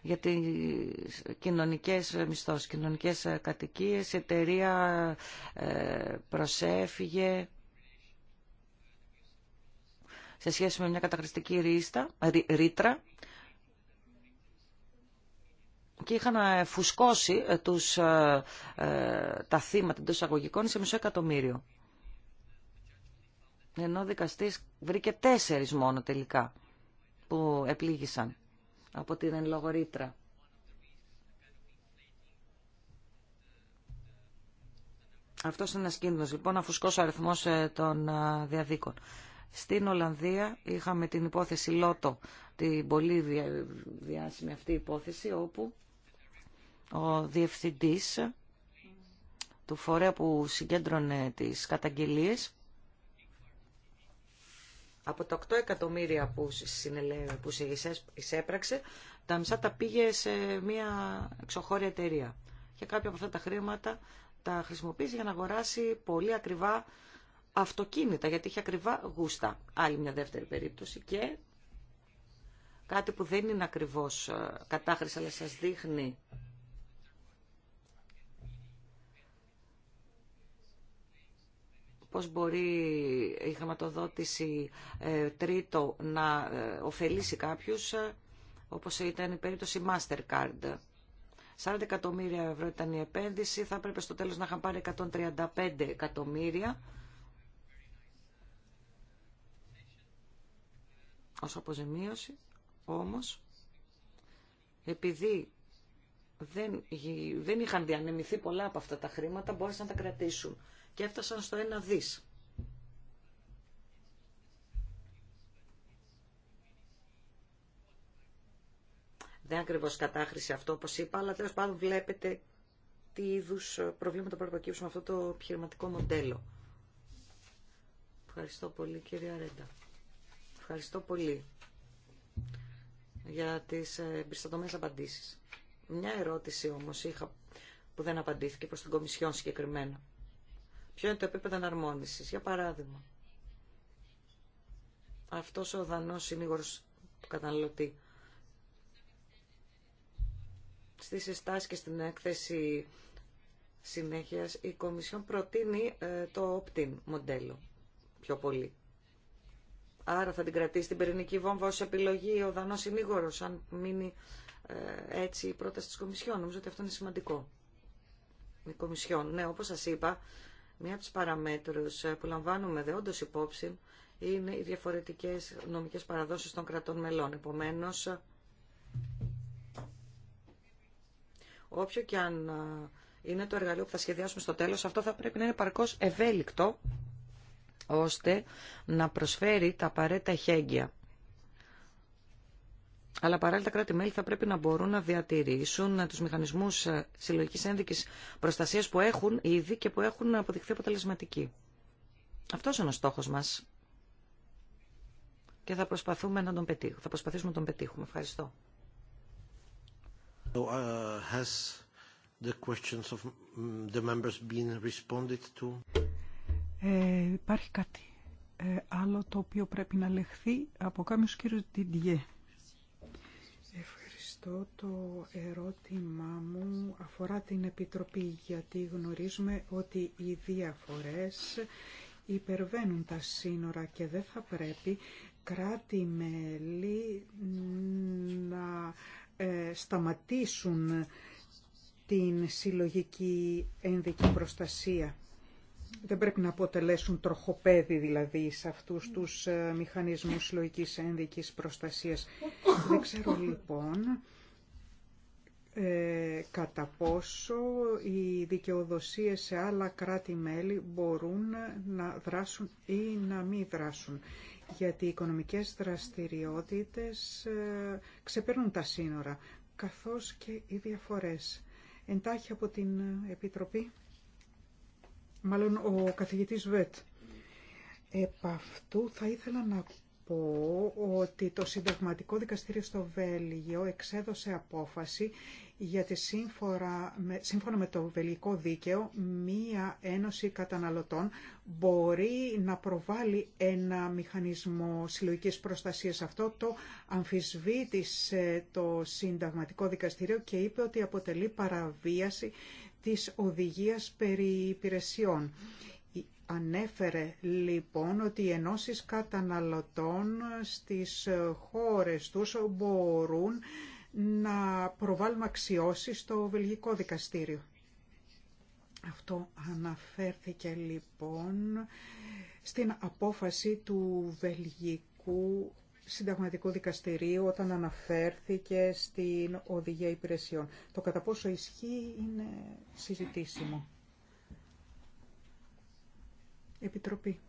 για τις κοινωνικές μισθώσεις, κοινωνικές κατοικίες, η εταιρεία ε, προσέφυγε σε σχέση με μια καταχρηστική ρίστα, ρήτρα και είχαν ε, φουσκώσει ε, τους, τα θύματα των εισαγωγικών σε μισό εκατομμύριο. Ενώ ο δικαστής βρήκε τέσσερις μόνο τελικά που επλήγησαν από την εν λόγω ρήτρα. Αυτό είναι ένα κίνδυνο λοιπόν να ε, των ε, διαδίκων. Στην Ολλανδία είχαμε την υπόθεση Λότο, την πολύ διάσημη αυτή υπόθεση, όπου ο διευθυντής του φορέα που συγκέντρωνε τις καταγγελίες από τα 8 εκατομμύρια που, που εισέπραξε, τα μισά τα πήγε σε μια εξωχώρια εταιρεία. Και κάποια από αυτά τα χρήματα τα χρησιμοποίησε για να αγοράσει πολύ ακριβά αυτοκίνητα, γιατί είχε ακριβά γούστα. Άλλη μια δεύτερη περίπτωση. Και κάτι που δεν είναι ακριβώς ε, κατάχρηση, αλλά σας δείχνει πώς μπορεί η χρηματοδότηση ε, τρίτο να ε, ωφελήσει κάποιους, ε, όπως ήταν η περίπτωση Mastercard. 40 εκατομμύρια ευρώ ήταν η επένδυση, θα έπρεπε στο τέλος να είχαν πάρει 135 εκατομμύρια. Ως αποζημίωση, όμως, επειδή δεν, δεν είχαν διανεμηθεί πολλά από αυτά τα χρήματα, μπόρεσαν να τα κρατήσουν και έφτασαν στο ένα δις. Δεν ακριβώς κατάχρηση αυτό όπως είπα, αλλά τέλος πάντων βλέπετε τι είδου προβλήματα να με αυτό το επιχειρηματικό μοντέλο. Ευχαριστώ πολύ κυρία Ρέντα. Ευχαριστώ πολύ για τις ε, εμπιστατωμένες απαντήσεις. Μια ερώτηση όμως είχα που δεν απαντήθηκε προς την Κομισιόν συγκεκριμένα. Ποιο είναι το επίπεδο αναρμόνιση, Για παράδειγμα, αυτό ο δανό συνήγορο του καταναλωτή στις συστάσει και στην έκθεση συνέχεια, η Κομισιόν προτείνει ε, το opt μοντέλο πιο πολύ. Άρα θα την κρατήσει την πυρηνική βόμβα ως επιλογή ο δανός συνήγορος αν μείνει ε, έτσι η πρόταση της Κομισιόν. Νομίζω ότι αυτό είναι σημαντικό. Η Κομισιόν, ναι, όπως σας είπα, Μία από τις παραμέτρους ε, που λαμβάνουμε δε όντως υπόψη είναι οι διαφορετικές νομικές παραδόσεις των κρατών μελών. Επομένως, όποιο και αν ε, είναι το εργαλείο που θα σχεδιάσουμε στο τέλος, αυτό θα πρέπει να είναι παρκώς ευέλικτο, ώστε να προσφέρει τα απαραίτητα χέγγια αλλά παράλληλα τα κράτη-μέλη θα πρέπει να μπορούν να διατηρήσουν τους μηχανισμούς ε, συλλογικής ένδικης προστασίας που έχουν ήδη και που έχουν αποδειχθεί αποτελεσματικοί. Αυτός είναι ο στόχος μας και θα προσπαθούμε να τον πετύχουμε. Θα προσπαθήσουμε να τον πετύχουμε. Ευχαριστώ.
Uh, has the questions of mm, the members been responded to?
Ε, υπάρχει κάτι ε, άλλο το οποίο πρέπει να λεχθεί από κάποιους κύριους Διντιέ το ερώτημά μου αφορά την Επιτροπή, γιατί γνωρίζουμε ότι οι διαφορές υπερβαίνουν τα σύνορα και δεν θα πρέπει κράτη-μέλη να ε, σταματήσουν την συλλογική ένδικη προστασία. Δεν πρέπει να αποτελέσουν τροχοπέδι δηλαδή σε αυτούς τους ε, μηχανισμούς συλλογικής ένδικης προστασίας. Δεν ξέρω λοιπόν ε, κατά πόσο οι δικαιοδοσίες σε άλλα κράτη-μέλη μπορούν να δράσουν ή να μην δράσουν. Γιατί οι οικονομικές δραστηριότητες ε, ξεπερνούν τα σύνορα, καθώς και οι διαφορές. Εντάχει από την Επιτροπή, μάλλον ο καθηγητής Βέτ. Επ' αυτού θα ήθελα να πω ότι το Συνταγματικό Δικαστήριο στο Βέλγιο εξέδωσε απόφαση γιατί σύμφωνα με, το βελγικό δίκαιο μία ένωση καταναλωτών μπορεί να προβάλλει ένα μηχανισμό συλλογικής προστασίας. Αυτό το αμφισβήτησε το Συνταγματικό Δικαστήριο και είπε ότι αποτελεί παραβίαση της οδηγίας περί Ανέφερε λοιπόν ότι οι ενώσεις καταναλωτών στις χώρες τους μπορούν να προβάλλουν αξιώσει στο Βελγικό Δικαστήριο. Αυτό αναφέρθηκε λοιπόν στην απόφαση του Βελγικού Συνταγματικού Δικαστηρίου όταν αναφέρθηκε στην Οδηγία Υπηρεσιών. Το κατά πόσο ισχύει είναι συζητήσιμο. Επιτροπή.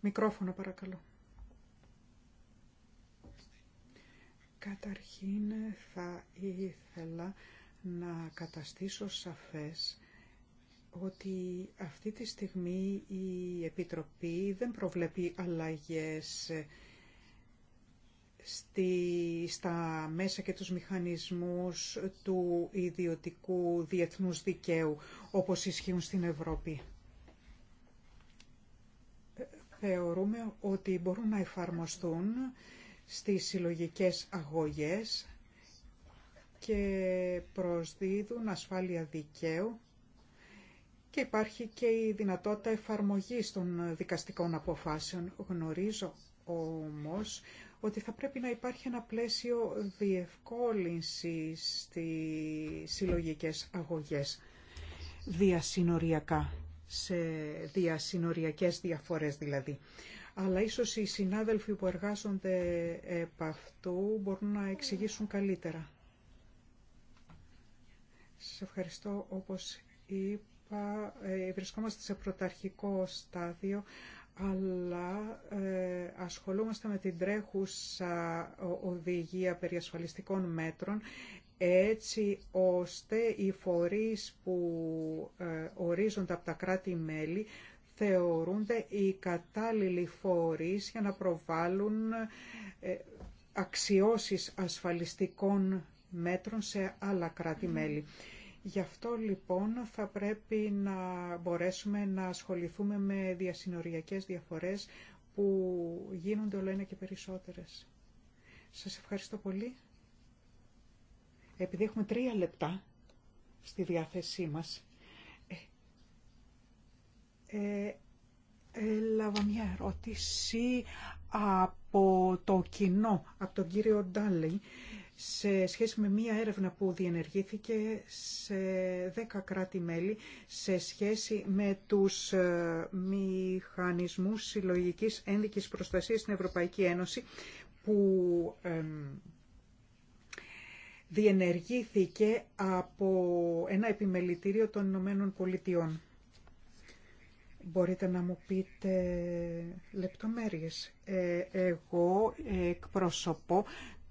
Μικρόφωνο παρακαλώ. Καταρχήν θα ήθελα να καταστήσω σαφές ότι αυτή τη στιγμή η Επιτροπή δεν προβλέπει αλλαγές στη, στα μέσα και τους μηχανισμούς του ιδιωτικού διεθνούς δικαίου, όπως ισχύουν στην Ευρώπη. Θεωρούμε ότι μπορούν να εφαρμοστούν στις συλλογικές αγωγές και προσδίδουν ασφάλεια δικαίου και υπάρχει και η δυνατότητα εφαρμογής των δικαστικών αποφάσεων. Γνωρίζω όμως ότι θα πρέπει να υπάρχει ένα πλαίσιο διευκόλυνσης στις συλλογικές αγωγές διασυνοριακά, σε διασυνοριακές διαφορές δηλαδή. Αλλά ίσως οι συνάδελφοι που εργάζονται επ' αυτού μπορούν να εξηγήσουν καλύτερα. Σας ευχαριστώ όπως είπα. Ε, βρισκόμαστε σε πρωταρχικό στάδιο, αλλά ε, ασχολούμαστε με την τρέχουσα οδηγία περιασφαλιστικών μέτρων έτσι ώστε οι φορείς που ε, ορίζονται από τα κράτη-μέλη θεωρούνται οι κατάλληλοι φορείς για να προβάλλουν ε, αξιώσεις ασφαλιστικών μέτρων σε άλλα κράτη-μέλη. Γι' αυτό λοιπόν θα πρέπει να μπορέσουμε να ασχοληθούμε με διασυνοριακές διαφορές που γίνονται όλο ένα και περισσότερες. Σας ευχαριστώ πολύ. Επειδή έχουμε τρία λεπτά στη διάθεσή μας, ε, ε, ε, έλαβα μια ερώτηση από το κοινό, από τον κύριο Ντάλι σε σχέση με μία έρευνα που διενεργήθηκε σε δεκα κράτη-μέλη σε σχέση με τους ε, μηχανισμούς συλλογικής ένδικης προστασίας στην Ευρωπαϊκή Ένωση που διενεργήθηκε από ένα επιμελητήριο των Ηνωμένων Πολιτειών. Μπορείτε να μου πείτε λεπτομέρειες. Ε, εγώ εκπροσωπώ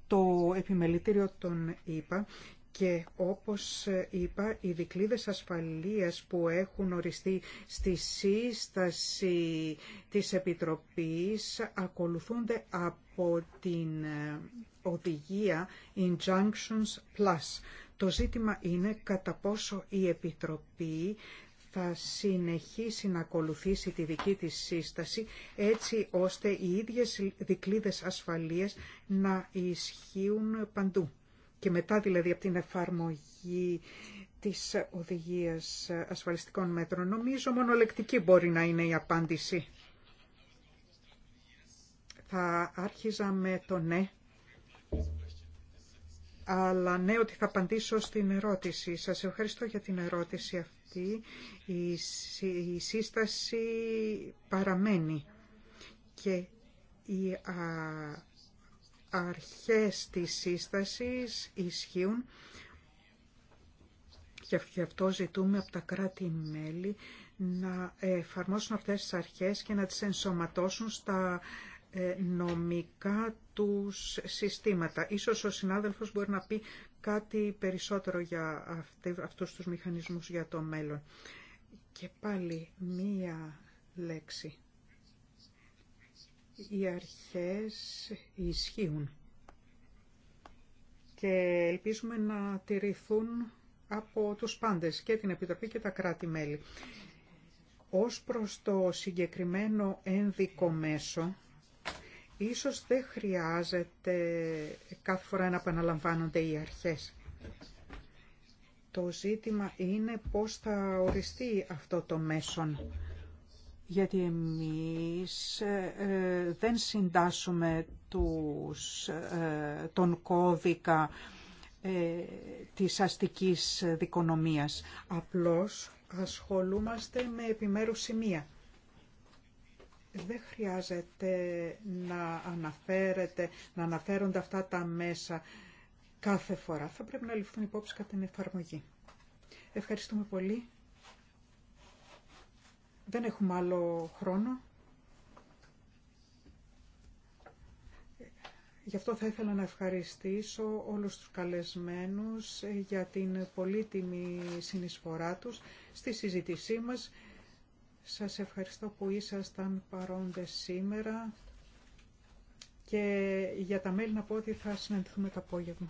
το επιμελητήριο των ΙΠΑ και όπως είπα, οι δικλείδες ασφαλείας που έχουν οριστεί στη σύσταση της Επιτροπής ακολουθούνται από την οδηγία Injunctions Plus. Το ζήτημα είναι κατά πόσο η Επιτροπή θα συνεχίσει να ακολουθήσει τη δική της σύσταση έτσι ώστε οι ίδιες δικλίδες ασφαλείας να ισχύουν παντού. Και μετά δηλαδή από την εφαρμογή της οδηγίας ασφαλιστικών μέτρων. Νομίζω μονολεκτική μπορεί να είναι η απάντηση. Θα άρχιζα με το ναι, αλλά ναι ότι θα απαντήσω στην ερώτηση. Σας ευχαριστώ για την ερώτηση αυτή. Η σύσταση παραμένει και οι αρχές της σύστασης ισχύουν και γι' αυτό ζητούμε από τα κράτη-μέλη να εφαρμόσουν αυτές τις αρχές και να τις ενσωματώσουν στα ε, νομικά τους συστήματα. Ίσως ο συνάδελφος μπορεί να πει κάτι περισσότερο για αυτούς τους μηχανισμούς για το μέλλον. Και πάλι μία λέξη. Οι αρχές ισχύουν και ελπίζουμε να τηρηθούν από τους πάντες και την Επιτροπή και τα κράτη-μέλη. Ως προς το συγκεκριμένο ένδικο μέσο, Ίσως δεν χρειάζεται κάθε φορά να επαναλαμβάνονται οι αρχές. Το ζήτημα είναι πώς θα οριστεί αυτό το μέσον. Γιατί εμείς ε, δεν συντάσσουμε τους, ε, τον κώδικα ε, της αστικής δικονομίας. Απλώς ασχολούμαστε με επιμέρους σημεία δεν χρειάζεται να, αναφέρετε να αναφέρονται αυτά τα μέσα κάθε φορά. Θα πρέπει να ληφθούν υπόψη κατά την εφαρμογή. Ευχαριστούμε πολύ. Δεν έχουμε άλλο χρόνο. Γι' αυτό θα ήθελα να ευχαριστήσω όλους τους καλεσμένους για την πολύτιμη συνεισφορά τους στη συζήτησή μας. Σας ευχαριστώ που ήσασταν παρόντες σήμερα και για τα μέλη να πω ότι θα συναντηθούμε το απόγευμα.